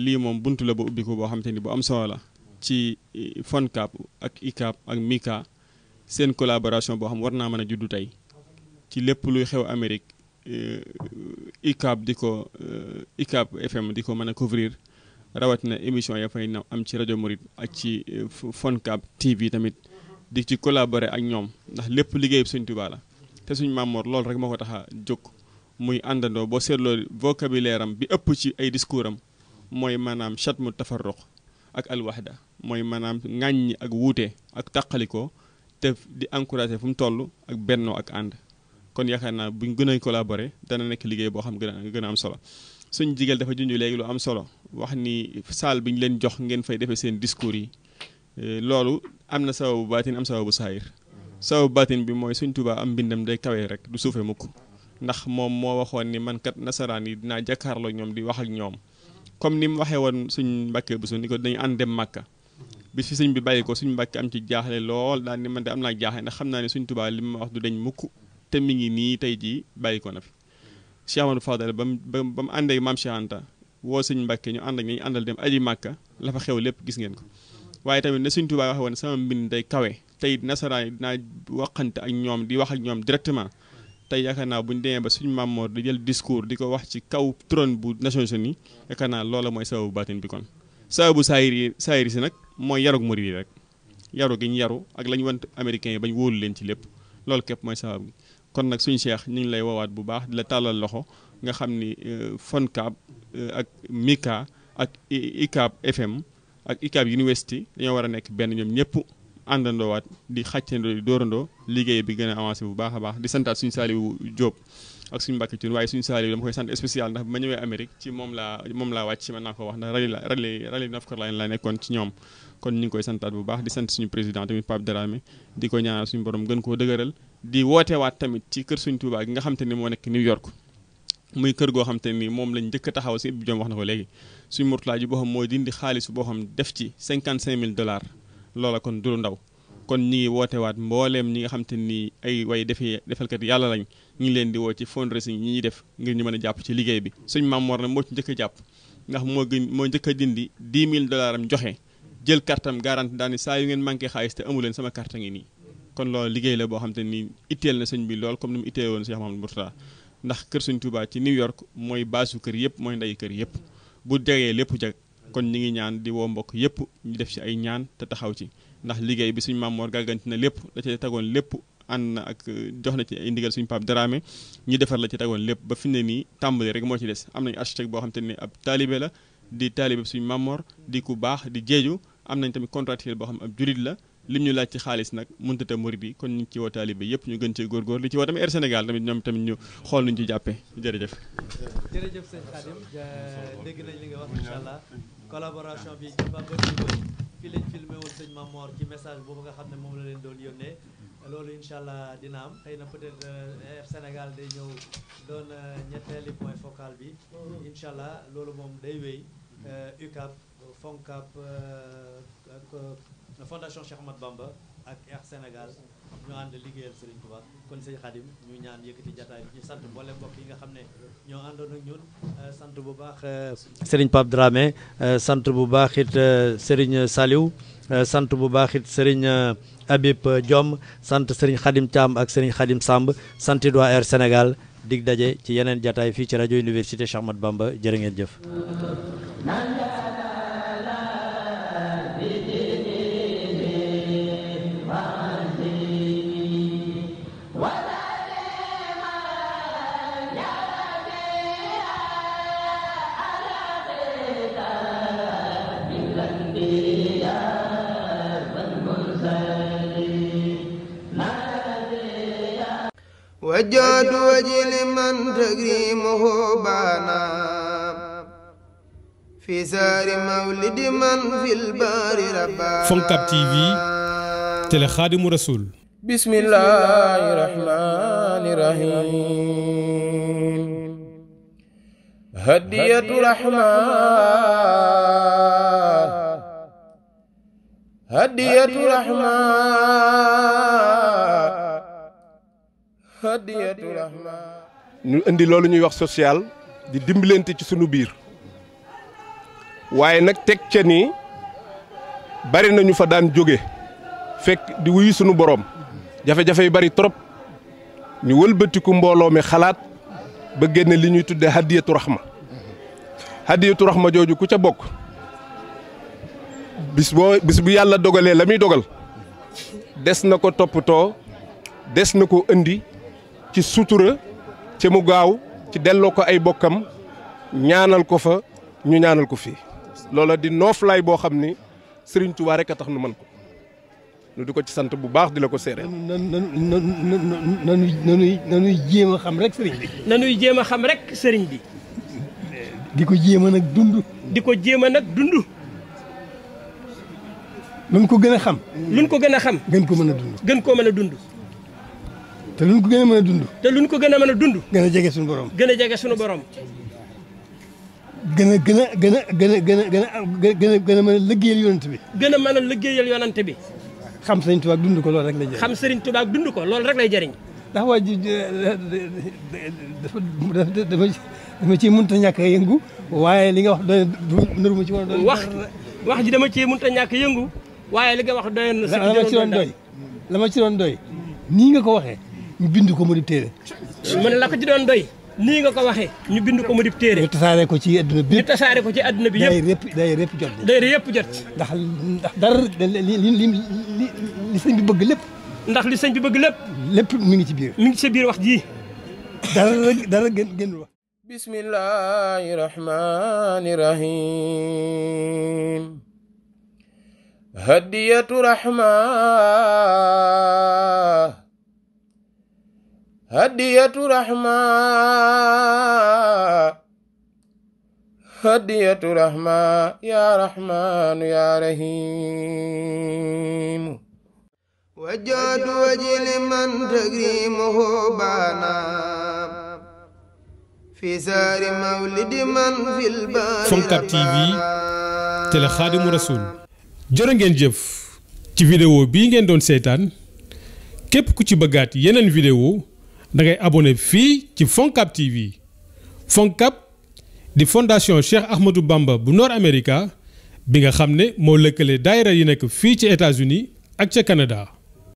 lii moom bunt la ba ubbiku boo xam te ni bu am solo la ci e, FONCAB ak ICAB ak MICA seen collaboration boo xam war naa mën a juddu tey ci lépp luy xew Amérique e, ICAB di ko e, ICAB FM di ko mën a couvrir rawatina émission ya fay na am ci rajo morit ak ci FONCAB TV tamit di ci collaborer ak ñoom ndax lépp liggéey Sëñ Tuubaa la te suñ Mamor loolu rek moo ko tax a jóg muy àndandoo boo seetloo vocabulaire am bi ëpp ci ay discours am mooy maanaam chatmu tafarruq ak alwaxda mooy maanaam ŋàññi ak wuute ak taqalikoo te di encouragé fu mu toll ak bennoo ak ànd kon yaakaar naa buñ gën a collaboré dana nekk liggéey boo xam gën a gën a am solo suñ jigéen dafa junj léegi lu am solo wax ni salle bi ñu leen jox ngeen fay defee seen discours yi euh, loolu am na sababu baatin am bu saayir sababu batin bi mooy suñ Tuubaa am mbindam day kawee rek du suufe mukk ndax moom moo waxoon ni mankat nasaraan yi dinaa jàkkaarloo ñoom di wax ak ñoom comme ni mu waxee woon suñ mbàkkee bu su ni ko dañu ànd dem màkka bi fi sëñ bi bàyyi suñ mbàkkee am ci jaaxle lool daal ni man de am naa jaaxle ndax xam naa ne Sëñ Tuubaa li ma wax du dañ mukk te mi ngi nii tey jii bàyyi na fi Cheikh Amadou Fadal ba mu ba mu àndee maam Cheikh Anta woo suñ mbàkkee ñu ànd ak ñu àndal dem aji màkka la fa xew lépp gis ngeen ko waaye tamit ne Sëñ Tuubaa waxee woon sama mbind day kawe tey it nasaraan yi dinaa waxante ak ñoom di wax ak ñoom directement tey yaakaar naa bu ñu demee ba suñu maam Mor di jël discours di ko wax ci kaw trône bu Nations Unies yaakaar naa loola mooy sababu baatin bi kon sababu saayir yi si nag mooy yarug murid yi rek yaru gi ñu yaru ak la ñu want américains bañ ba wóolu leen ci lépp loolu képp mooy sababu bi kon nag suñu Cheikh ñu ngi lay woowaat bu baax di la tàllal loxo nga xam ni euh, FONCAB euh, ak MICA ak ICAB FM ak ICAB University dañoo war a nekk benn ñoom ñëpp àndandoo waat di xàccandoo di doorandoo liggéey bi gën a avancé bu baax a baax di santaat suñu Saliou Diop ak suñu mbàkki tun waaye suñu Saliou dama koy sant spécial ndax bu ma ñëwee Amérique ci moom laa moom laa wàcc mën naa ko wax ndax rali la rali laa nekkoon ci ñoom kon ñu ngi koy santaat bu baax di sant suñu président tamit Pape Dramé di ko ñaanal suñu borom gën koo dëgëral di wootewaat tamit ci kër suñ Touba gi nga xam te ni moo nekk New York muy kër goo xam te ni moom lañ njëkk taxaw si bi jom na ko léegi suñu murtalaa ji mooy dindi xaalis boo xam def ci 55 000 dollars loola kon du lu ndaw kon ñi ngi wootewaat mbooleem ñi nga xam te nii ay way defee defalkat yàlla lañ ñu ngi leen di woo ci fundraising ñi ñuy def ngir ñu mën a jàpp ci liggéey bi suñ maam war na moo ci jëkk a jàpp ndax moo gën moo njëkk a dindi 10 000 dollars am joxe jël kartam garanti daani saa yu ngeen manqué xaalis te amu leen sama carte ngi nii kon loolu liggéey la boo xam te nii itteel na sëñ bi lool comme ni mu itteel woon Cheikh Mahamadou Mourtada ndax kër suñ Touba ci New York mooy baasu kër yëpp mooy ndeyu kër yëpp bu jegee lépp jag kon ñi ngi ñaan di woo mbokk yëpp ñu def ci ay ñaan te taxaw ci ndax liggéey bi suñu Mamoor gàgganti na lépp da cee tegoon lépp ànd na ak jox na ci ay ndigal suñu Pape Dramé ñu defar la ci tegoon lépp ba fi ne nii tàmbali rek moo ci des am na nañ architecte boo xam te ne ab taalibe la di taalibe suñu Mamoor di ku baax di jeeju am nañ tamit contractuel boo xam ab julit la lim ñu laaj ci xaalis nag mënta murid bi kon ñu ci woo taalibe yëpp ñu gën cee góorgóor li ci woo tamit Air Sénégal tamit ñoom tamit ñu xool nuñ ci jàppee jërëjëf jërëjëf collaboration avec ci Bamba filmé qui message nga xamné mom la leen doon loolu euh, Sénégal day doon euh, point focal bi loolu day UCAP FONCAP la Fondation Cheikh Bamba ak Sénégal ñu ànd liggéeyal Serigne kon sëñ Khadim ñu ñaan yëkkati jataay bi nga xam ne ñoo ñun euh, sant bu baax euh, Serigne Pape Dramé euh, sant bu baax it Serigne Saliou sant bu baaxit sëriñ Serigne jom sant sëriñ Khadim Thiam ak sëriñ Khadim Samb santi it waa Air Sénégal dig daje ci yeneen jataay fii ci rajo Université Cheikh Ahmadou Bamba jërë ngeen jëf وجاد وجه لمن تكريمه بانا في سار مولد من في البار ربا فنكب تي في تل خادم رسول بسم الله الرحمن الرحيم هدية الرحمن هدية الرحمن hadiyatu ñu indi loolu ñuy wax social di dimbalante ci sunu biir waaye nag teg ca ni bari nañu fa daan jóge fekk di wuy sunu borom jafe-jafe bari trop ñu wëlbatiku mbooloo mi xalaat ba génne li ñuy tuddee hadiyatu rahma hadiyatu rahma jooju ku ca bokk bis boo bis bu yàlla dogalee la muy dogal des na ko toppatoo des na ko indi ci sutura ci mu gaaw ci delloo ko ay bokkam ñaanal ko fa ñu ñaanal ko fii loola di nooflaay boo xam ni Serigne Touba rek a tax nu man ko nu di ko ci sant bu baax di la ko seeree. nanuy nanuy jéem a xam rek sëriñ bi. nanuy jéem a xam rek sëriñ bi. di ko jéem a nag dund. di ko jéem a nag dund. luñ ko gën a xam. luñ ko gën a xam. gën ko mën a dund. gën koo mën a dund. te luñ ko gën a mën a dund. te luñ ko gën a mën a dund. gën a jege suñu borom. gën a jege suñu borom. gën a gën a gën a gën a gën a gën a gën a gën a mën a liggéeyal yonent bi. gën a mën a liggéeyal yonent bi. xam Serigne Touba dund ko loolu rek lay jëriñ. xam Serigne Touba dund ko loolu rek lay jëriñ. ndax waa ji dafa dafa dama ciy mënut a ñàkk a yëngu waaye li nga wax doy na ma ci war a doy. wax wax ji dama ciy mënut a ñàkk a yëngu waaye li nga wax doy na. la ma ci doon doy la ma ci doon doy nii nga ko waxee. ñu bind ko mu di téere mu ne la ko ci doon doy nii nga ko waxee ñu bind ko mu di ñu tasaare ko ci adduna bi ñu tasaare ko ci adduna bi yëpp day yëpp jot day yëpp jot ndax ndax dara li li li sëñ bi bëgg lépp ndax li sëñ bi bëgg lépp lépp mi ngi ci biir mi ngi ci biir wax ji dara dara gën gën wax bismillahi rahmani rahim hadiyatu rahma هدية رحمة هدية رحمة يا رحمن يا رحيم وجد وجل من تكريمه بانا في سار مولد من في البال فنكب تي في تل خادم رسول جرنجن جيف تي فيديو بي نين دون سيطان كيب كوتي بغات فيديو da ngay abonné fi ci Foncap TV Foncap di fondation Cheikh Ahmadou Bamba bu Nord America bi nga xamné mo moo lëkkale daayira yi ci États-Unis ak ci Canada